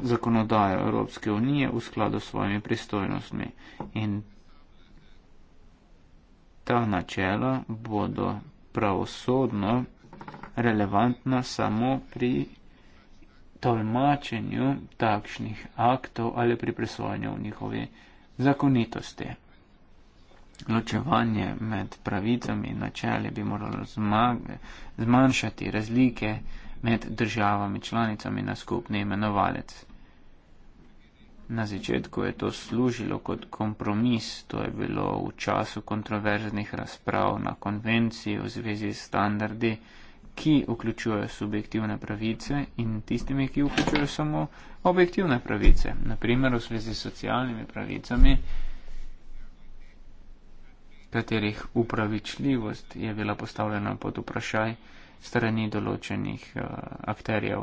zakonodajo Evropske unije v skladu s svojimi pristojnostmi. In ta načela bodo pravosodno relevantna samo pri tolmačenju takšnih aktov ali pri presojanju v njihovi zakonitosti. Ločevanje med pravicami in načeli bi moralo zmanjšati razlike, med državami članicami na skupni imenovalec. Na začetku je to služilo kot kompromis, to je bilo v času kontroverznih razprav na konvenciji v zvezi s standardi, ki vključujejo subjektivne pravice in tistimi, ki vključujejo samo objektivne pravice, naprimer v zvezi s socialnimi pravicami, katerih upravičljivost je bila postavljena pod vprašaj strani določenih uh, akterjev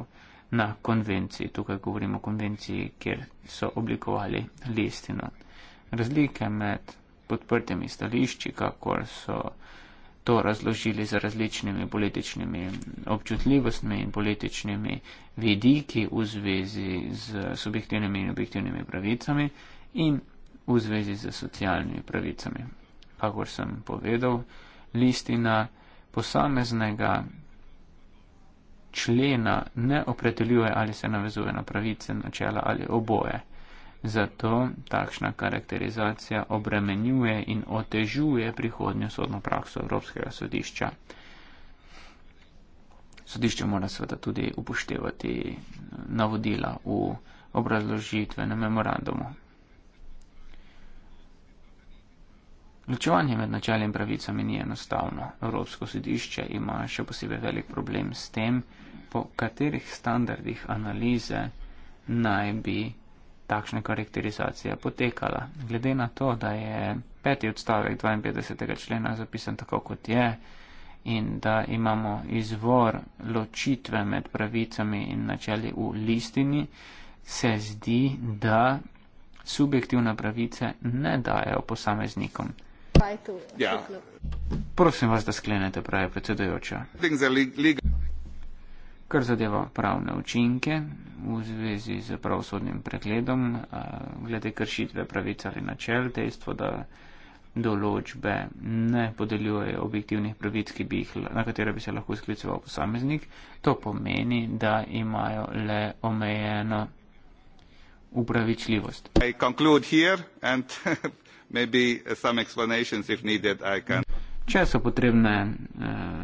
na konvenciji. Tukaj govorimo o konvenciji, kjer so oblikovali listino. Razlike med podprtimi stališči, kakor so to razložili za različnimi političnimi občutljivostmi in političnimi vidiki v zvezi z subjektivnimi in objektivnimi pravicami in v zvezi z socialnimi pravicami. Kakor sem povedal, listina posameznega člena ne opredeljuje, ali se navezuje na pravice, načela ali oboje. Zato takšna karakterizacija obremenjuje in otežuje prihodnjo sodno prakso Evropskega sodišča. Sodišče mora seveda tudi upoštevati navodila v obrazložitvenem memorandumu. Ločevanje med načeli in pravicami ni enostavno. Evropsko sodišče ima še posebej velik problem s tem, po katerih standardih analize naj bi takšna karakterizacija potekala. Glede na to, da je peti odstavek 52. člena zapisan tako, kot je in da imamo izvor ločitve med pravicami in načeli v listini, se zdi, da subjektivne pravice ne dajo posameznikom. Ja. Prosim vas, da sklenete pravi predsedujoča. Kar zadeva pravne učinke v zvezi z pravosodnim pregledom, glede kršitve pravic ali načel, dejstvo, da določbe ne podeljujejo objektivnih pravic, ki bi jih, na katere bi se lahko skliceval posameznik, to pomeni, da imajo le omejeno upravičljivost. needed, Če so potrebne uh,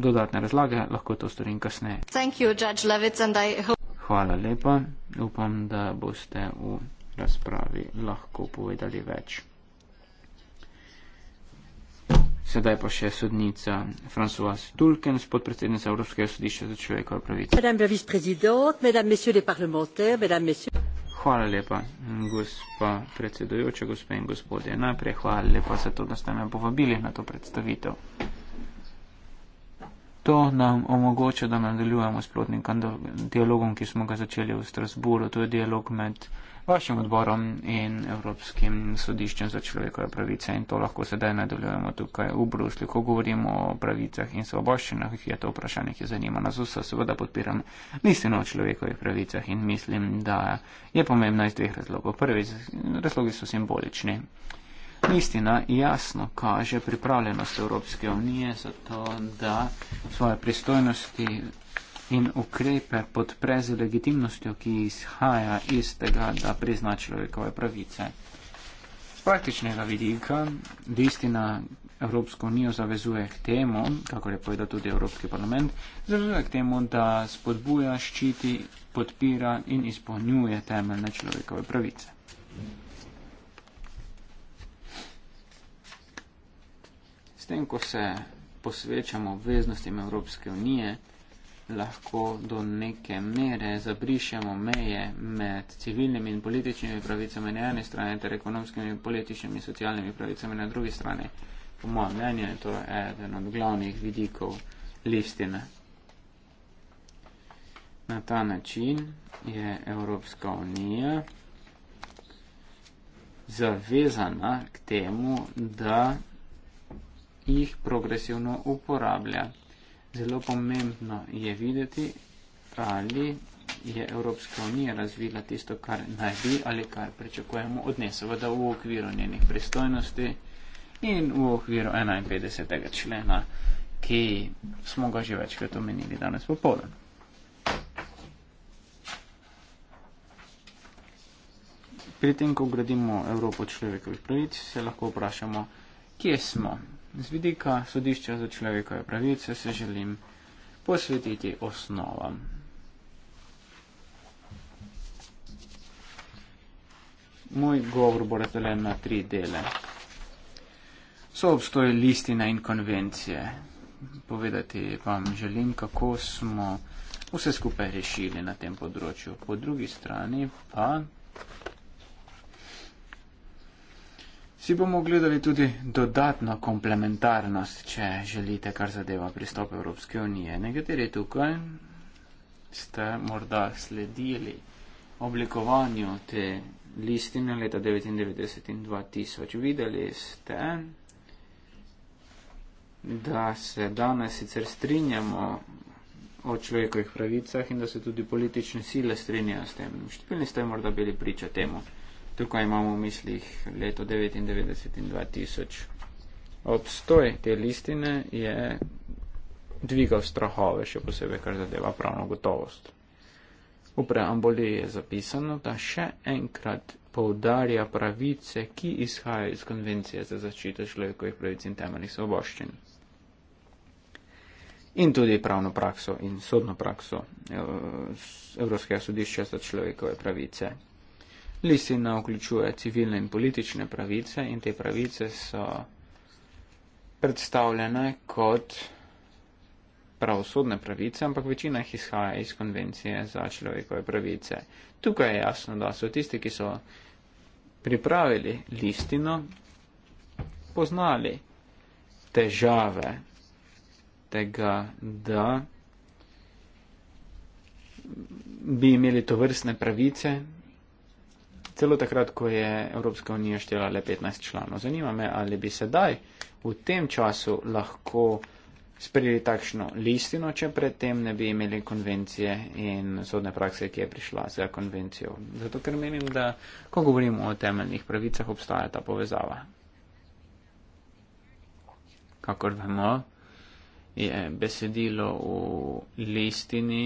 dodatne razlage, lahko to storim kasneje. You, Hvala lepa. Upam, da boste v razpravi lahko povedali več. Sedaj pa še sodnica Françoise Tulkens, podpredsednica Evropskega sodišča za človekove pravice. Madame la vice-présidente, mesdames, messieurs les parlementaires, mesdames, messieurs. Hvala lepa, gospa predsedujoča, gospe in gospodje. Najprej hvala lepa za to, da ste me povabili na to predstavitev. To nam omogoča, da nadaljujemo s plotnim dialogom, ki smo ga začeli v Strasburu. To je dialog med vašim odborom in Evropskim sodiščem za človekove pravice. In to lahko sedaj nadaljujemo tukaj v Bruslju. Ko govorimo o pravicah in svoboščinah, je to vprašanje, ki zanima nas vse. Seveda podpiram listino o človekovih pravicah in mislim, da je pomembna iz dveh razlogov. Prvi razlogi so simbolični. Istina jasno kaže pripravljenost Evropske unije za to, da svoje pristojnosti in ukrepe podpre z legitimnostjo, ki izhaja iz tega, da prizna človekove pravice. Z praktičnega vidika, listina Evropsko unijo zavezuje k temu, kako je povedal tudi Evropski parlament, zavezuje k temu, da spodbuja, ščiti, podpira in izpolnjuje temeljne človekove pravice. S tem, ko se posvečamo obveznostim Evropske unije, lahko do neke mere zabrišemo meje med civilnimi in političnimi pravicami na eni strani ter ekonomskimi, političnimi in socialnimi pravicami na drugi strani. Po mojem mnenju je to eden od glavnih vidikov listine. Na ta način je Evropska unija zavezana k temu, da jih progresivno uporablja. Zelo pomembno je videti, ali je Evropska unija razvila tisto, kar naj bi ali kar pričakujemo od nje, seveda v okviru njenih pristojnosti in v okviru 51. člena, ki smo ga že večkrat omenili danes popoldne. Pri tem, ko gradimo Evropo človekovih pravic, se lahko vprašamo, kje smo. Z vidika sodišča za človekove pravice se želim posvetiti osnovam. Moj govor bo razdeljen na tri dele. So obstoje listine in konvencije. Povedati vam želim, kako smo vse skupaj rešili na tem področju. Po drugi strani pa si bomo gledali tudi dodatno komplementarnost, če želite, kar zadeva pristop Evropske unije. Nekateri tukaj ste morda sledili oblikovanju te listine leta 1999 in 2000. Videli ste, da se danes sicer strinjamo o človekovih pravicah in da se tudi politične sile strinjajo s tem. Številni ste morda bili priča temu. Tukaj imamo v mislih leto 99 in 2000. Obstoj te listine je dvigal strahove, še posebej, kar zadeva pravno gotovost. V preambuli je zapisano, da še enkrat poudarja pravice, ki izhajajo iz konvencije za zaščito človekovih pravic in temeljnih svoboščin. In tudi pravno prakso in sodno prakso eh, Evropskega sodišča za človekove pravice Listina vključuje civilne in politične pravice in te pravice so predstavljene kot pravosodne pravice, ampak večina jih izhaja iz konvencije za človekove pravice. Tukaj je jasno, da so tisti, ki so pripravili listino, poznali težave tega, da bi imeli to vrstne pravice, celo takrat, ko je Evropska unija štela le 15 članov. Zanima me, ali bi sedaj v tem času lahko sprejeli takšno listino, če predtem ne bi imeli konvencije in sodne prakse, ki je prišla za konvencijo. Zato, ker menim, da ko govorimo o temeljnih pravicah, obstaja ta povezava. Kakor vemo, je besedilo v listini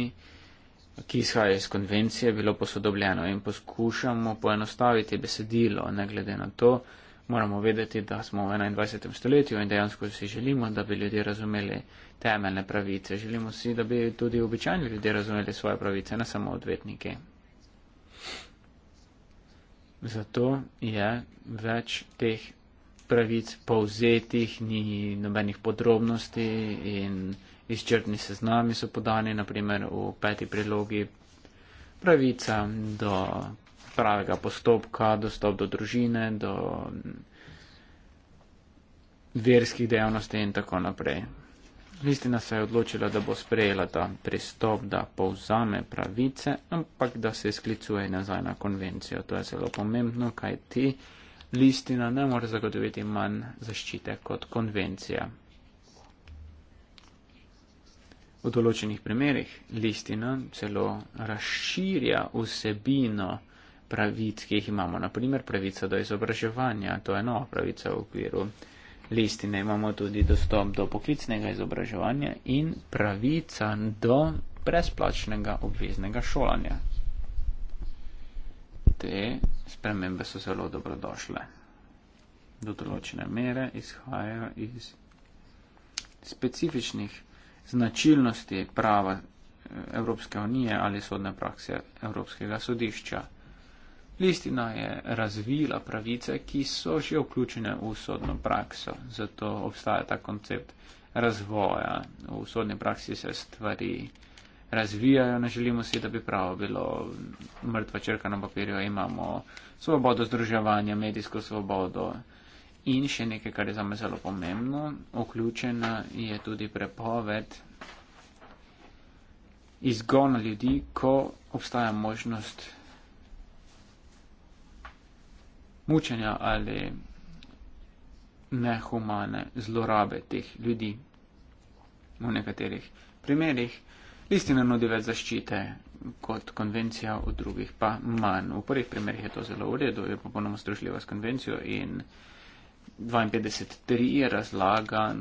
ki izhaja iz konvencije, bilo posodobljeno in poskušamo poenostaviti besedilo, ne glede na to, moramo vedeti, da smo v 21. stoletju in dejansko si želimo, da bi ljudje razumeli temeljne pravice. Želimo si, da bi tudi običajni ljudje razumeli svoje pravice, ne samo odvetniki. Zato je več teh pravic povzetih, ni nobenih podrobnosti in izčrpni seznami so podani, naprimer v peti prilogi pravica do pravega postopka, dostop do družine, do verskih dejavnosti in tako naprej. Listina se je odločila, da bo sprejela ta pristop, da povzame pravice, ampak da se sklicuje nazaj na konvencijo. To je zelo pomembno, kaj ti listina ne more zagotoviti manj zaščite kot konvencija v določenih primerjih listina celo razširja vsebino pravic, ki jih imamo. Naprimer, pravica do izobraževanja, to je nova pravica v okviru listine. Imamo tudi dostop do poklicnega izobraževanja in pravica do brezplačnega obveznega šolanja. Te spremembe so zelo dobrodošle. Do določene mere izhajajo iz specifičnih značilnosti prava eh, Evropske unije ali sodne prakse Evropskega sodišča. Listina je razvila pravice, ki so že vključene v sodno prakso, zato obstaja ta koncept razvoja. V sodni praksi se stvari razvijajo, ne želimo si, da bi pravo bilo mrtva črka na papirju, imamo svobodo združevanja, medijsko svobodo. In še nekaj, kar je za me zelo pomembno, vključena je tudi prepoved izgona ljudi, ko obstaja možnost mučenja ali nehumane zlorabe teh ljudi v nekaterih primerjih. Listina nudi več zaščite kot konvencija, v drugih pa manj. V prvih primerih je to zelo v redu, je popolnoma strošljiva s konvencijo in 52.3 je razlaga,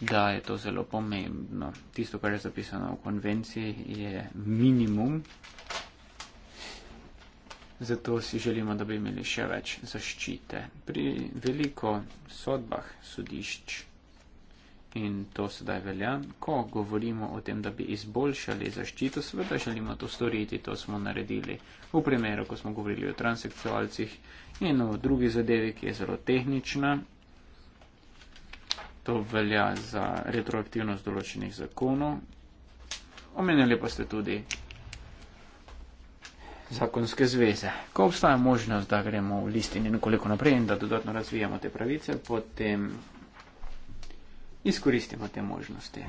da je to zelo pomembno. Tisto, kar je zapisano v konvenciji, je minimum. Zato si želimo, da bi imeli še več zaščite. Pri veliko sodbah sodišč in to sedaj velja. Ko govorimo o tem, da bi izboljšali zaščito, seveda želimo to storiti, to smo naredili v primeru, ko smo govorili o transekcijalcih in o drugi zadevi, ki je zelo tehnična. To velja za retroaktivnost določenih zakonov. Omenjali pa ste tudi zakonske zveze. Ko obstaja možnost, da gremo v listini nekoliko naprej in da dodatno razvijamo te pravice, potem izkoristimo te možnosti.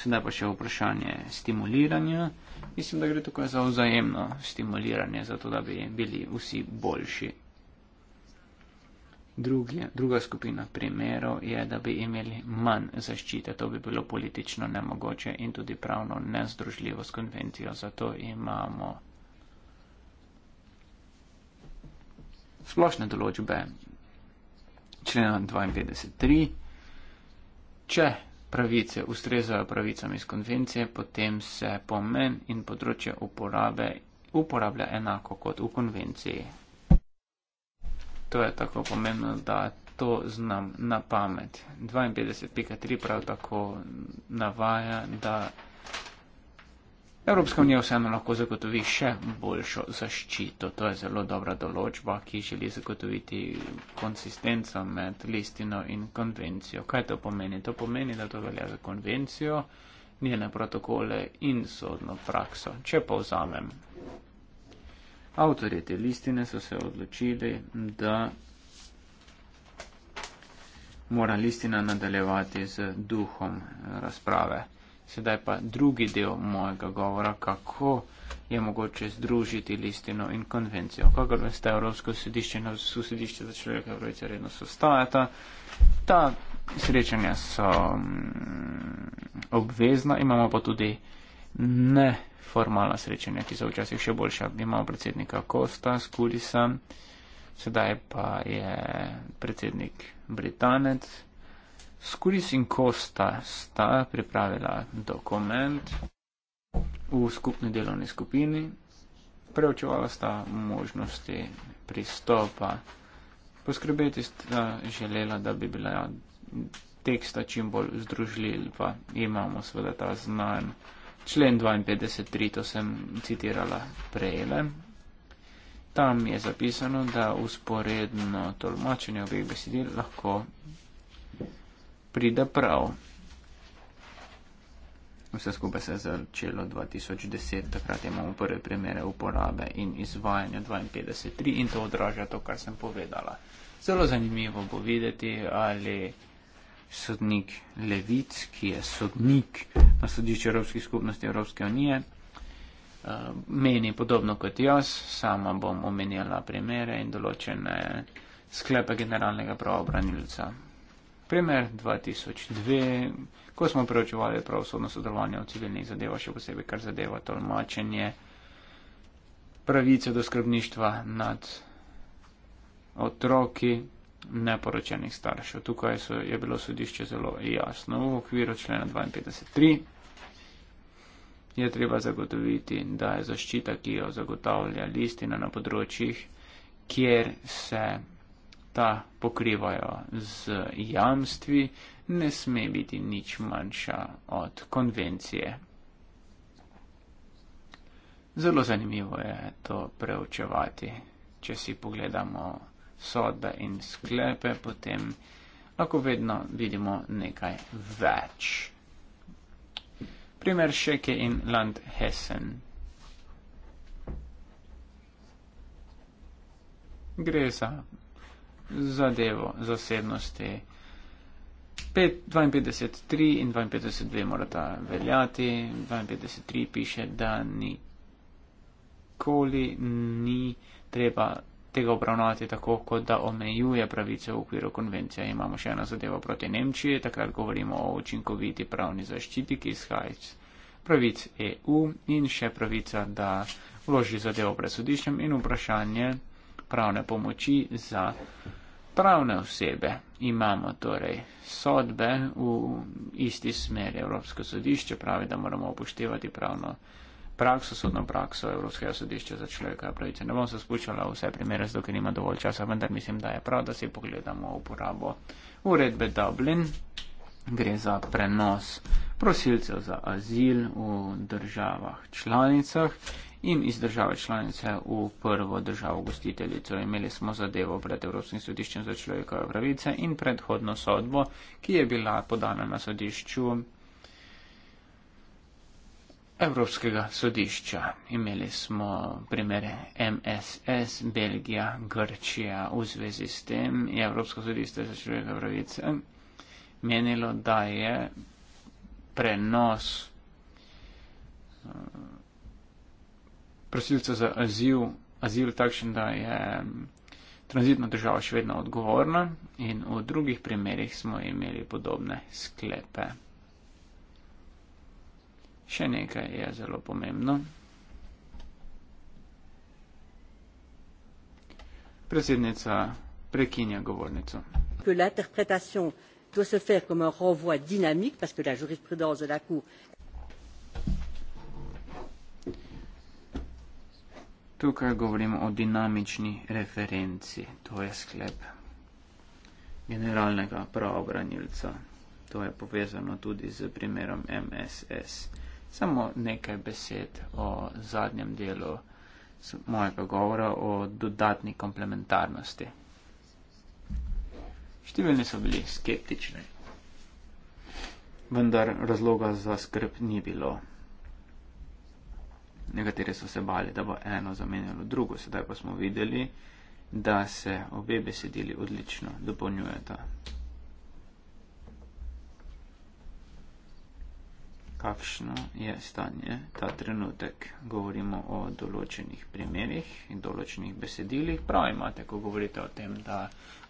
Sedaj pa še vprašanje stimuliranja. Mislim, da gre tukaj za vzajemno stimuliranje, zato da bi bili vsi boljši. Druge, druga skupina primerov je, da bi imeli manj zaščite. To bi bilo politično nemogoče in tudi pravno nezdružljivo s konvencijo. Zato imamo splošne določbe člena 52.3 če pravice ustrezajo pravicam iz konvencije, potem se pomen in področje uporabe uporablja enako kot v konvenciji. To je tako pomembno, da to znam na pamet. 52.3 prav tako navaja, da Evropska unija vseeno lahko zagotovi še boljšo zaščito. To je zelo dobra določba, ki želi zagotoviti konsistenco med listino in konvencijo. Kaj to pomeni? To pomeni, da to velja za konvencijo, njene protokole in sodno prakso. Če pa vzamem. Avtorje te listine so se odločili, da mora listina nadaljevati z duhom razprave. Sedaj pa drugi del mojega govora, kako je mogoče združiti listino in konvencijo. Kakor veste, Evropsko sodišče in Evropsko sodišče za človekove pravice redno sostajata. Ta srečanja so mm, obvezna, imamo pa tudi neformalna srečanja, ki so včasih še boljša. Imamo predsednika Kosta, Skulisa, sedaj pa je predsednik Britanec. Skuris in Kosta sta pripravila dokument v skupni delovni skupini. Preučevala sta možnosti pristopa. Poskrbeti sta želela, da bi bila teksta čim bolj združljiva. Imamo seveda ta znan člen 52.3, to sem citirala prejle. Tam je zapisano, da usporedno tolmačenje obeh besedil lahko pride prav. Vse skupaj se je začelo 2010, takrat imamo prve primere uporabe in izvajanja 52.3 in to odraža to, kar sem povedala. Zelo zanimivo bo videti, ali sodnik Levic, ki je sodnik na sodišču Evropskih skupnosti Evropske unije, eh, meni podobno kot jaz, sama bom omenjala primere in določene sklepe generalnega pravobranilca primer 2002, ko smo preučevali pravosodno sodelovanje v civilnih zadevah, še posebej kar zadeva tolmačenje pravice do skrbništva nad otroki neporočenih staršev. Tukaj so, je bilo sodišče zelo jasno v okviru člena 52.3. Je treba zagotoviti, da je zaščita, ki jo zagotavlja listina na področjih, kjer se ta pokrivajo z jamstvi, ne sme biti nič manjša od konvencije. Zelo zanimivo je to preučevati. Če si pogledamo sodbe in sklepe, potem lahko vedno vidimo nekaj več. Primer Šeke in Land Hessen. Gre za zadevo zasebnosti. 52.3 in 52.2 morata veljati. 52.3 piše, da nikoli ni treba tega obravnavati tako, kot da omejuje pravice v okviru konvencije. Imamo še eno zadevo proti Nemčiji, takrat govorimo o učinkoviti pravni zaščiti, ki izhaja iz pravic EU in še pravica, da vloži zadevo pred sodiščem in vprašanje pravne pomoči za pravne osebe imamo torej sodbe v isti smeri. Evropsko sodišče pravi, da moramo upoštevati pravno prakso, sodno prakso Evropskega sodišča za človeka pravice. Ne bom se spuščala vse primere, zato ker nima dovolj časa, vendar mislim, da je prav, da si pogledamo uporabo uredbe Dublin. Gre za prenos prosilcev za azil v državah članicah in iz države članice v prvo državo gostiteljico. Imeli smo zadevo pred Evropskim sodiščem za človekove pravice in predhodno sodbo, ki je bila podana na sodišču Evropskega sodišča. Imeli smo primere MSS, Belgija, Grčija v zvezi s tem je Evropsko sodišče za človekove pravice menilo, da je prenos prosilcev za azil, azil takšen, da je mm, tranzitna država še vedno odgovorna in v drugih primerjih smo imeli podobne sklepe. Še nekaj je zelo pomembno. Predsednica prekinja govornico. Que l'interprétation doit se faire comme un renvoi dynamique, parce que la jurisprudence de la Cour Tukaj govorimo o dinamični referenci, to je sklep generalnega pravobranilca. To je povezano tudi z primerom MSS. Samo nekaj besed o zadnjem delu mojega govora o dodatni komplementarnosti. Številni so bili skeptični, vendar razloga za skrb ni bilo nekatere so se bali, da bo eno zamenjalo drugo, sedaj pa smo videli, da se obe besedili odlično dopolnjujeta. kakšno je stanje ta trenutek. Govorimo o določenih primerjih in določenih besedilih. Prav imate, ko govorite o tem, da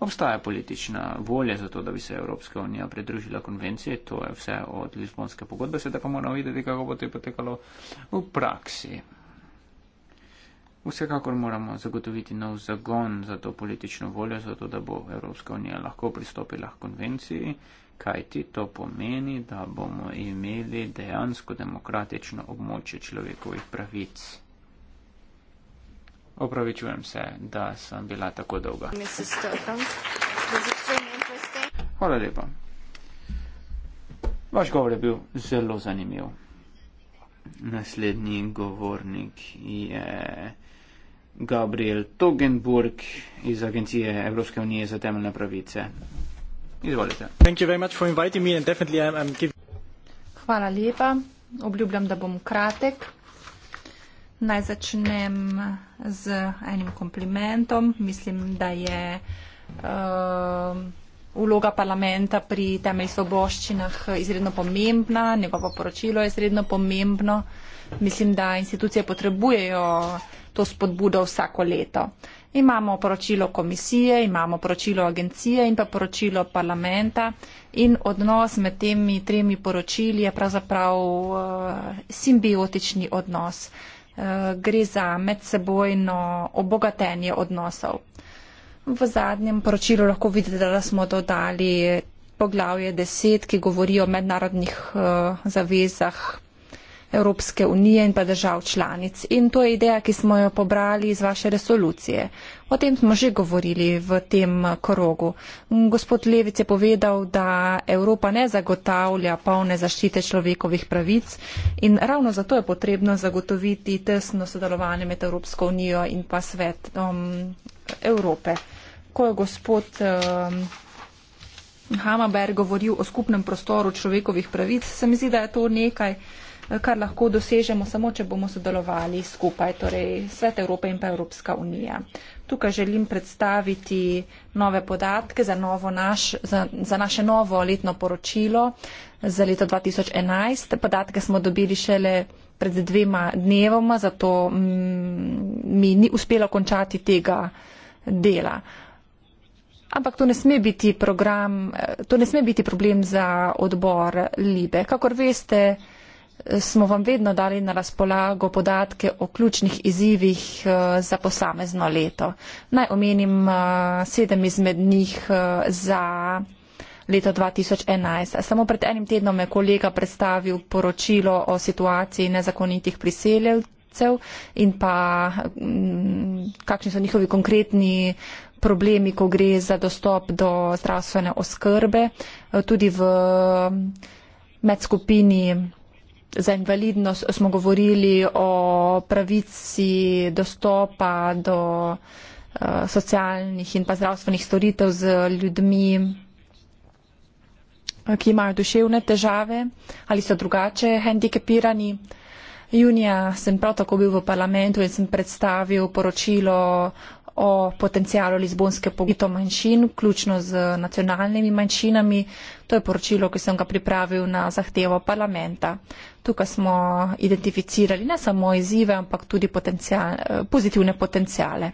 obstaja politična volja za to, da bi se Evropska unija pridružila konvenciji. To je vse od Lizbonske pogodbe, sedaj pa moramo videti, kako bo to potekalo v praksi. Vsekakor moramo zagotoviti nov zagon za to politično voljo, zato da bo Evropska unija lahko pristopila k konvenciji kajti to pomeni, da bomo imeli dejansko demokratično območje človekovih pravic. Opravičujem se, da sem bila tako dolga. Hvala lepa. Vaš govor je bil zelo zanimiv. Naslednji govornik je Gabriel Togenburg iz Agencije Evropske unije za temeljne pravice. Hvala lepa. Obljubljam, da bom kratek. Naj začnem z enim komplimentom. Mislim, da je uh, vloga parlamenta pri temelj svoboščinah izredno pomembna, njegovo poročilo je izredno pomembno. Mislim, da institucije potrebujejo to spodbudo vsako leto. Uh, Imamo poročilo komisije, imamo poročilo agencije in pa poročilo parlamenta in odnos med temi tremi poročili je pravzaprav uh, simbiotični odnos. Uh, gre za medsebojno obogatenje odnosov. V zadnjem poročilu lahko vidite, da smo dodali poglavje 10, ki govori o mednarodnih uh, zavezah Evropske unije in pa držav članic. In to je ideja, ki smo jo pobrali iz vaše resolucije. O tem smo že govorili v tem krogu. Gospod Levic je povedal, da Evropa ne zagotavlja polne zaščite človekovih pravic in ravno zato je potrebno zagotoviti tesno sodelovanje med Evropsko unijo in pa svetom um, Evrope. Ko je gospod um, Hamaber govoril o skupnem prostoru človekovih pravic, se mi zdi, da je to nekaj, kar lahko dosežemo samo, če bomo sodelovali skupaj, torej Svet Evrope in pa Evropska unija. Tukaj želim predstaviti nove podatke za, novo naš, za, za naše novo letno poročilo za leto 2011. Podatke smo dobili šele pred dvema dnevoma, zato mm, mi ni uspelo končati tega dela. Ampak to ne sme biti, program, ne sme biti problem za odbor Libe. Kakor veste, smo vam vedno dali na razpolago podatke o ključnih izzivih eh, za posamezno leto. Naj omenim eh, sedem izmed njih eh, za leto 2011. Samo pred enim tednom je kolega predstavil poročilo o situaciji nezakonitih priseljevcev in pa mm, kakšni so njihovi konkretni problemi, ko gre za dostop do zdravstvene oskrbe. Tudi v mm, medskupini za invalidnost, smo govorili o pravici dostopa do uh, socialnih in pa zdravstvenih storitev z ljudmi, eh, ki imajo duševne težave ali so drugače hendikepirani. Junija sem prav tako bil v parlamentu in sem predstavil poročilo o potencijalu Lizbonske pogito manjšin, vključno z nacionalnimi manjšinami. To je poročilo, ki sem ga pripravil na zahtevo parlamenta tukaj smo identificirali ne samo izzive, ampak tudi potencial, eh, pozitivne potencijale.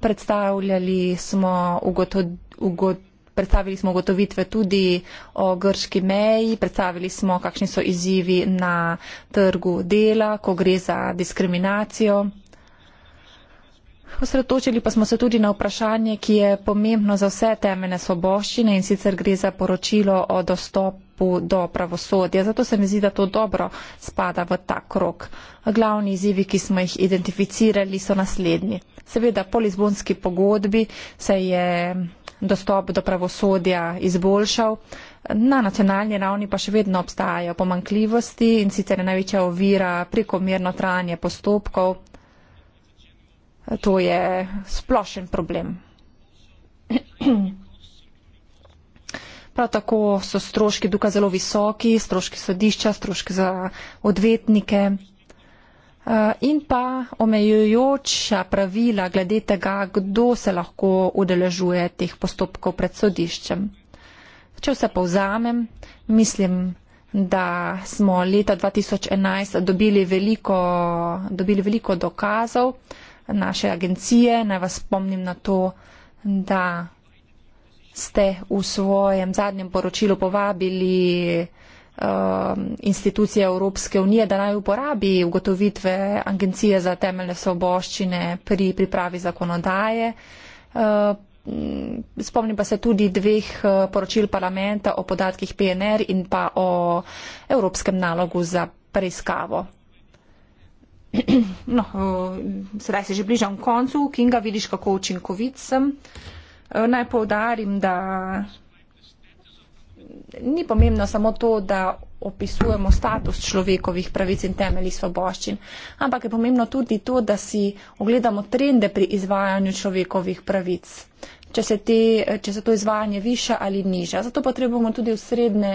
Predstavljali smo ugotovitve. Predstavili smo ugotovitve tudi o grški meji, predstavili smo, kakšni so izzivi na trgu dela, ko gre za diskriminacijo. Osredotočili pa smo se tudi na vprašanje, ki je pomembno za vse temene svoboščine in sicer gre za poročilo o dostopu pristopu do pravosodja. Zato se mi zdi, da to dobro spada v ta krok. Glavni izzivi, ki smo jih identificirali, so naslednji. Seveda, po Lizbonski pogodbi se je dostop do pravosodja izboljšal. Na nacionalni ravni pa še vedno obstajajo pomankljivosti in sicer je največja ovira prekomerno trajanje postopkov. To je splošen problem. prav tako so stroški duka zelo visoki, stroški sodišča, stroški za odvetnike. Eh, in pa omejujoča pravila glede tega, kdo se lahko udeležuje teh postopkov pred sodiščem. Če vse povzamem, mislim, da smo leta 2011 dobili veliko, dobili veliko dokazov naše agencije. Naj vas spomnim na to, da ste v svojem zadnjem poročilu povabili um, institucije Evropske unije, da naj uporabi ugotovitve Agencije za temeljne soboščine pri pripravi zakonodaje. Uh, spomnim pa se tudi dveh uh, poročil parlamenta o podatkih PNR in pa o Evropskem nalogu za preiskavo. No, uh, sedaj se že bližam koncu, Kinga, vidiš, kako učinkovit sem. Eh, naj povdarim, da ni pomembno samo to, da opisujemo status človekovih pravic in temeljih svoboščin, ampak je pomembno tudi to, da si ogledamo trende pri izvajanju človekovih pravic, če se, te, če se to izvajanje više ali niže. Zato potrebujemo tudi usredne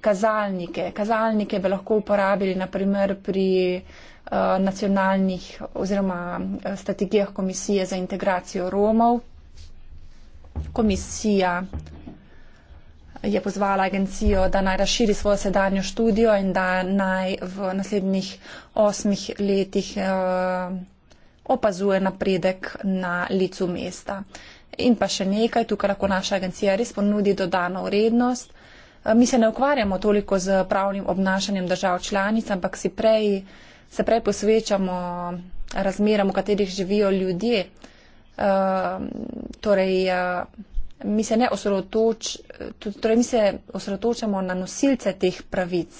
kazalnike. Kazalnike bi lahko uporabili naprimer pri uh, nacionalnih oziroma eh, strategijah Komisije za integracijo Romov Komisija je pozvala agencijo, da naj razširi svojo sedanjo študijo in da naj v naslednjih osmih letih eh, opazuje napredek na licu mesta. In pa še nekaj, tukaj lahko naša agencija res ponudi dodano vrednost. Eh, mi se ne ukvarjamo toliko z pravnim obnašanjem držav članic, ampak prej, se prej posvečamo razmeram, v katerih živijo ljudje. Ehm, torej, eh, mi se ne osredotočamo, torej mi se osredotočamo na nosilce teh pravic.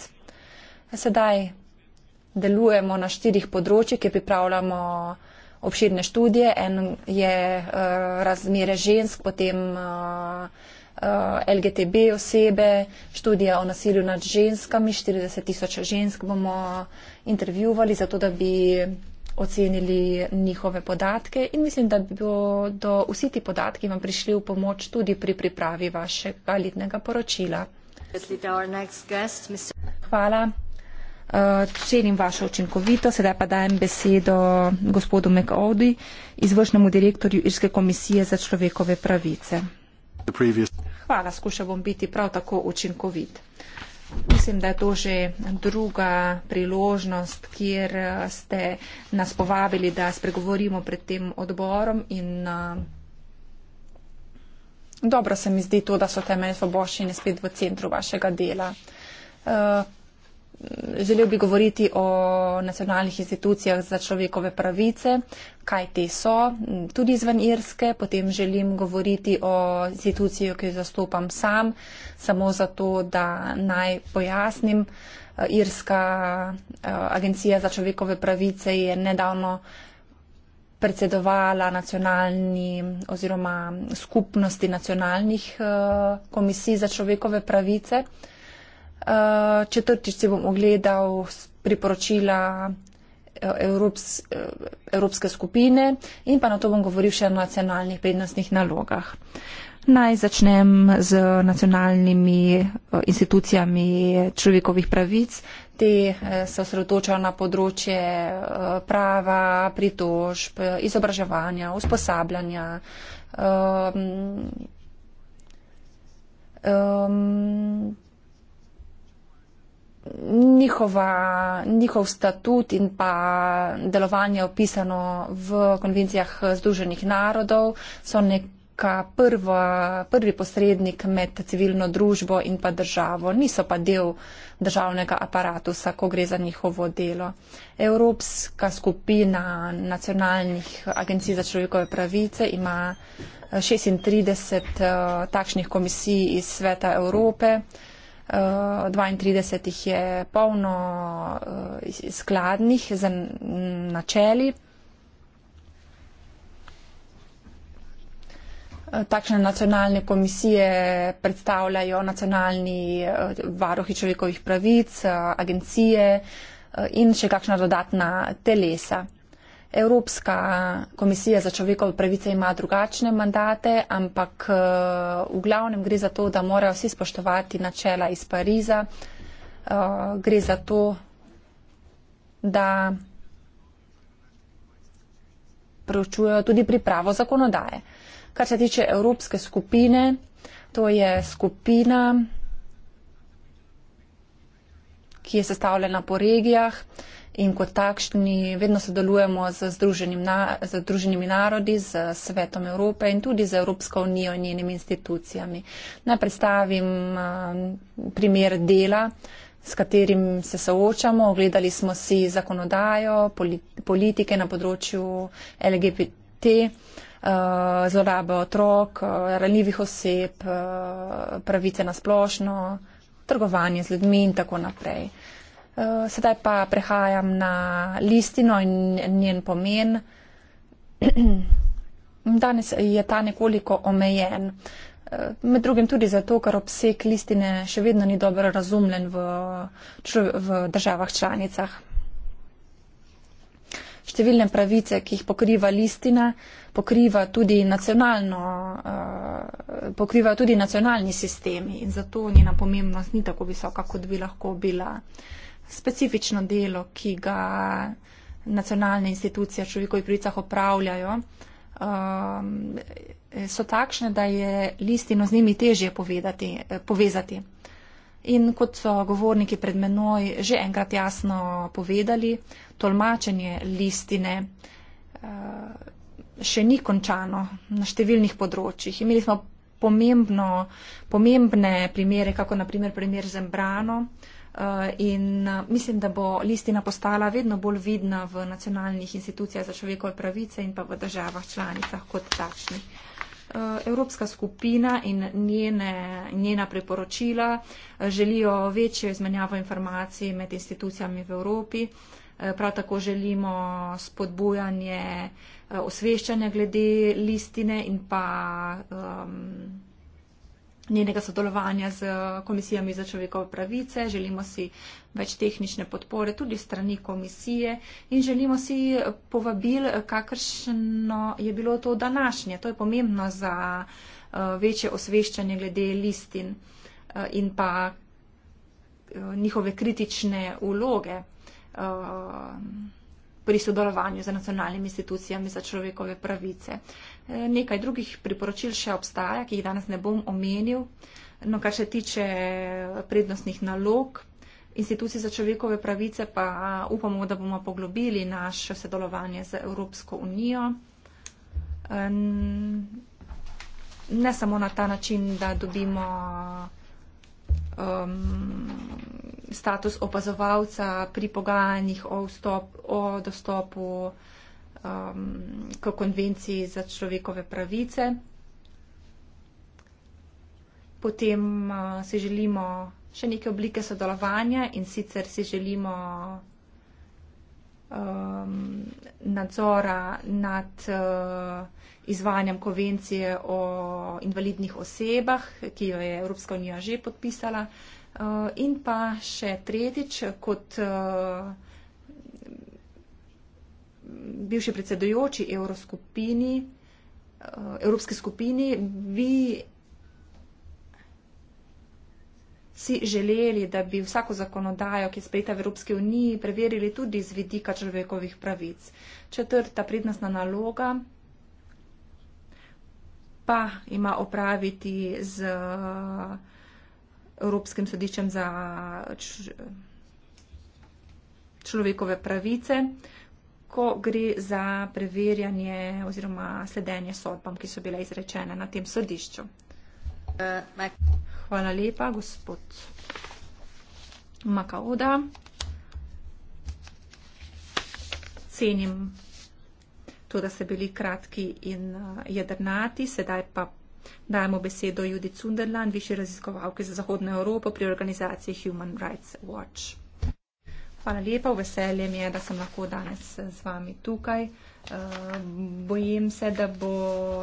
Sedaj delujemo na štirih področjih, kjer pripravljamo obširne študije. En je uh, razmere žensk, potem uh, eh, uh, LGTB osebe, študija o nasilju nad ženskami. 40 tisoč žensk bomo intervjuvali, zato da bi ocenili njihove podatke in mislim, da bodo vsi ti podatki vam prišli v pomoč tudi pri pripravi vašega letnega poročila. Hvala. Uh, eh, Čelim vašo učinkovito, sedaj pa dajem besedo gospodu McAudi, izvršnemu direktorju Irske komisije za človekove pravice. Hvala, skušal bom biti prav tako učinkovit. Uh, Mislim, da je to že druga priložnost, kjer eh, ste nas povabili, da spregovorimo pred tem odborom. In, eh, Dobro se mi zdi to, da so temelj svoboščine spet v centru vašega dela. Eh, želel bi govoriti o nacionalnih institucijah za človekove pravice, kaj te so, tudi izven Irske, potem želim govoriti o institucijo, ki jo zastopam sam, samo zato, da naj pojasnim. Irska eh, agencija za človekove pravice je nedavno predsedovala nacionalni oziroma skupnosti nacionalnih eh, komisij za človekove pravice. Eh, četrtič si bom ogledal priporočila eh, Evrops, eh, Evropske skupine in pa na to bom govoril še o nacionalnih prednostnih nalogah. Naj začnem z nacionalnimi institucijami človekovih pravic. Te se osredotočajo na področje prava, pritožb, izobraževanja, usposabljanja. Um, um, njihova, njihov statut in pa delovanje opisano v konvencijah Združenih narodov so nek. Prva, prvi posrednik med civilno družbo in pa državo, niso pa del državnega aparatusa, ko gre za njihovo delo. Evropska skupina nacionalnih agencij za človekove pravice ima 36 uh, eh, takšnih komisij iz sveta Evrope. Uh, 32 eh, jih je polno eh, skladnih za načeli. Eh, takšne nacionalne komisije predstavljajo nacionalni varohi človekovih pravic, agencije in še kakšna dodatna telesa. Evropska komisija za človekove pravice ima drugačne mandate, ampak eh, v glavnem gre za to, da morajo vsi spoštovati načela iz Pariza. Eh, gre za to, da preučujejo tudi pripravo zakonodaje. Kar se tiče Evropske skupine, to je skupina, ki je sestavljena po regijah in kot takšni vedno sodelujemo z Združenimi narodi, z Svetom Evrope in tudi z Evropsko unijo in njenimi institucijami. Naj predstavim eh, primer dela s katerim se soočamo. Ogledali smo si zakonodajo, politike na področju LGBT, eh, zlorabe otrok, eh, ranljivih oseb, pravice na splošno, trgovanje z ljudmi in tako naprej. Uh, sedaj pa prehajam na listino in njen pomen. Danes je ta nekoliko omejen. Eh, med drugim tudi zato, ker obseg listine še vedno ni dobro razumljen v, v državah članicah. Številne pravice, ki jih pokriva listina, pokriva tudi, eh, pokriva tudi nacionalni sistemi in zato njena pomembnost ni tako visoka, kot bi lahko bila specifično delo, ki ga nacionalne institucije človekovih pravicah opravljajo, um, so takšne, da je listino z njimi težje povedati, eh, povezati. In kot so govorniki pred menoj že enkrat jasno povedali, tolmačenje listine eh, še ni končano na številnih področjih. Imeli smo pomembno, pomembne primere, kako naprimer primer Zembrano, Eh, in eh, mislim, da bo listina postala vedno bolj vidna v nacionalnih institucijah za človekove pravice in pa v državah članicah kot takšnih. Eh, Evropska skupina in njene, njena priporočila želijo večjo izmenjavo informacij med institucijami v Evropi. Prav tako želimo spodbujanje osveščanja glede listine in pa. Um, njenega sodelovanja z eh, komisijami za človekove pravice, želimo si več tehnične podpore tudi strani komisije in želimo si povabil, eh, kakršno je bilo to današnje. To je pomembno za eh, večje osveščanje glede listin in pa njihove kritične uloge pri sodelovanju z nacionalnimi institucijami za človekove pravice. Uh, Nekaj drugih priporočil še obstaja, ki jih danes ne bom omenil. No, kar se tiče prednostnih nalog institucij za človekove pravice, pa upamo, da bomo poglobili naše sodelovanje z Evropsko unijo. Ne samo na ta način, da dobimo um, status opazovalca pri pogajanjih o, vstop, o dostopu uh, um, k konvenciji za človekove pravice. Potem uh, si želimo še neke oblike sodelovanja in sicer si želimo um, nadzora nad uh, izvanjem konvencije o invalidnih osebah, ki jo je Evropska unija že podpisala. Uh, in pa še tretjič, kot uh, bivši predsedujoči evroskupini, eh, evropski skupini, vi si želeli, da bi vsako zakonodajo, ki je sprejeta v Evropski uniji, preverili tudi z vidika človekovih pravic. Četrta prednostna naloga pa ima opraviti z eh, Evropskim sodiščem za človekove pravice ko gre za preverjanje oziroma sledenje sodbam, ki so bile izrečene na tem sodišču. Hvala lepa, gospod Makaoda. Cenim to, da ste bili kratki in uh, jedrnati. Sedaj pa dajemo besedo Judi Cunderland, višji raziskovalki za Zahodno Evropo pri organizaciji Human Rights Watch. Hvala lepa, veselje mi je, da sem lahko danes z vami tukaj. Eh, bojim se, da bo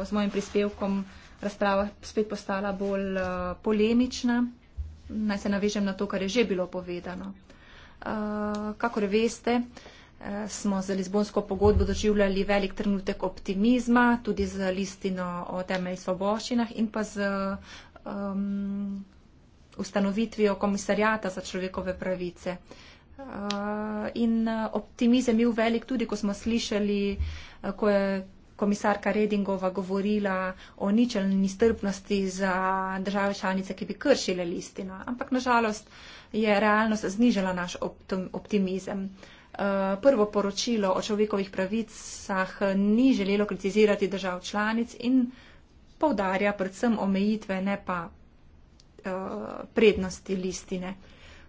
z mojim prispevkom razprava spet postala bolj eh, polemična. Naj se navežem na to, kar je že bilo povedano. Eh, kakor veste, smo za Lizbonsko pogodbo doživljali velik trenutek optimizma, tudi z listino o temelj svoboščinah in pa z um, ustanovitvijo komisarjata za človekove pravice. Uh, In eh, optimizem je bil velik tudi, ko smo slišali, eh, ko je komisarka Redingova govorila o ničelni strpnosti za države članice, ki bi kršile listino. Ampak nažalost je realnost znižala naš optimizem. Eh, prvo poročilo o človekovih pravicah ni želelo kritizirati držav članic in poudarja predvsem omejitve, ne pa prednosti listine.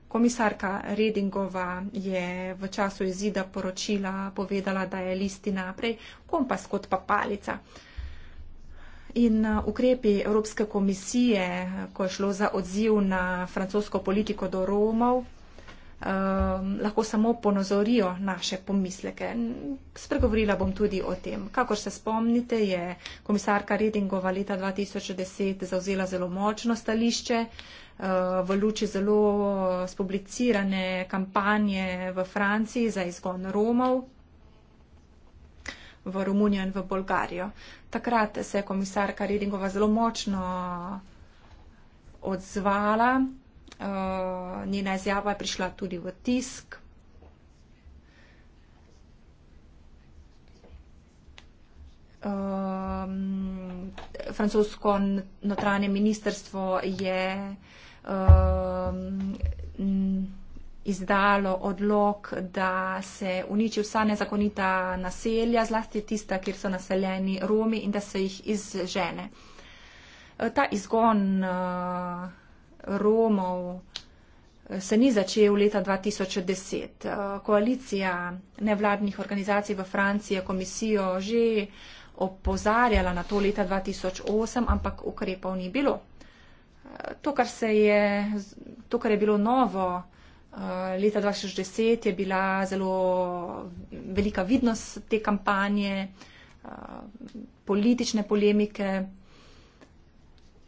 Komisarka Redingova je v času izida poročila povedala, da je listina prej kompas kot pa palica. In uh, ukrepi Evropske komisije, ko je šlo za odziv na francosko politiko do Romov, um, lahko samo ponozorijo naše pomisleke. Spregovorila bom tudi o tem. Kakor se spomnite, je komisarka Redingova leta 2010 zauzela zelo močno stališče uh, Eh, v luči zelo spublicirane kampanje v Franciji za izgon Romov v Romunijo in v Bolgarijo. Takrat se je komisarka Redingova zelo močno odzvala. Eh, njena izjava je prišla tudi v tisk. Ehm, francosko notranje ministrstvo je Um, izdalo odlog, da se uniči vsa nezakonita naselja, zlasti tista, kjer so naseljeni Romi in da se jih izžene. Ta izgon uh, Romov uh, se ni začel leta 2010. Uh, koalicija nevladnih organizacij v Franciji je komisijo že opozarjala na to leta 2008, ampak ukrepov ni bilo to, kar, je, to, kar je bilo novo eh, leta 2010, je bila zelo velika vidnost te kampanje, eh, politične polemike.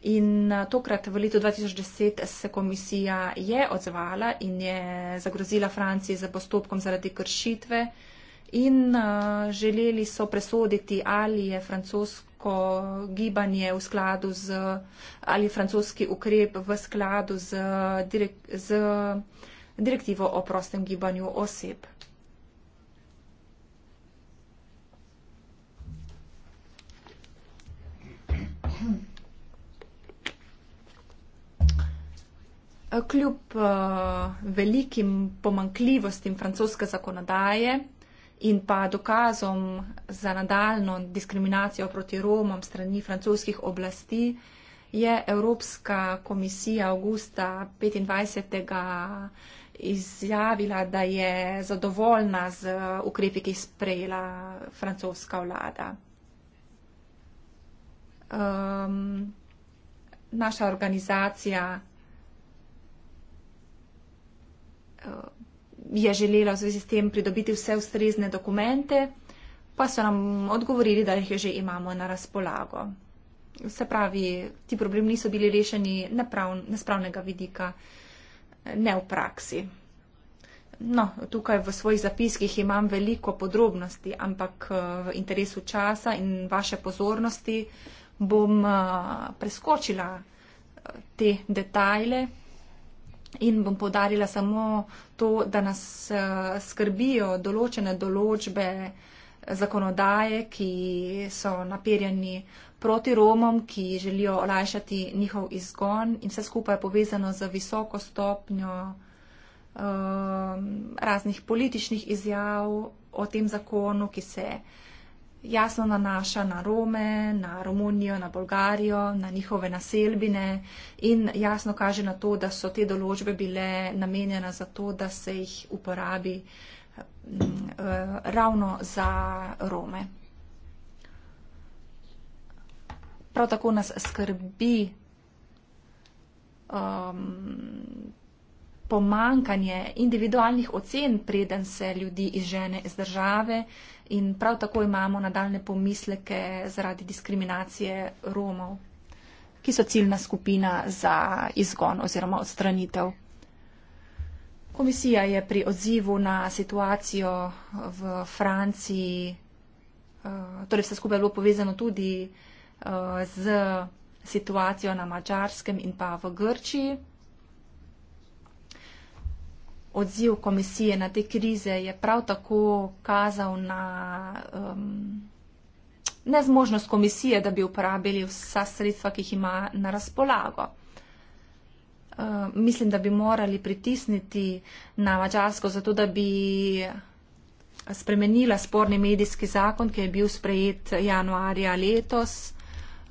In eh, tokrat v letu 2010 se komisija je odzvala in je zagrozila Franciji za postopkom zaradi kršitve in uh, želeli so presoditi, ali je francosko neko gibanje v skladu z ali francoski ukrep v skladu z, direk, z direktivo o prostem gibanju oseb. Kljub uh, velikim pomankljivostim francoske zakonodaje, in pa dokazom za nadaljno diskriminacijo proti Romom strani francoskih oblasti je Evropska komisija avgusta 25 izjavila, da je zadovoljna z ukrepi, ki jih sprejela francoska vlada. Um, naša organizacija je želela v zvezi s tem pridobiti vse ustrezne dokumente, pa so nam odgovorili, da jih že imamo na razpolago. Se pravi, ti problemi niso bili rešeni na spravnega vidika, ne v praksi. No, tukaj v svojih zapiskih imam veliko podrobnosti, ampak eh, v interesu časa in vaše pozornosti bom eh, preskočila eh, te detajle, In bom povdarila samo to, da nas eh, skrbijo določene določbe eh, zakonodaje, ki so naperjeni proti Romom, ki želijo olajšati njihov izgon in vse skupaj je povezano z visoko stopnjo um, raznih političnih izjav o tem zakonu, ki se jasno nanaša na Rome, na Romunijo, na Bolgarijo, na njihove naselbine in jasno kaže na to, da so te določbe bile namenjene za to, da se jih uporabi eh, ravno za Rome. Prav tako nas skrbi um, pomankanje individualnih ocen, preden se ljudi izžene iz države in prav tako imamo nadaljne pomisleke zaradi diskriminacije Romov, ki so ciljna skupina za izgon oziroma odstranitev. Komisija je pri odzivu na situacijo v Franciji, eh, torej vse skupaj je bilo povezano tudi z eh, situacijo na Mačarskem in pa v Grčiji odziv komisije na te krize je prav tako kazal na um, nezmožnost komisije, da bi uporabili vsa sredstva, ki jih ima na razpolago. Uh, mislim, da bi morali pritisniti na Mačarsko, zato da bi spremenila sporni medijski zakon, ki je bil sprejet januarja letos.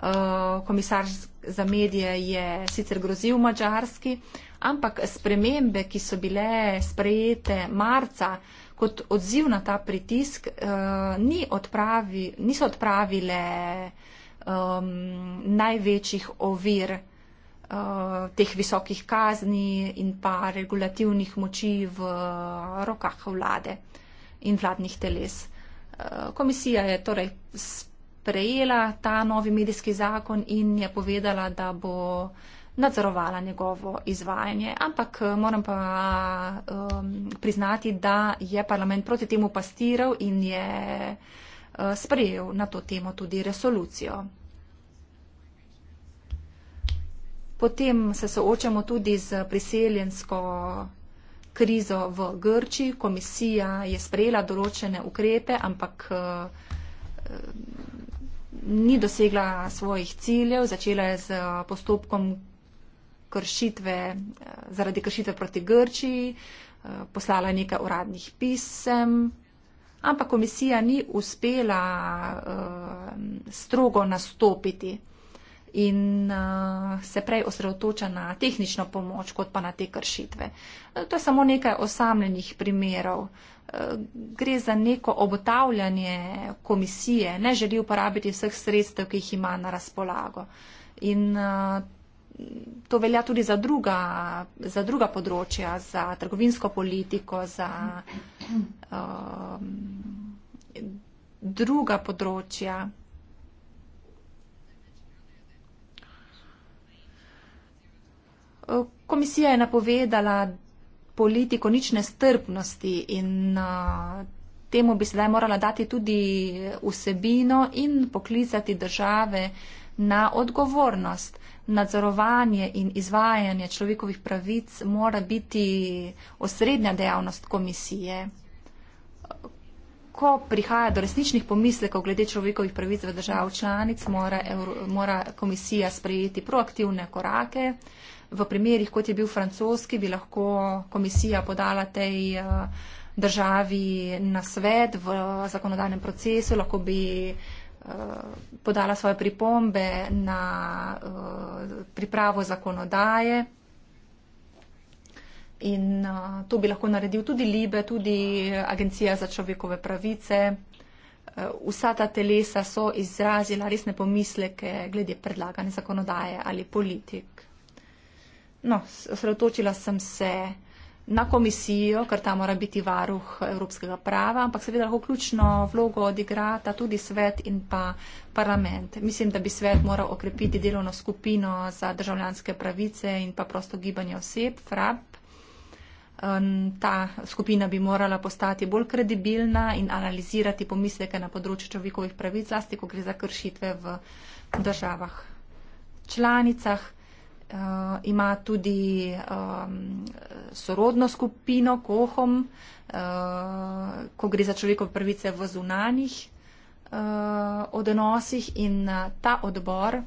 Uh, komisar za medije je sicer grozil Mačarski, ampak spremembe, ki so bile sprejete marca kot odziv na ta pritisk, uh, ni odpravi, niso odpravile um, največjih ovir uh, teh visokih kazni in pa regulativnih moči v eh, rokah vlade in vladnih teles. Komisija je torej sprejela ta novi medijski zakon in je povedala, da bo uh, nadzorovala njegovo izvajanje. Ampak eh, moram pa um, priznati, da je parlament proti temu pastiral in je uh, sprejel na to temo tudi resolucijo. Potem se soočamo tudi z priseljensko krizo v Grči. Komisija je sprejela določene ukrepe, ampak eh, ni dosegla svojih ciljev. Začela je z postopkom, kršitve, eh, zaradi kršitve proti Grčiji, eh, poslala nekaj uradnih pisem, ampak komisija ni uspela eh, strogo nastopiti in se prej osredotoča na tehnično pomoč, kot pa na te kršitve. To je samo nekaj osamljenih primerov. Gre za neko obotavljanje komisije, ne želi uporabiti vseh sredstev, ki jih ima na razpolago. In to velja tudi za druga, za druga področja, za trgovinsko politiko, za um, druga področja. Komisija je napovedala politiko nič nestrpnosti in uh, temu bi sedaj morala dati tudi vsebino in poklicati države na odgovornost nadzorovanje in izvajanje človekovih pravic mora biti osrednja dejavnost komisije. Ko prihaja do resničnih pomislekov glede človekovih pravic v držav članic, mora, mora komisija sprejeti proaktivne korake. V primerih, kot je bil francoski, bi lahko komisija podala tej eh, državi na svet v zakonodajnem procesu, lahko bi uh, Eh, podala svoje pripombe na eh, pripravo zakonodaje. In eh, to bi lahko naredil tudi Libe, tudi Agencija za človekove pravice. Vsa ta telesa so izrazila resne pomisleke glede predlagane zakonodaje ali politik. No, osredotočila sem se na komisijo, ker ta mora biti varuh evropskega prava, ampak seveda lahko ključno vlogo odigrata tudi svet in pa parlament. Mislim, da bi svet moral okrepiti delovno skupino za državljanske pravice in pa prosto gibanje oseb, FRAB. Ta skupina bi morala postati bolj kredibilna in analizirati pomisleke na področju človekovih pravic, zlasti, ko gre za kršitve v državah članicah uh, ima tudi um, sorodno skupino, kohom, uh, ko gre za človekove prvice v zunanjih uh, odnosih in ta odbor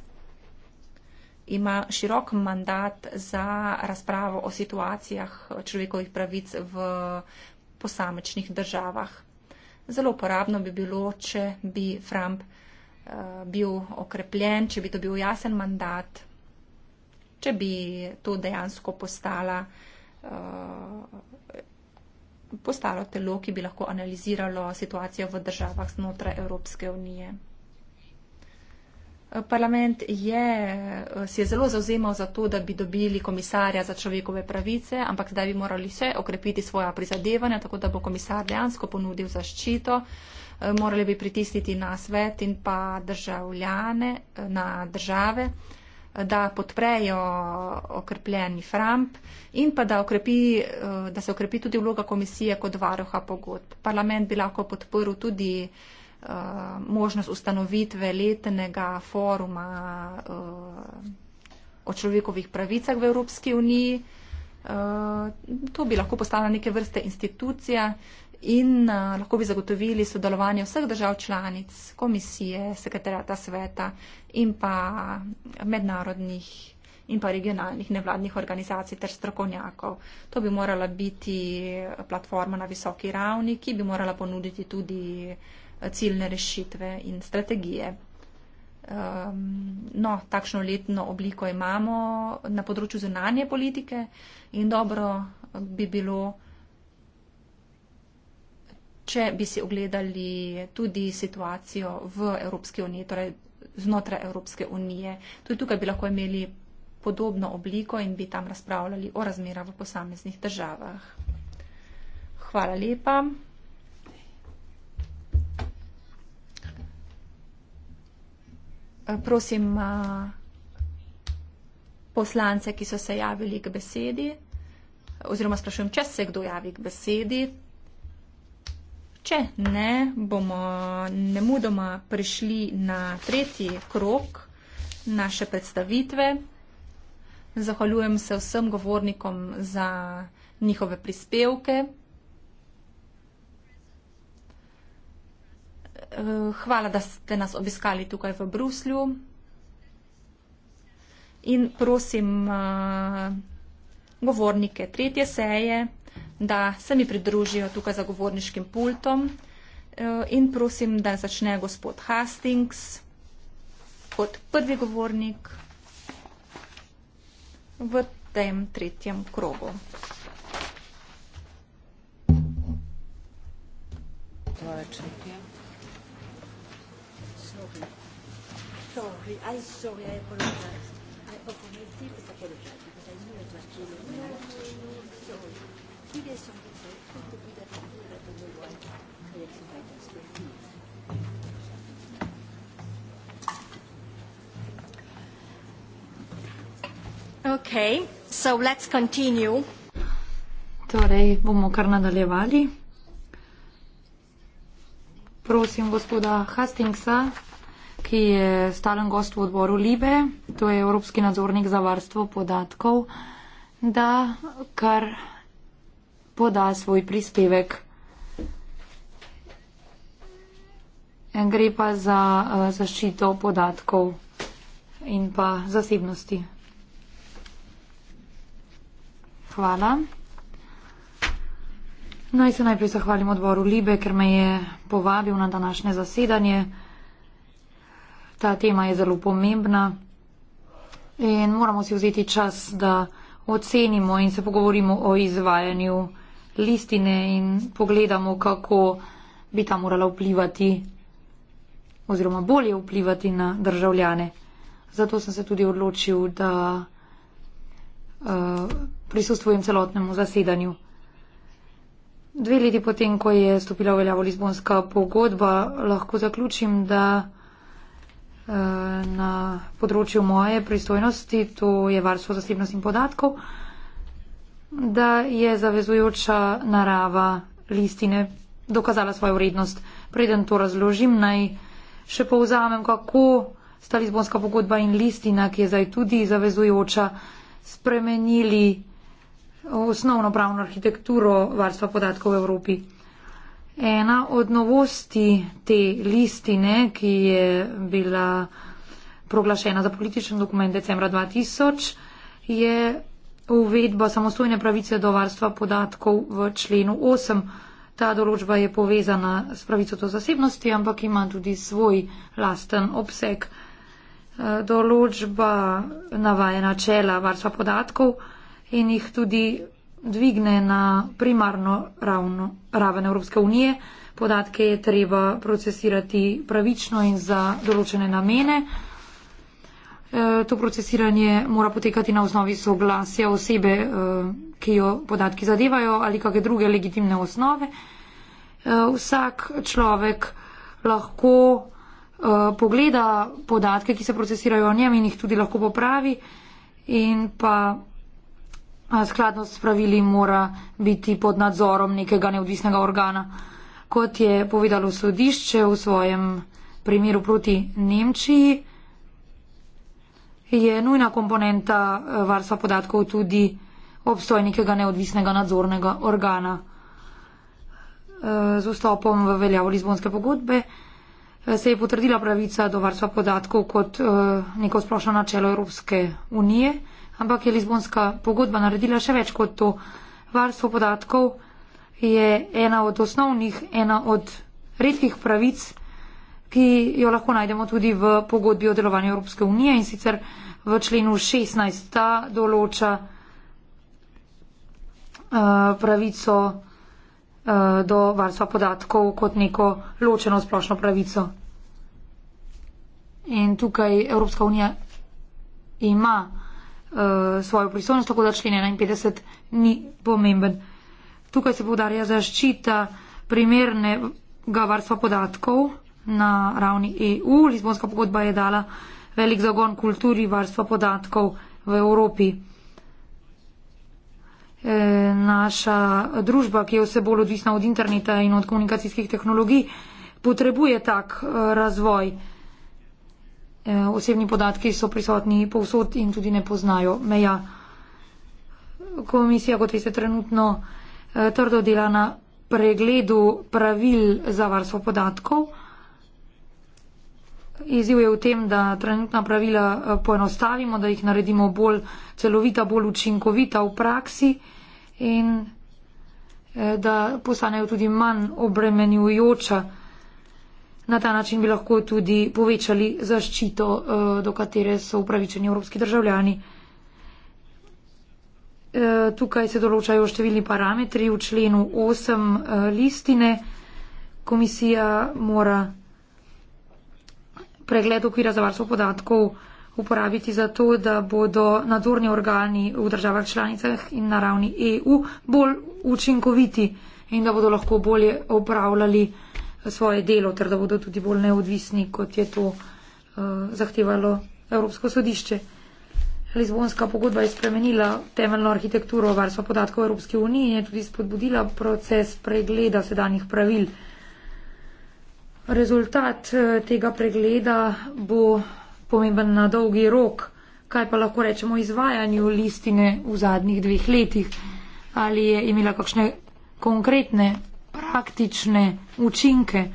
ima širok mandat za razpravo o situacijah človekovih pravic v posamečnih državah. Zelo uporabno bi bilo, če bi Trump uh, bil okrepljen, če bi to bil jasen mandat, uh, če bi to dejansko postala, uh, postalo telo, ki bi lahko analiziralo situacijo v državah znotraj Evropske unije. Eh, parlament je, eh, se je zelo zauzemal za to, da bi dobili komisarja za človekove pravice, ampak zdaj bi morali še okrepiti svoja prizadevanja, tako da bo komisar dejansko ponudil zaščito. Morali bi pritisniti na svet in pa državljane, na države, da podprejo okrepljeni Framp in pa da, okrepi, eh, da se okrepi tudi vloga komisije kot varoha pogodb. Parlament bi lahko podporil tudi eh, možnost ustanovitve letnega foruma eh, o človekovih pravicah v Evropski uniji. To bi lahko postala neke vrste institucija, in uh, lahko bi zagotovili sodelovanje vseh držav članic, komisije, sekretarjata sveta in pa mednarodnih in pa regionalnih nevladnih organizacij ter strokovnjakov. To bi morala biti platforma na visoki ravni, ki bi morala ponuditi tudi ciljne rešitve in strategije. Um, no, takšno letno obliko imamo na področju zunanje politike in dobro bi bilo, če bi si ogledali tudi situacijo v Evropski uniji, torej znotraj Evropske unije. Tudi tukaj bi lahko imeli podobno obliko in bi tam razpravljali o razmerah v posameznih državah. Hvala lepa. Prosim poslance, ki so se javili k besedi, oziroma sprašujem, če se kdo javi k besedi, Če ne, bomo nemudoma prišli na tretji krok naše predstavitve. Zahvaljujem se vsem govornikom za njihove prispevke. Eh, hvala, da ste nas obiskali tukaj v Bruslju. In prosim eh, govornike tretje seje da se mi pridružijo tukaj za govorniškim pultom eh, in prosim, da začne gospod Hastings kot prvi govornik v tem tretjem krogu. Sorry. Sorry. I'm sorry. I apologize. investigation detail should be the tool that will provide collection by expertise. Okay, so let's continue. Torej bomo kar nadaljevali. Prosim gospoda Hastingsa, ki je stalen gost v odboru Libe, to je Evropski nadzornik za varstvo podatkov, da kar poda svoj prispevek. En gre pa za uh, zaščito podatkov in pa zasebnosti. Hvala. Naj no, se najprej zahvalim odboru Libe, ker me je povabil na današnje zasedanje. Ta tema je zelo pomembna in moramo si vzeti čas, da ocenimo in se pogovorimo o izvajanju listine in pogledamo, kako bi ta morala vplivati oziroma bolje vplivati na državljane. Zato sem se tudi odločil, da uh, prisustvujem celotnemu zasedanju. Dve leti potem, ko je stopila v veljavo Lizbonska pogodba, lahko zaključim, da uh, na področju moje pristojnosti, to je varstvo zasebnosti in podatkov, uh, da je zavezujoča narava listine dokazala svojo vrednost. Preden to razložim, naj še povzamem, kako sta Lizbonska pogodba in listina, ki je zdaj tudi zavezujoča, spremenili osnovno pravno arhitekturo varstva podatkov v Evropi. Ena od novosti te listine, ki je bila proglašena za političen dokument decembra 2000, je uvedba samostojne pravice do varstva podatkov v členu 8. Ta določba je povezana s pravico do zasebnosti, ampak ima tudi svoj lasten obseg. E, določba navaja načela varstva podatkov in jih tudi dvigne na primarno ravno, raven Evropske unije. Podatke je treba procesirati pravično in za določene namene. Eh, to procesiranje mora potekati na osnovi soglasja osebe, eh, ki jo podatki zadevajo ali kakšne druge legitimne osnove. Eh, vsak človek lahko pogleda podatke, ki se procesirajo o njem in jih tudi lahko popravi in pa skladno s pravili mora biti pod nadzorom nekega neodvisnega organa. Kot je povedalo sodišče v svojem primeru proti Nemčiji, je nujna komponenta eh, varstva podatkov tudi obstoj nekega neodvisnega nadzornega organa. Eh, z vstopom v veljavo Lizbonske pogodbe eh, se je potrdila pravica do varstva podatkov kot neko splošno načelo Evropske unije, ampak je Lizbonska pogodba naredila še več kot to. Varstvo podatkov je ena od osnovnih, ena od redkih pravic, ki jo lahko najdemo tudi v pogodbi o delovanju Evropske unije in sicer v členu 16. Ta določa uh, pravico uh, do varstva podatkov kot neko ločeno splošno pravico. In tukaj Evropska unija ima uh, svojo pristojnost, tako da člen 51 ni pomemben. Tukaj se podarja zaščita primernega varstva podatkov na ravni EU. Lizbonska pogodba je dala velik zagon kulturi varstva podatkov v Evropi. E, naša družba, ki je vse bolj odvisna od interneta in od komunikacijskih tehnologij, potrebuje tak e, razvoj. E, osebni podatki so prisotni povsod in tudi ne poznajo meja. Komisija, kot veste, trenutno e, trdo dela na pregledu pravil za varstvo podatkov. Izjiv je v tem, da trenutna pravila eh, poenostavimo, da jih naredimo bolj celovita, bolj učinkovita v praksi in eh, da postanejo tudi manj obremenjujoča. Na ta način bi lahko tudi povečali zaščito, eh, do katere so upravičeni evropski državljani. Tukaj se določajo številni parametri v členu 8 listine. Komisija mora pregled okvira za varstvo podatkov uporabiti za to, da bodo nadzorni organi v državah članicah in na ravni EU bolj učinkoviti in da bodo lahko bolje upravljali svoje delo, ter da bodo tudi bolj neodvisni, kot je to uh, zahtevalo Evropsko sodišče. Lizbonska pogodba je spremenila temeljno arhitekturo varstva podatkov Evropske unije in je tudi spodbudila proces pregleda sedanjih pravil. Rezultat eh, tega pregleda bo pomemben na dolgi rok. Kaj pa lahko rečemo o izvajanju listine v zadnjih dveh letih? Ali je imela kakšne konkretne, praktične učinke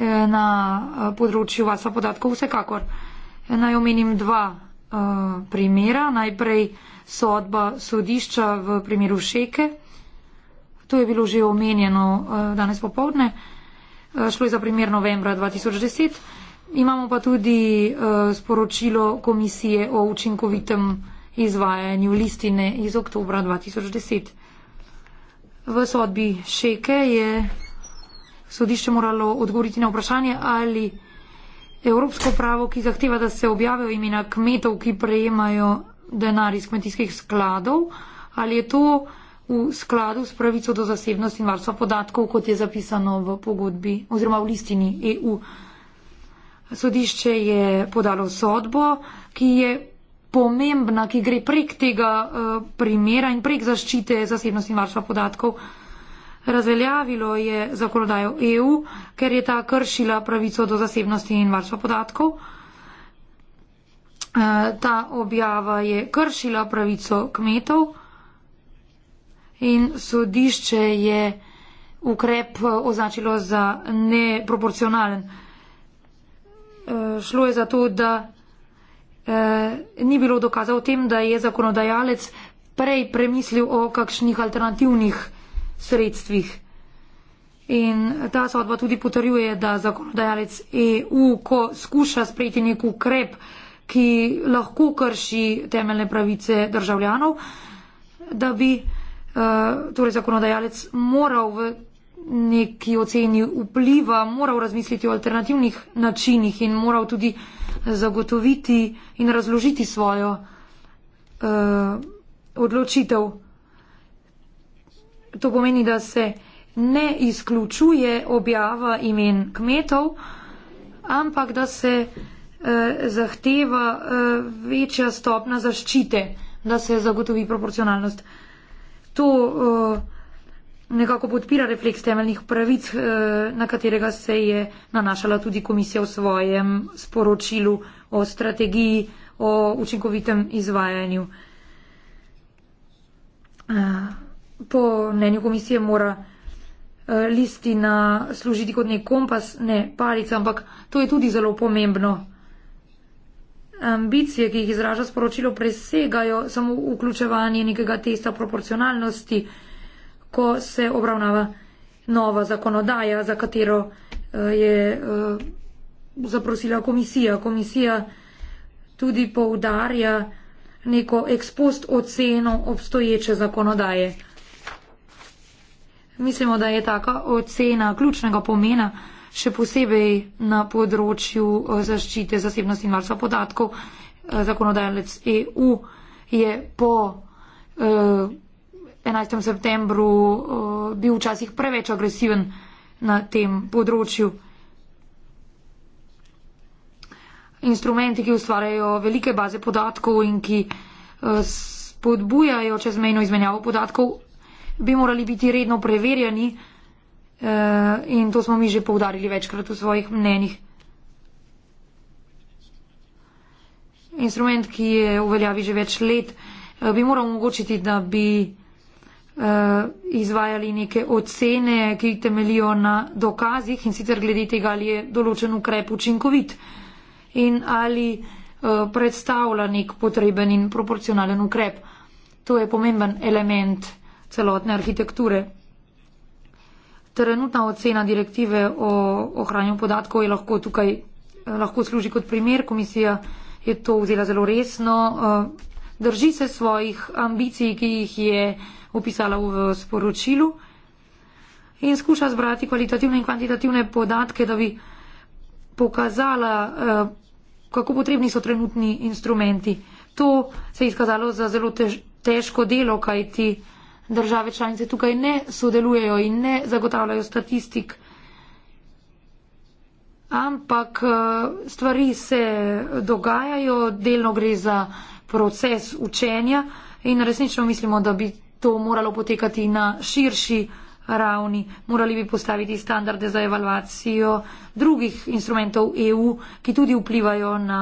eh, na eh, področju vasa podatkov? Vsekakor. Naj omenim dva uh, primera. Najprej sodba sodišča v primeru Šeke. To je bilo že omenjeno eh, danes popovdne. Eh, šlo je za primer novembra 2010. Imamo pa tudi eh, sporočilo komisije o učinkovitem izvajanju listine iz oktobra 2010. V sodbi Šeke je sodišče moralo odgovoriti na vprašanje, ali evropsko pravo, ki zahteva, da se objavijo imena kmetov, ki prejemajo denar iz kmetijskih skladov, ali je to v skladu s pravico do zasebnosti in varstva podatkov, kot je zapisano v pogodbi oziroma v listini EU. Sodišče je podalo sodbo, ki je pomembna, ki gre prek tega uh, primera in prek zaščite zasebnosti in varstva podatkov. Razveljavilo je zakonodajo EU, ker je ta kršila pravico do zasebnosti in varstva podatkov. Eh, ta objava je kršila pravico kmetov, in sodišče je ukrep eh, označilo za neproporcionalen. Eh, šlo je za to, da eh, ni bilo dokazal tem, da je zakonodajalec prej premislil o kakšnih alternativnih sredstvih. In ta sodba tudi potrjuje, da zakonodajalec EU, ko skuša sprejeti nek ukrep, ki lahko krši temeljne pravice državljanov, da bi Eh, torej zakonodajalec moral v neki oceni vpliva, moral razmisliti o alternativnih načinih in moral tudi zagotoviti in razložiti svojo uh, odločitev. To pomeni, da se ne izključuje objava imen kmetov, ampak da se uh, zahteva uh, večja stopna zaščite, da se zagotovi proporcionalnost uh, to eh, nekako podpira refleks temeljnih pravic, eh, na katerega se je nanašala tudi komisija v svojem sporočilu o strategiji, o učinkovitem izvajanju. Eh, po mnenju komisije mora listina služiti kot nek kompas, ne palica, ampak to je tudi zelo pomembno ambicije, ki jih izraža sporočilo, presegajo samo vključevanje nekega testa proporcionalnosti, ko se obravnava nova zakonodaja, za katero eh, je eh, zaprosila komisija. Komisija tudi poudarja neko ekspost oceno obstoječe zakonodaje. Mislimo, da je taka ocena ključnega pomena, še posebej na področju eh, zaščite zasebnosti in varstva podatkov. Eh, zakonodajalec EU je po 11. Eh, septembru bil včasih preveč agresiven na tem področju. Instrumenti, ki ustvarjajo velike baze podatkov in ki spodbujajo čezmejno izmenjavo podatkov, bi morali biti redno preverjani. Eh, in to smo mi že povdarili večkrat v svojih mnenjih. Instrument, ki je v veljavi že več let, eh, bi moral omogočiti, da bi eh, izvajali neke ocene, ki temelijo na dokazih in sicer glede tega, ali je določen ukrep učinkovit in ali predstavlja nek potreben in proporcionalen ukrep. To je pomemben element celotne arhitekture trenutna ocena direktive o ohranju podatkov je lahko tukaj, eh, lahko služi kot primer. Komisija je to vzela zelo resno. Eh, drži se svojih ambicij, ki jih je opisala v sporočilu in skuša zbrati kvalitativne in kvantitativne podatke, da bi pokazala, eh, kako potrebni so trenutni instrumenti. To se je izkazalo za zelo težko delo, kajti države članice tukaj ne sodelujejo in ne zagotavljajo statistik. Ampak eh, stvari se dogajajo, delno gre za proces učenja in resnično mislimo, da bi to moralo potekati na širši ravni. Morali bi postaviti standarde za evalvacijo drugih instrumentov EU, ki tudi vplivajo na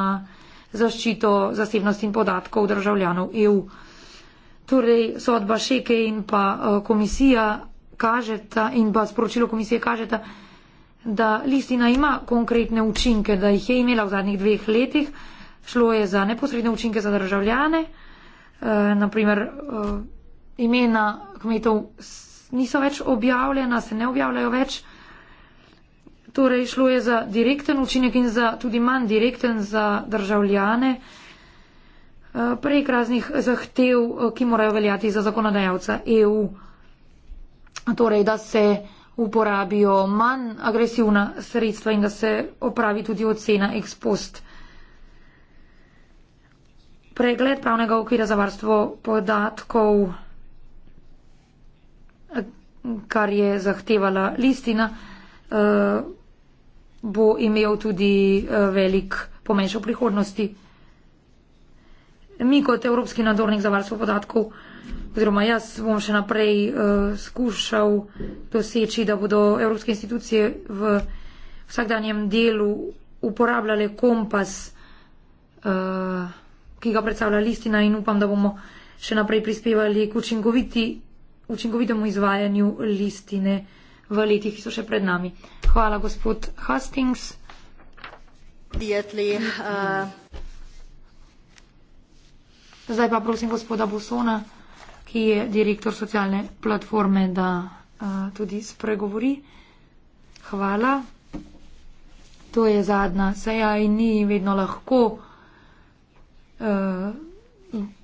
zaščito zasebnosti in podatkov državljanov EU. Torej, sodba Šeke in pa eh, komisija kažeta in pa sporočilo komisije kažeta, da listina ima konkretne učinke, da jih je imela v zadnjih dveh letih. Šlo je za neposredne učinke za državljane. E, eh, naprimer, e, eh, imena kmetov niso več objavljena, se ne objavljajo več. Torej, šlo je za direkten učinek in za tudi manj direkten za državljane prek raznih zahtev, eh, ki morajo veljati za zakonodajalca EU. Torej, da se uporabijo manj agresivna sredstva in da se opravi tudi ocena ex post. Pregled pravnega okvira za varstvo podatkov, kar je zahtevala listina, eh, bo imel tudi eh, velik pomen še v prihodnosti mi kot Evropski nadzornik za varstvo podatkov, oziroma jaz bom še naprej uh, skušal doseči, da bodo evropske institucije v vsakdanjem delu uporabljale kompas, uh, ki ga predstavlja listina in upam, da bomo še naprej prispevali k učinkovitemu izvajanju listine v letih, ki so še pred nami. Hvala, gospod Hastings. Dietli, uh... Zdaj pa prosim gospoda Bosona, ki je direktor socialne platforme, da uh, tudi spregovori. Hvala. To je zadnja seja in ni vedno lahko uh,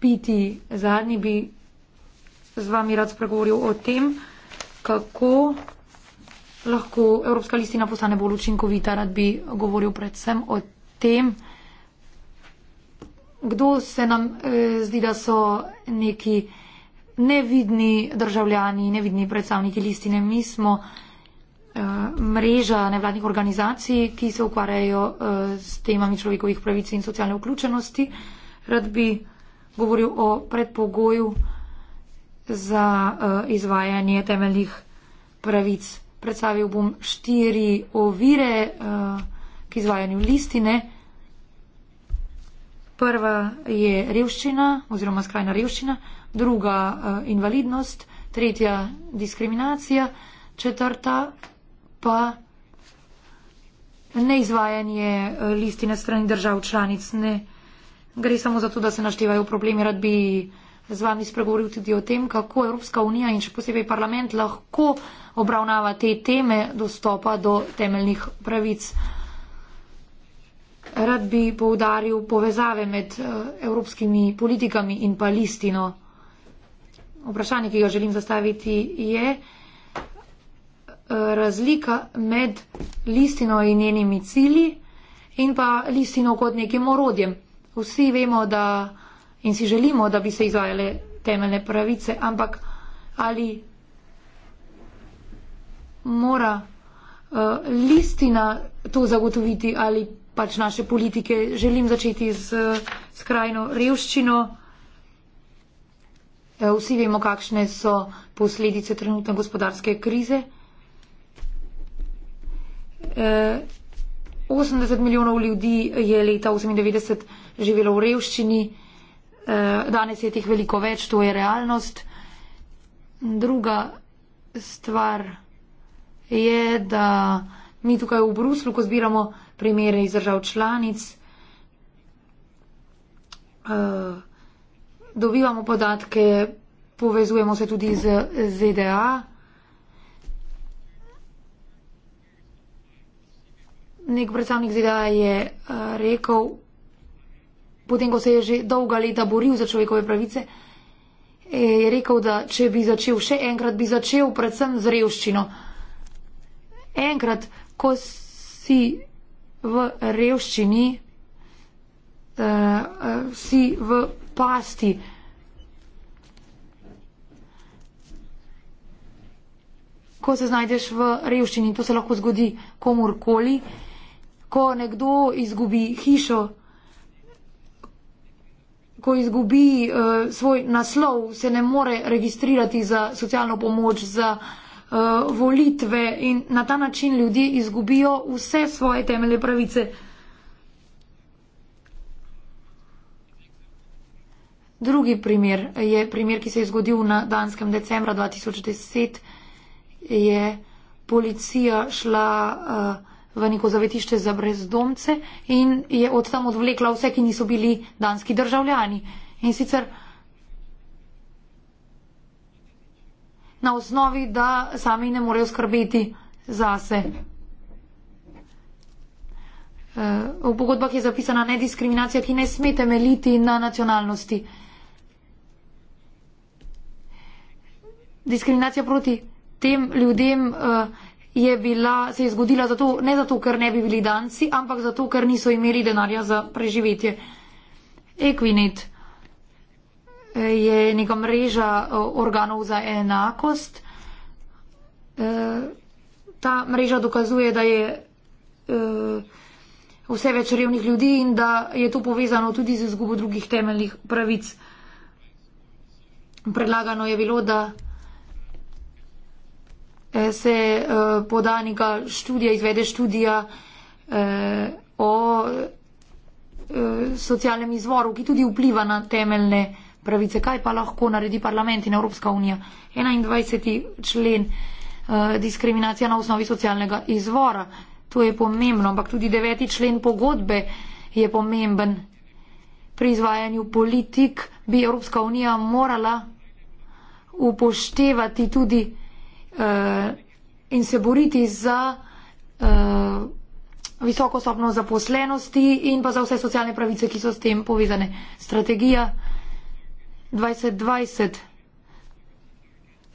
biti zadnji. Bi z vami rad spregovoril o tem, kako lahko Evropska listina postane bolj učinkovita. Rad bi govoril predvsem o tem, kdo se nam e, zdi, da so neki nevidni državljani, nevidni predstavniki listine. Mi smo e, mreža nevladnih organizacij, ki se ukvarjajo e, s temami človekovih pravic in socialne vključenosti. Rad bi govoril o predpogoju za e, izvajanje temeljnih pravic. Predstavil bom štiri ovire e, k izvajanju listine. Prva je revščina oziroma skrajna revščina, druga uh, invalidnost, tretja diskriminacija, četrta pa neizvajanje eh, listine strani držav članic. Ne gre samo za to, da se naštevajo problemi, rad bi z vami spregovoril tudi o tem, kako Evropska unija in še posebej parlament lahko obravnava te teme dostopa do temeljnih pravic. Rad bi poudaril povezave med eh, evropskimi politikami in pa listino. Vprašanje, ki ga želim zastaviti, je eh, razlika med listino in njenimi cili in pa listino kot nekim orodjem. Vsi vemo da, in si želimo, da bi se izvajale temeljne pravice, ampak ali mora uh, listina to zagotoviti ali pač naše politike. Želim začeti s skrajno revščino. E, vsi vemo, kakšne so posledice trenutne gospodarske krize. 80 e, milijonov ljudi je leta 98 živelo v revščini, e, danes je teh veliko več, to je realnost. Druga stvar je, da mi tukaj v Bruslu, ko zbiramo primere iz držav članic. Eh, dobivamo podatke, povezujemo se tudi z ZDA. Nek predstavnik ZDA je eh, rekel, potem ko se je že dolga leta boril za človekove pravice, je rekel, da če bi začel še enkrat, bi začel predvsem z revščino. Enkrat, ko si v revščini, eh, eh, si v pasti. Ko se znajdeš v revščini, to se lahko zgodi komorkoli, ko nekdo izgubi hišo, ko izgubi uh, svoj naslov, se ne more registrirati za socialno pomoč, za uh, Eh, volitve in na ta način ljudje izgubijo vse svoje temelje pravice. Drugi primer je primer, ki se je zgodil na danskem decembra 2010. Je policija šla uh, v neko zavetišče za brezdomce in je od tam odvlekla vse, ki niso bili danski državljani. In sicer uh, na osnovi, da sami ne morejo skrbeti zase. Eh, v pogodbah je zapisana nediskriminacija, ki ne sme temeljiti na nacionalnosti. Diskriminacija proti tem ljudem eh, je bila, se je zgodila zato, ne zato, ker ne bi bili danci, ampak zato, ker niso imeli denarja za preživetje. Equinet je neka mreža organov za enakost. E, ta mreža dokazuje, da je e, vse več revnih ljudi in da je to povezano tudi z izgubo drugih temeljnih pravic. Predlagano je bilo, da e, se poda neka študija, izvede študija o socialnem izvoru, ki tudi vpliva na temeljne pravice pravice, kaj pa lahko naredi parlament in Evropska unija. 21. člen eh, diskriminacija na osnovi socialnega izvora. To je pomembno, ampak tudi 9. člen pogodbe je pomemben. Pri izvajanju politik bi Evropska unija morala upoštevati tudi eh, in se boriti za eh, visoko stopno zaposlenosti in pa za vse socialne pravice, ki so s tem povezane. Strategija eh, 2020.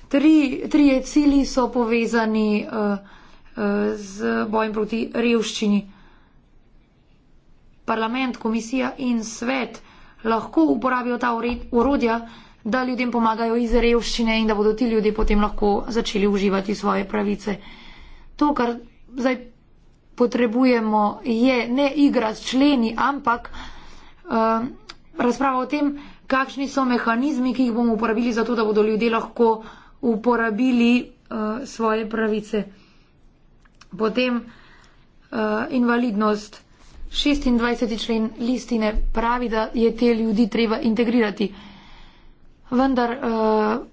Tri, trije cili so povezani uh, uh, z bojem proti revščini. Parlament, komisija in svet lahko uporabijo ta urodja, da ljudem pomagajo iz revščine in da bodo ti ljudje potem lahko začeli uživati svoje pravice. To, kar zdaj potrebujemo, je ne igra s členi, ampak uh, razprava o tem, kakšni so mehanizmi, ki jih bomo uporabili za to, da bodo ljudje lahko uporabili uh, svoje pravice. Potem uh, invalidnost. 26. člen listine pravi, da je te ljudi treba integrirati. Vendar uh,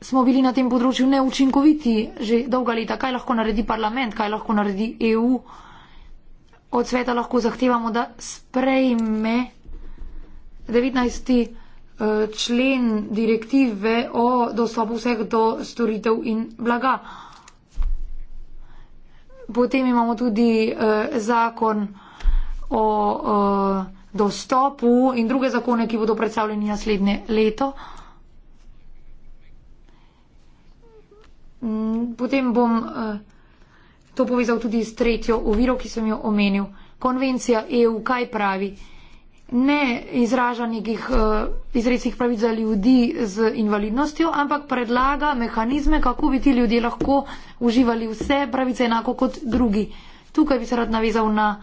smo bili na tem področju neučinkoviti že dolga leta. Kaj lahko naredi parlament, kaj lahko naredi EU? Od sveta lahko zahtevamo, da sprejme 19. Eh, člen direktive o dostopu vseh do storitev in blaga. Potem imamo tudi eh, zakon o eh, dostopu in druge zakone, ki bodo predstavljeni naslednje leto. Mm, potem bom to povezal tudi s tretjo oviro, ki sem jo omenil. Konvencija EU kaj pravi? ne izraža nekih uh, eh, izrednih pravic za ljudi z invalidnostjo, ampak predlaga mehanizme, kako bi ti ljudje lahko uživali vse pravice enako kot drugi. Tukaj bi se rad navezal na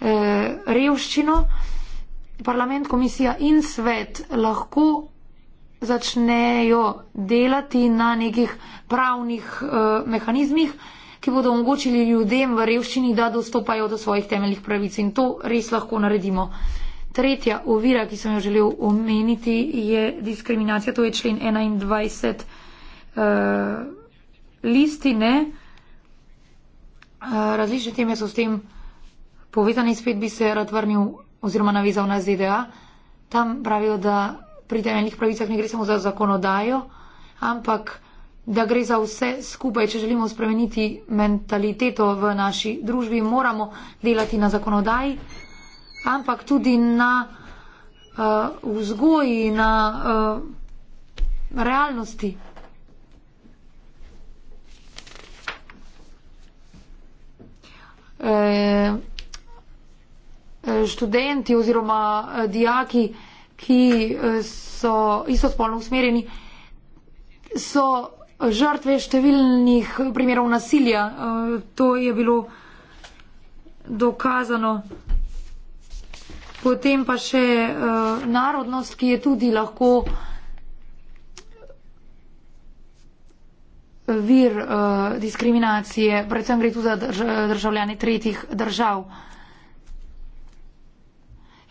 eh, revščino. Parlament, komisija in svet lahko začnejo delati na nekih pravnih eh, mehanizmih, ki bodo omogočili ljudem v revščini, da dostopajo do svojih temeljnih pravic in to res lahko naredimo. Tretja ovira, ki sem jo želel omeniti, je diskriminacija. To je člen 21 uh, eh, listine. Uh, različne teme so s tem povezane. Spet bi se rad vrnil oziroma navezal na ZDA. Tam pravijo, da pri temeljnih pravicah ne gre samo za zakonodajo, ampak da gre za vse skupaj. Če želimo spremeniti mentaliteto v naši družbi, moramo delati na zakonodaji, ampak tudi na uh, vzgoji, na uh, realnosti. E, študenti oziroma dijaki, ki so istospolno usmerjeni, so žrtve številnih primerov nasilja. E, to je bilo dokazano Potem pa še uh, narodnost, ki je tudi lahko eh, vir uh, diskriminacije, predvsem gre tu za drž državljane tretjih držav.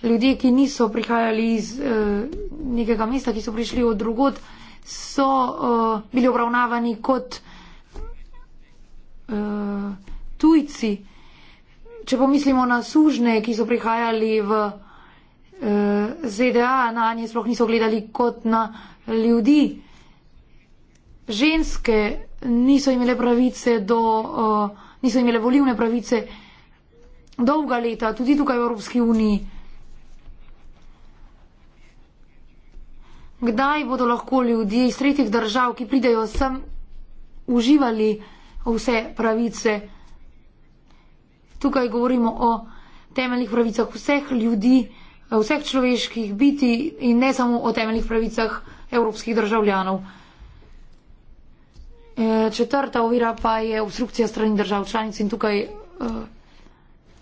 Ljudje, ki niso prihajali iz uh, nekega mesta, ki so prišli od drugot, so uh, bili obravnavani kot uh, tujci. Če pomislimo na sužne, ki so prihajali v eh, ZDA na nje sploh niso gledali kot na ljudi. Ženske niso imele pravice do, uh, niso imele volivne pravice dolga leta, tudi tukaj v Evropski uniji. Kdaj bodo lahko ljudje iz tretjih držav, ki pridejo sem, uživali vse pravice? Tukaj govorimo o temeljnih pravicah vseh ljudi vseh človeških biti in ne samo o temeljnih pravicah evropskih državljanov. E, četrta ovira pa je obstrukcija strani držav članic in tukaj e,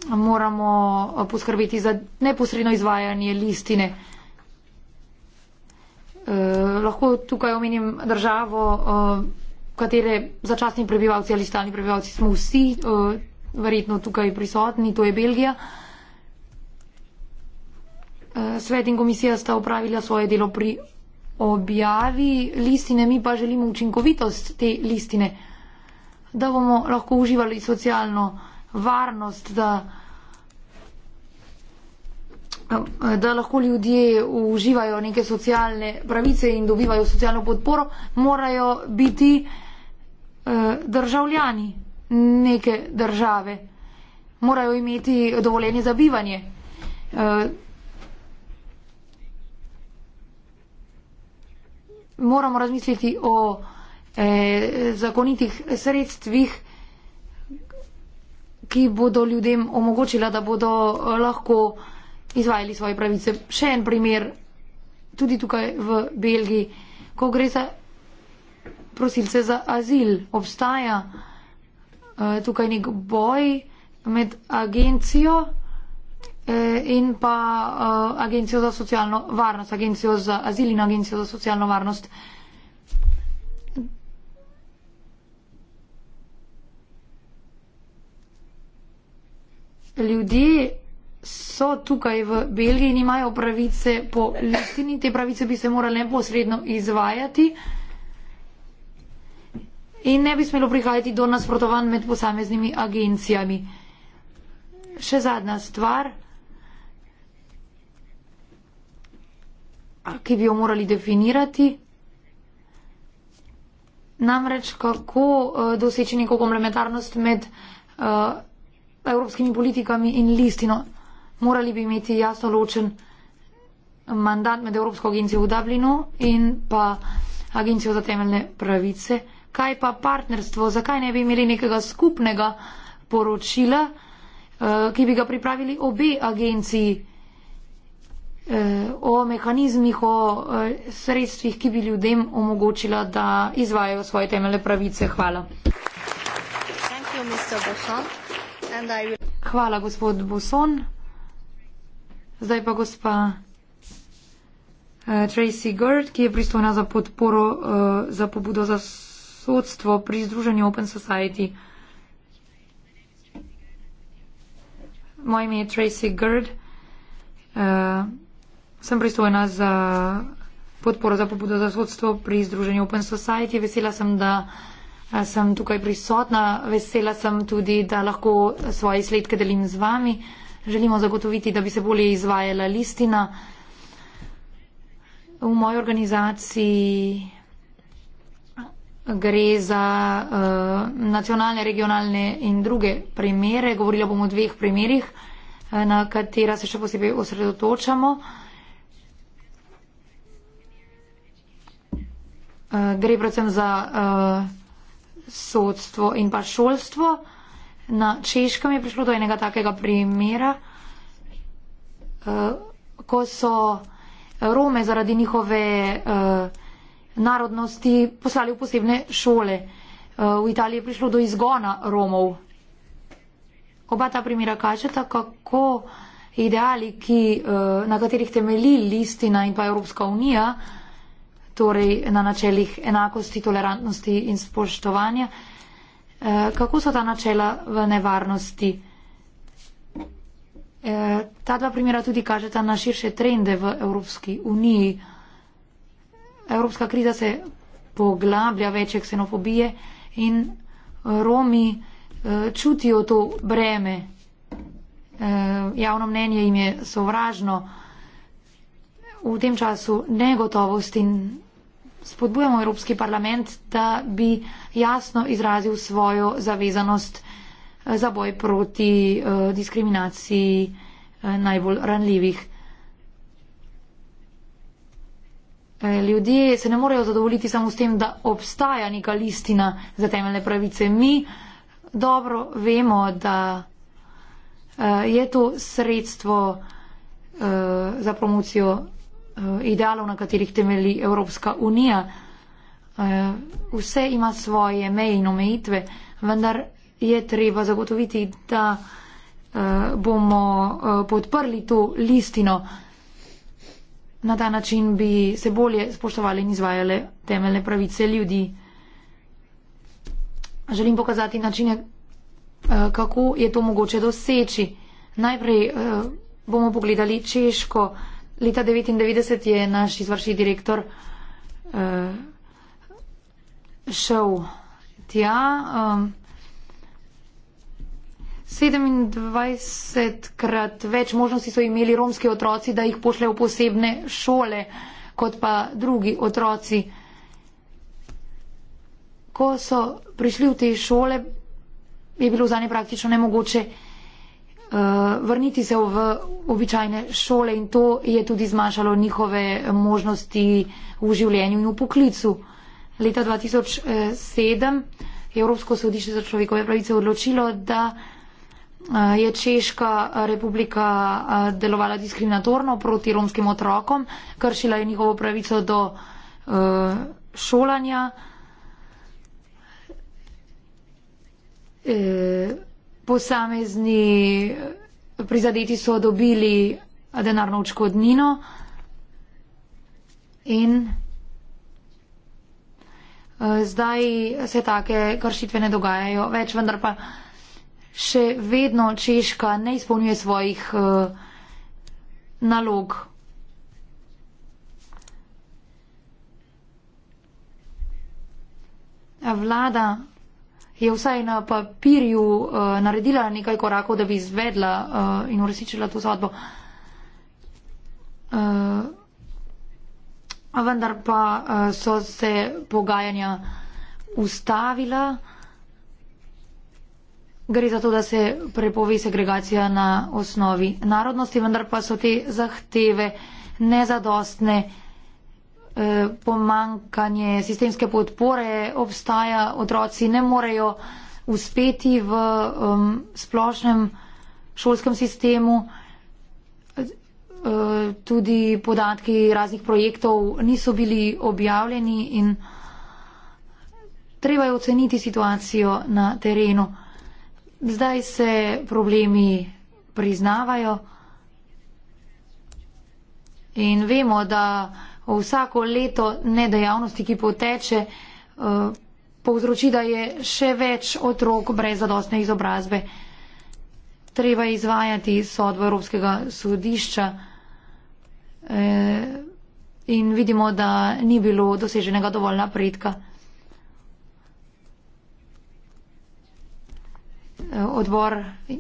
moramo e, poskrbeti za neposredno izvajanje listine. Lahko tukaj omenim državo, katere začasni prebivalci ali stalni prebivalci smo vsi verjetno tukaj prisotni, to je Belgija. Svet in komisija sta upravila svoje delo pri objavi listine, mi pa želimo učinkovitost te listine, da bomo lahko uživali socialno varnost, da, da lahko ljudje uživajo neke socialne pravice in dobivajo socialno podporo, morajo biti eh, državljani neke države, morajo imeti dovoljenje za bivanje. Eh, moramo razmisliti o eh, zakonitih sredstvih, ki bodo ljudem omogočila, da bodo eh, lahko izvajali svoje pravice. Še en primer, tudi tukaj v Belgiji, ko gre za prosilce za azil, obstaja eh, tukaj nek boj med agencijo, Eh, in pa uh, Agencijo za socialno varnost, Agencijo za azil in Agencijo za socialno varnost. Ljudje so tukaj v Belgiji in imajo pravice po listini, te pravice bi se morali neposredno izvajati in ne bi smelo prihajati do nasprotovanj med posameznimi agencijami. Še zadnja stvar. ki bi jo morali definirati. Namreč kako eh, doseči neko komplementarnost med uh, evropskimi politikami in listino. Morali bi imeti jasno ločen mandat med Evropsko agencijo v Dublinu in pa Agencijo za temeljne pravice. Kaj pa partnerstvo? Zakaj ne bi imeli nekega skupnega poročila, uh, ki bi ga pripravili obe agenciji? Eh, o mehanizmih, o eh, sredstvih, ki bi ljudem omogočila, da izvajajo svoje temeljne pravice. Hvala. Hvala, gospod Boson. Zdaj pa gospa eh, Tracy Gerd, ki je pristojna za podporo za pobudo za sodstvo pri Združenju Open Society. Moje ime je Tracy Gerd sem pristojna za podporo za pobudo za sodstvo pri združenju Open Society. Vesela sem, da eh, sem tukaj prisotna. Vesela sem tudi, da lahko svoje izsledke delim z vami. Želimo zagotoviti, da bi se bolje izvajala listina. V moji organizaciji eh, gre za uh, nacionalne, regionalne in druge primere. Govorila bom o dveh primerih, na katera se še posebej osredotočamo. Uh, uh, gre predvsem za uh, sodstvo in pa šolstvo. Na Češkem je prišlo do enega takega primera, uh, ko so Rome zaradi njihove uh, narodnosti poslali v posebne šole. Uh, v Italiji je prišlo do izgona Romov. Oba ta primera kažeta, kako ideali, ki, uh, na katerih temelji listina in pa Evropska unija, uh, torej na načelih enakosti, tolerantnosti in spoštovanja. Eh, kako so ta načela v nevarnosti? Eh, ta dva primera tudi kažeta na širše trende v Evropski uniji. Evropska kriza se poglablja večje ksenofobije in Romi eh, čutijo to breme. Javno mnenje jim je sovražno v tem času negotovosti in spodbujamo Evropski parlament, da bi jasno izrazil svojo zavezanost eh, za boj proti eh, diskriminaciji eh, najbolj ranljivih. Ljudje se ne morejo zadovoljiti samo s tem, da obstaja neka listina za temeljne pravice. Mi dobro vemo, da je to sredstvo za promocijo Eh, idealov, na katerih temeli Evropska unija. Eh, vse ima svoje meje in omejitve, vendar je treba zagotoviti, da eh, bomo podprli to listino. Na ta način bi se bolje spoštovali in izvajale temeljne pravice ljudi. Želim pokazati načine, kako je to mogoče doseči. Najprej bomo pogledali češko. Leta 1999 je naš izvršni direktor uh, šel tja. Um, 27 krat več možnosti so imeli romski otroci, da jih pošljajo v posebne šole, kot pa drugi otroci. Ko so prišli v te šole, je bilo zanje praktično nemogoče. Eh, vrniti se v običajne šole in to je tudi zmanjšalo njihove možnosti v življenju in v poklicu. Leta 2007 je Evropsko sodišče za človekove pravice odločilo, da eh, je Češka republika eh, delovala diskriminatorno proti romskim otrokom, kršila je njihovo pravico do šolanja posamezni prizadeti so dobili denarno očkodnino in eh, zdaj se take kršitve ne dogajajo več, vendar pa še vedno Češka ne izpolnjuje svojih eh, nalog. Vlada je vsaj na papirju uh, naredila nekaj korakov, da bi izvedla uh, in uresničila to sodbo. Uh, vendar pa uh, so se pogajanja ustavila. Gre za to, da se prepove segregacija na osnovi narodnosti, vendar pa so te zahteve nezadostne. Eh, pomankanje sistemske podpore obstaja, otroci ne morejo uspeti v um, splošnem šolskem sistemu. Eh, tudi podatki raznih projektov niso bili objavljeni in treba je oceniti situacijo na terenu. Zdaj se problemi priznavajo in vemo, da vsako leto nedejavnosti, ki poteče, eh, povzroči, da je še več otrok brez zadostne izobrazbe. Treba izvajati sodbo Evropskega sodišča eh, in vidimo, da ni bilo doseženega dovolj napredka. Eh, odbor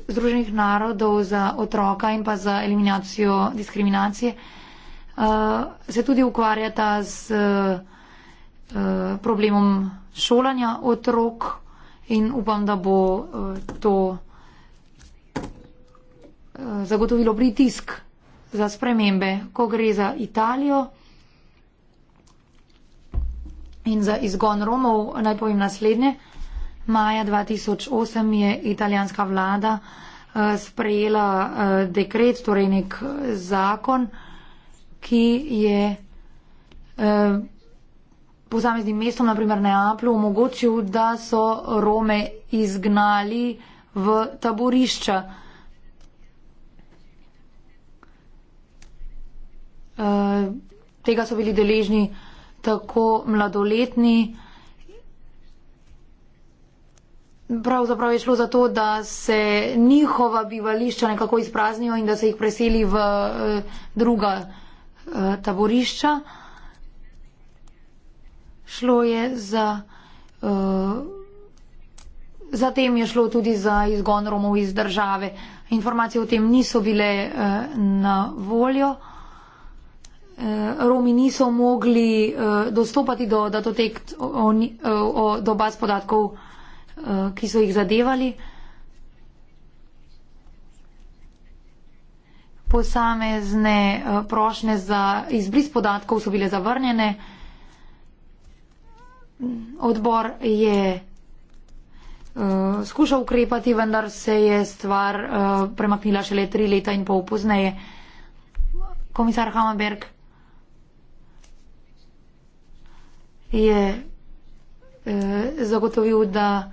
Združenih narodov za otroka in pa za eliminacijo diskriminacije se tudi ukvarjata z uh, problemom šolanja otrok in upam, da bo uh, to uh, zagotovilo pritisk za spremembe, ko gre za Italijo in za izgon Romov. Naj povem naslednje. Maja 2008 je italijanska vlada sprejela dekret, torej nek zakon, ki je eh, posameznim mestom, naprimer Neaplju, omogočil, da so Rome izgnali v taborišča. Eh, tega so bili deležni tako mladoletni. Pravzaprav je šlo za to, da se njihova bivališča nekako izpraznijo in da se jih preseli v eh, druga. Eh, taborišča. Šlo je za, uh, zatem je šlo tudi za izgon Romov iz države. Informacije o tem niso bile uh, na voljo. Romi niso mogli dostopati do datotek, do baz podatkov, ki so jih zadevali. posamezne eh, prošnje za izbris podatkov so bile zavrnjene. Odbor je uh, skušal ukrepati, vendar se je stvar uh, premaknila šele tri leta in pol pozneje. Komisar Hamaberg je uh, zagotovil, da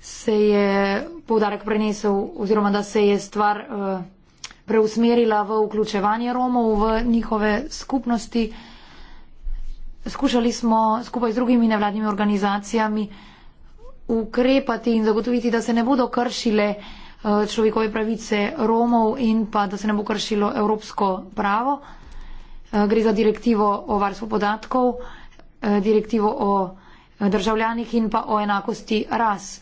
se je podarek prenesel oziroma da se je stvar. Uh, preusmerila v vključevanje Romov v njihove skupnosti. Skušali smo skupaj z drugimi nevladnimi organizacijami ukrepati in zagotoviti, da se ne bodo kršile eh, človekove pravice Romov in pa da se ne bo kršilo evropsko pravo. Eh, gre za direktivo o varstvu podatkov, eh, direktivo o državljanih in pa o enakosti ras.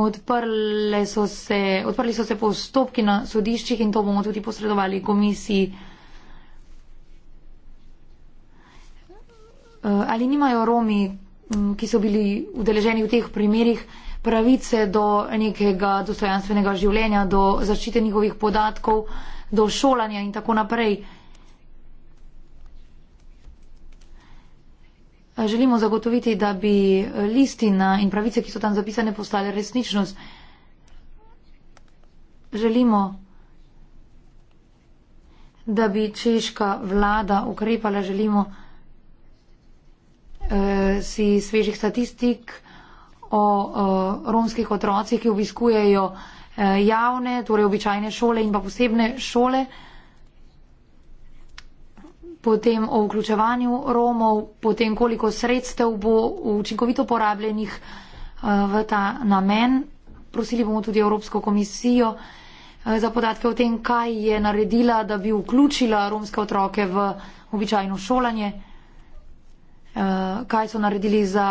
odprli so se, odprli so se postopki na sodiščih in to bomo tudi posredovali komisiji. E, ali nimajo Romi, ki so bili udeleženi v teh primerjih, pravice do nekega dostojanstvenega življenja, do zaščite njihovih podatkov, do šolanja in tako naprej? želimo zagotoviti, da bi listina in pravice, ki so tam zapisane, postale resničnost. Želimo, da bi češka vlada ukrepala, želimo eh, si svežih statistik o eh, romskih otrocih, ki obiskujejo eh, javne, torej običajne šole in pa posebne šole. Eh, potem o vključevanju Romov, potem koliko sredstev bo učinkovito porabljenih eh, v ta namen. Prosili bomo tudi Evropsko komisijo eh, za podatke o tem, kaj je naredila, da bi vključila romske otroke v običajno šolanje, eh, kaj so naredili za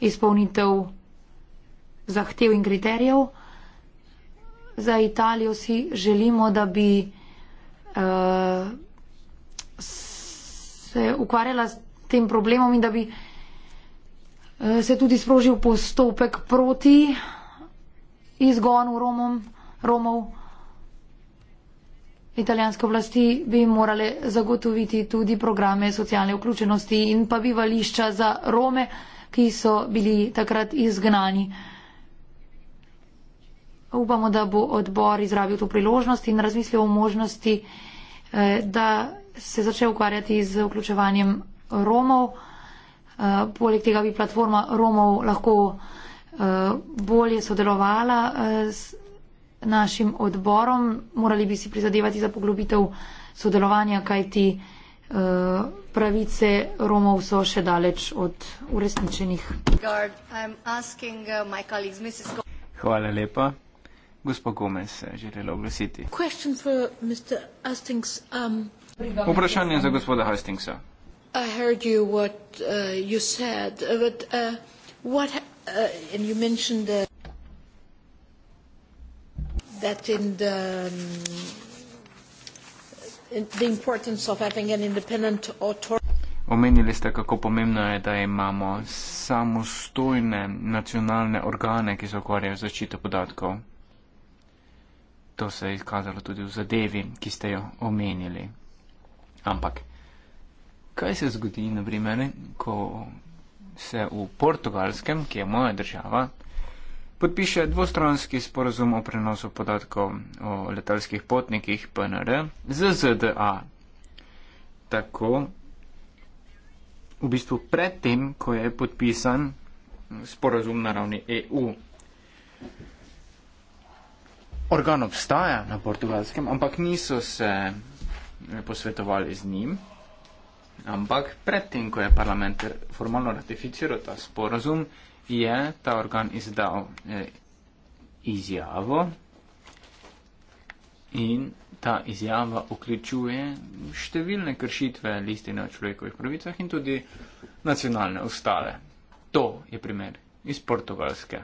izpolnitev zahtev in kriterijev. Za Italijo si želimo, da bi se ukvarjala s tem problemom in da bi eh, se tudi sprožil postopek proti izgonu Romom, Romov. Italijanske oblasti bi morale zagotoviti tudi programe socialne vključenosti in pa bivališča za Rome, ki so bili takrat izgnani. Upamo, da bo odbor izrabil to priložnost in razmislil o možnosti, eh, da se začel ukvarjati z vključevanjem Romov. Eh, poleg tega bi platforma Romov lahko eh, bolje sodelovala z eh, našim odborom. Morali bi si prizadevati za poglobitev sodelovanja, kajti pravice Romov so še daleč od uresničenih. Uh, Hvala lepa. Gospod Gomez, želela oglasiti. Question for Mr. Astings. Um, Vprašanje za gospoda Hastingsa. Omenili ste, kako pomembno je, da imamo samostojne nacionalne organe, ki se ukvarjajo z zaščito podatkov. To se je izkazalo tudi v zadevi, ki ste jo omenili. Ampak, kaj se zgodi, na primer, ko se v Portugalskem, ki je moja država, podpiše dvostranski sporozum o prenosu podatkov o letalskih potnikih PNR z ZDA. Tako, v bistvu predtem, ko je podpisan sporozum na ravni EU. Organ obstaja na portugalskem, ampak niso se Eh, posvetovali z njim. Ampak predtem, ko je parlament formalno ratificiral ta sporozum, je ta organ izdal eh, izjavo in ta izjava vključuje številne kršitve listine o človekovih pravicah in tudi nacionalne ustave. To je primer iz Portugalske.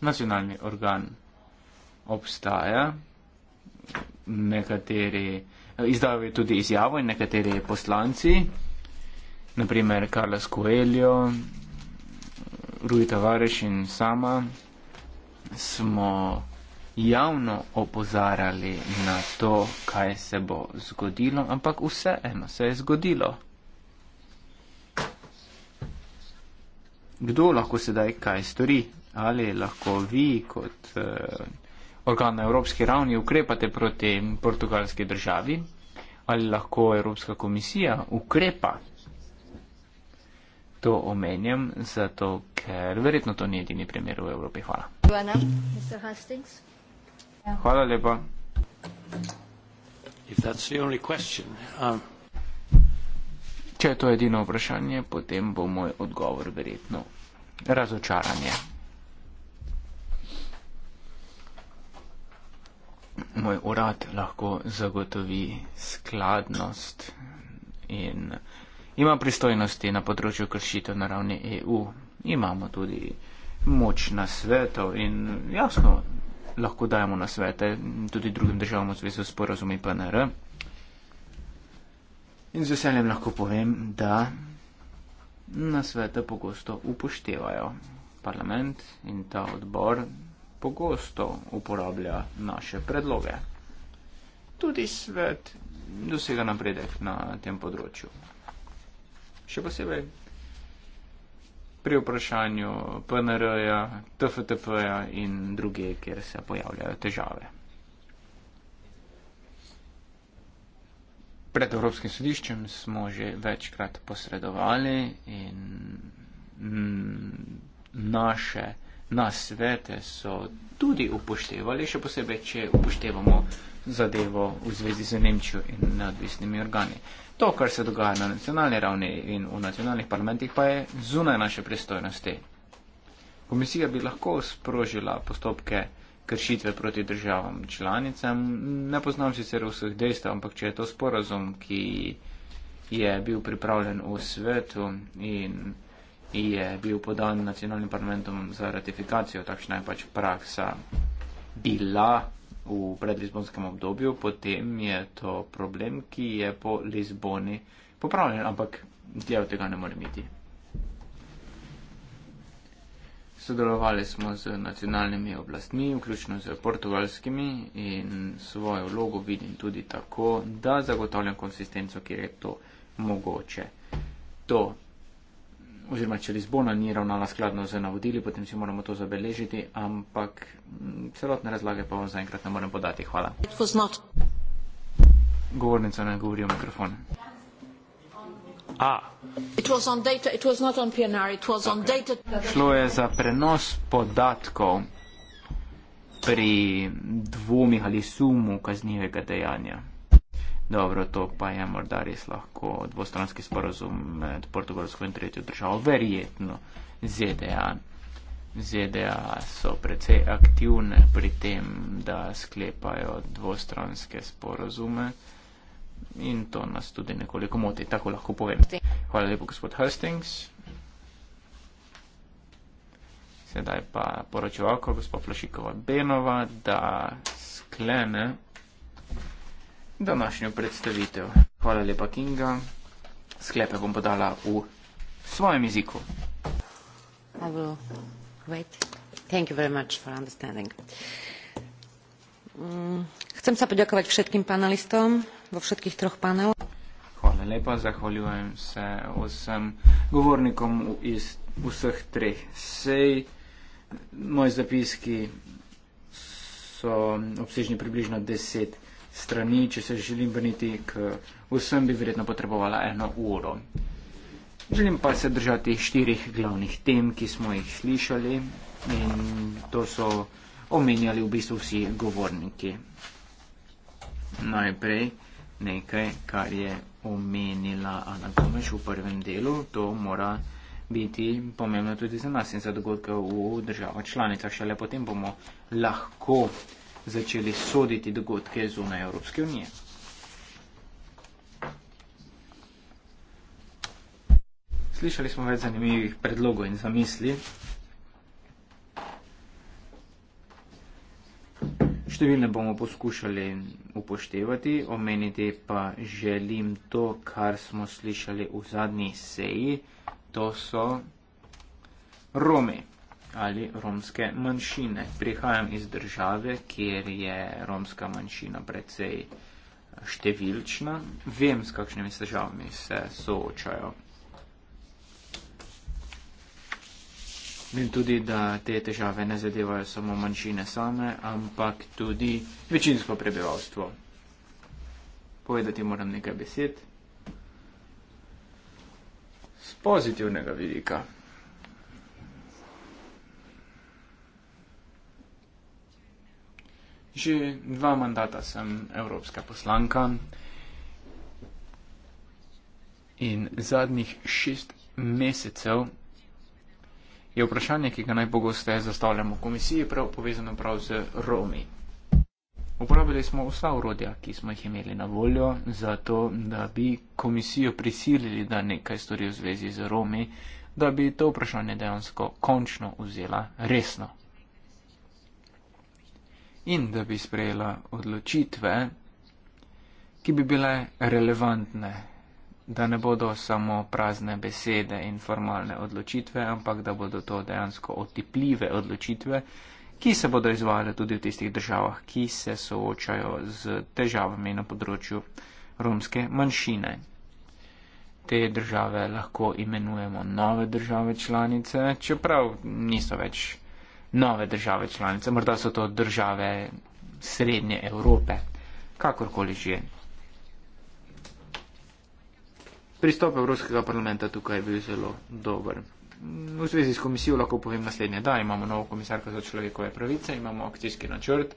Nacionalni organ obstaja nekateri, eh, izdal je tudi izjavo in nekateri poslanci, naprimer Carlos Coelho, Rui Tavares in sama, smo javno opozarjali na to, kaj se bo zgodilo, ampak vseeno se je zgodilo. Kdo lahko sedaj kaj stori? Ali lahko vi kot. Uh, organ na evropski ravni ukrepate proti portugalski državi? Ali lahko Evropska komisija ukrepa? To omenjam, zato ker verjetno to ni edini primer v Evropi. Hvala. Ja. Hvala lepa. Um, Če je to edino vprašanje, potem bo moj odgovor verjetno razočaranje. moj urad lahko zagotovi skladnost in ima pristojnosti na področju kršitev na ravni EU. Imamo tudi moč na svetu in jasno lahko dajemo na svete tudi drugim državam v zvezi s porazumi PNR. In z veseljem lahko povem, da na svete pogosto upoštevajo parlament in ta odbor pogosto uporablja naše predloge. Tudi svet dosega napredek na tem področju. Še posebej pri vprašanju PNR-ja, TFTP-ja in druge, kjer se pojavljajo težave. Pred Evropskim sodiščem smo že večkrat posredovali in mm, naše na svete so tudi upoštevali, še posebej, če upoštevamo zadevo v zvezi z Nemčijo in neodvisnimi organi. To, kar se dogaja na nacionalni ravni in v nacionalnih parlamentih, pa je zunaj naše pristojnosti. Komisija bi lahko sprožila postopke kršitve proti državam članicam. Ne poznam sicer vseh dejstev, ampak če je to sporazum, ki je bil pripravljen v svetu in je bil podan nacionalnim parlamentom za ratifikacijo, takšna je pač praksa bila v predlizbonskem obdobju, potem je to problem, ki je po Lizboni popravljen, ampak del tega ne more biti. Sodelovali smo z nacionalnimi oblastmi, vključno z portugalskimi in svojo vlogo vidim tudi tako, da zagotavljam konsistenco, kjer je to mogoče. To oziroma če Lizbona ni ravnala skladno z navodili, potem si moramo to zabeležiti, ampak mm, celotne razlage pa vam zaenkrat ne morem podati. Hvala. Govornica ne govori v mikrofon. Šlo je za prenos podatkov pri dvomih ali sumu kaznivega dejanja. Dobro, to pa je morda res lahko dvostranski sporozum med Portugalsko in tretjo državo. Verjetno ZDA. ZDA so precej aktivne pri tem, da sklepajo dvostranske sporozume in to nas tudi nekoliko moti, tako lahko povem. Hvala lepo, gospod Hastings. Sedaj pa poročevalko, gospod Plašikova Benova, da sklene današnjo predstavitev. Hvala lepa, Kinga. Sklepe bom podala v svojem jeziku. Mm, chcem sa poďakovať všetkým panelistom vo všetkých troch panelov. Hvala lepa, zahvaljujem se vsem govornikom iz vseh treh sej. Moji zapiski so obsežni približno deset minut strani, če se želim vrniti k vsem, bi verjetno potrebovala eno uro. Želim pa se držati štirih glavnih tem, ki smo jih slišali in to so omenjali v bistvu vsi govorniki. Najprej nekaj, kar je omenila Ana Gomeš v prvem delu, to mora biti pomembno tudi za nas in za dogodke v državah članicah. Šele potem bomo lahko začeli soditi dogodke zunaj Evropske unije. Slišali smo več zanimivih predlogov in zamisli. Številne bomo poskušali upoštevati, omeniti pa želim to, kar smo slišali v zadnji seji, to so Romi ali romske manjšine. Prihajam iz države, kjer je romska manjšina precej številčna. Vem, s kakšnimi težavami se soočajo. In tudi, da te težave ne zadevajo samo manjšine same, ampak tudi večinsko prebivalstvo. Povedati moram nekaj besed z pozitivnega vidika. Že dva mandata sem evropska poslanka in zadnjih šest mesecev je vprašanje, ki ga najpogosteje zastavljamo v komisiji, prav povezano prav z Romi. Uporabili smo vsa urodja, ki smo jih imeli na voljo, zato da bi komisijo prisilili, da nekaj stori v zvezi z Romi, da bi to vprašanje dejansko končno vzela resno in da bi sprejela odločitve, ki bi bile relevantne, da ne bodo samo prazne besede in formalne odločitve, ampak da bodo to dejansko otipljive odločitve, ki se bodo izvajale tudi v tistih državah, ki se soočajo z težavami na področju romske manjšine. Te države lahko imenujemo nove države članice, čeprav niso več nove države članice, morda so to države srednje Evrope, kakorkoli že. Pristop Evropskega parlamenta tukaj je bil zelo dober. V zvezi s komisijo lahko povem naslednje. Da, imamo novo komisarko za človekove pravice, imamo akcijski načrt.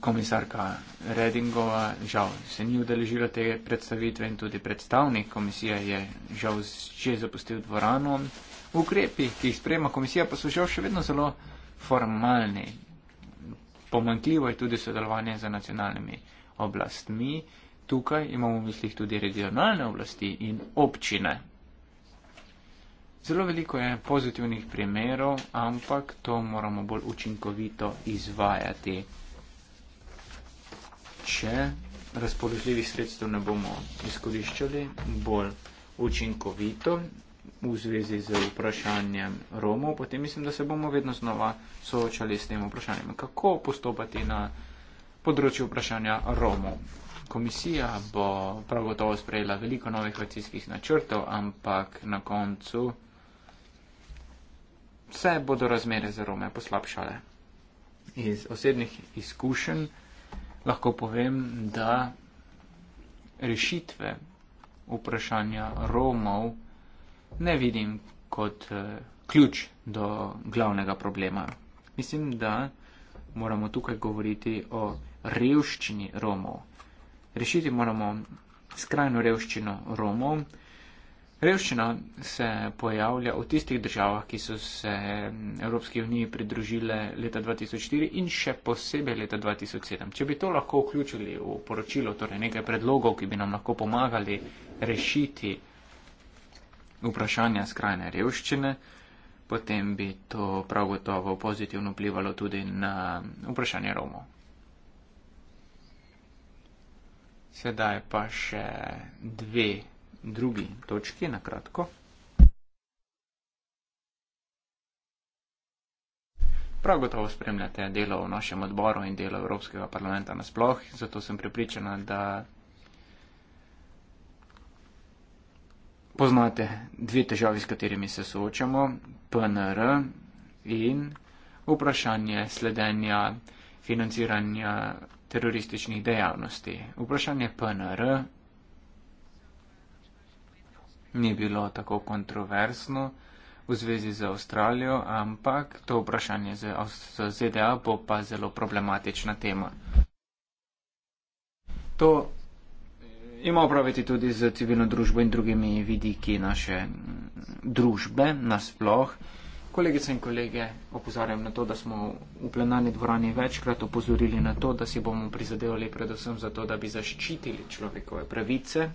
Komisarka Redingova žal se ni udeležila te predstavitve in tudi predstavnik komisije je žal že zapustil dvorano ukrepi, ki jih sprejema komisija, pa so žal še vedno zelo formalni. Pomankljivo je tudi sodelovanje z nacionalnimi oblastmi. Tukaj imamo v mislih tudi regionalne oblasti in občine. Zelo veliko je pozitivnih primerov, ampak to moramo bolj učinkovito izvajati. Če razpoložljivih sredstev ne bomo izkoriščali bolj učinkovito, v zvezi z vprašanjem Romov, potem mislim, da se bomo vedno znova soočali s tem vprašanjem. Kako postopati na področju vprašanja Romov? Komisija bo prav gotovo sprejela veliko novih akcijskih načrtov, ampak na koncu se bodo razmere za Rome poslabšale. Iz osebnih izkušenj lahko povem, da rešitve vprašanja Romov ne vidim kot eh, ključ do glavnega problema. Mislim, da moramo tukaj govoriti o revščini Romov. Rešiti moramo skrajno revščino Romov. Revščina se pojavlja v tistih državah, ki so se mm, Evropski uniji pridružile leta 2004 in še posebej leta 2007. Če bi to lahko vključili v poročilo, torej nekaj predlogov, ki bi nam lahko pomagali rešiti vprašanja skrajne revščine, potem bi to prav gotovo pozitivno vplivalo tudi na vprašanje Romov. Sedaj pa še dve drugi točki na kratko. Prav gotovo spremljate delo v našem odboru in delo Evropskega parlamenta nasploh, zato sem pripričana, da poznate dve težavi, s katerimi se soočamo, PNR in vprašanje sledenja financiranja terorističnih dejavnosti. Vprašanje PNR ni bilo tako kontroversno v zvezi z Avstralijo, ampak to vprašanje z, z ZDA bo pa zelo problematična tema. To ima opraviti tudi z civilno družbo in drugimi vidiki naše družbe nasploh. Kolegice in kolege, opozarjam na to, da smo v plenarni dvorani večkrat opozorili na to, da si bomo prizadevali predvsem za to, da bi zaščitili človekove pravice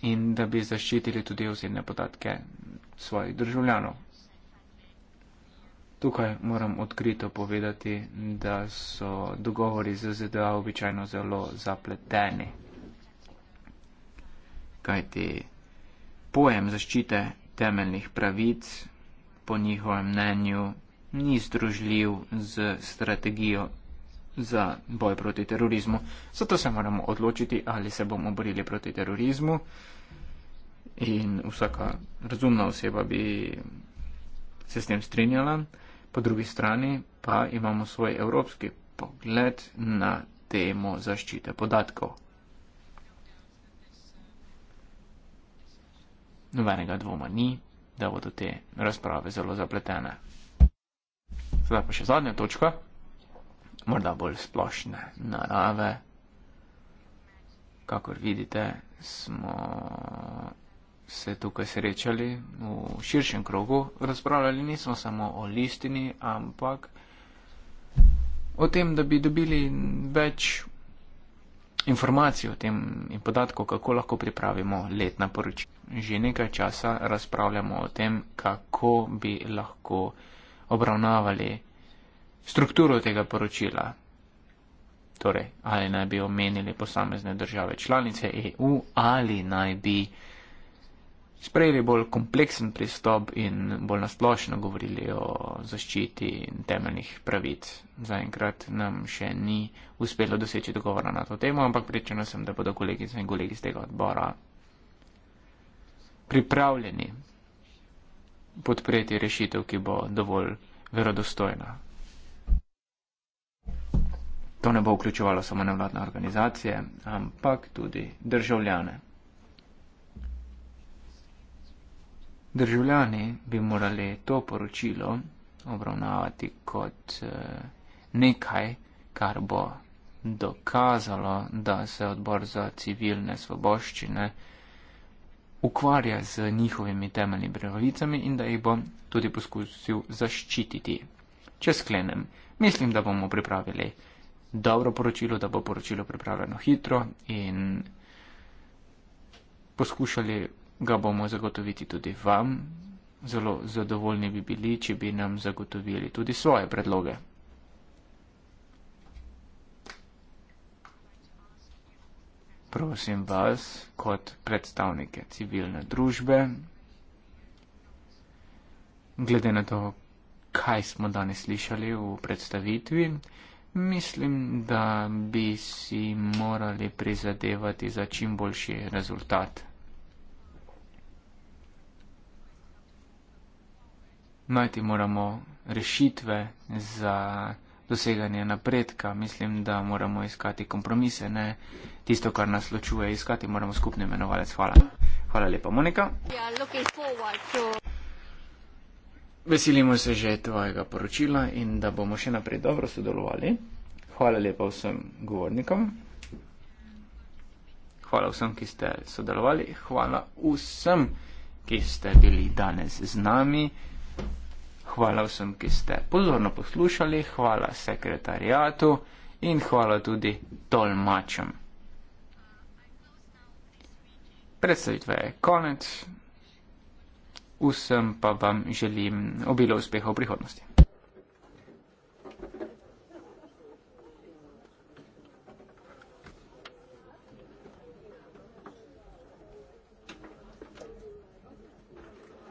in da bi zaščitili tudi osebne podatke svojih državljanov. Tukaj moram odkrito povedati, da so dogovori z ZDA običajno zelo zapleteni. Kajti pojem zaščite temeljnih pravic po njihovem mnenju ni združljiv z strategijo za boj proti terorizmu. Zato se moramo odločiti, ali se bomo borili proti terorizmu. In vsaka razumna oseba bi se s tem strinjala. Po drugi strani pa imamo svoj evropski pogled na temo zaščite podatkov. Novenega dvoma ni, da bodo te razprave zelo zapletene. Zdaj pa še zadnja točka, morda bolj splošne narave. Kakor vidite, smo se tukaj srečali v širšem krogu, razpravljali nismo samo o listini, ampak o tem, da bi dobili več informacij o tem in podatkov, kako lahko pripravimo letna poročila. Že nekaj časa razpravljamo o tem, kako bi lahko obravnavali strukturo tega poročila. Torej, ali naj bi omenili posamezne države članice EU ali naj bi sprejeli bolj kompleksen pristop in bolj nasplošno govorili o zaščiti temeljnih pravic. Zaenkrat nam še ni uspelo doseči dogovora na to temo, ampak pričana sem, da bodo kolegice in kolegi z tega odbora pripravljeni podpreti rešitev, ki bo dovolj verodostojna. To ne bo vključevalo samo nevladne organizacije, ampak tudi državljane. Državljani bi morali to poročilo obravnavati kot eh, nekaj, kar bo dokazalo, da se odbor za civilne svoboščine ukvarja z njihovimi temeljnimi pravicami in da jih bo tudi poskusil zaščititi. Če sklenem, mislim, da bomo pripravili dobro poročilo, da bo poročilo pripravljeno hitro in poskušali ga bomo zagotoviti tudi vam. Zelo zadovoljni bi bili, če bi nam zagotovili tudi svoje predloge. Prosim vas, kot predstavnike civilne družbe, glede na to, kaj smo danes slišali v predstavitvi, mislim, da bi si morali prizadevati za čim boljši rezultat. najti moramo rešitve za doseganje napredka. Mislim, da moramo iskati kompromise, ne tisto, kar nas ločuje, iskati moramo skupni imenovalec. Hvala. Hvala lepa, Monika. Veselimo se že tvojega poročila in da bomo še naprej dobro sodelovali. Hvala lepa vsem govornikom. Hvala vsem, ki ste sodelovali. Hvala vsem, ki ste bili danes z nami hvala vsem, ki ste pozorno poslušali, hvala sekretarijatu in hvala tudi tolmačem. Predstavitve je konec, vsem pa vam želim obilo uspeha v prihodnosti.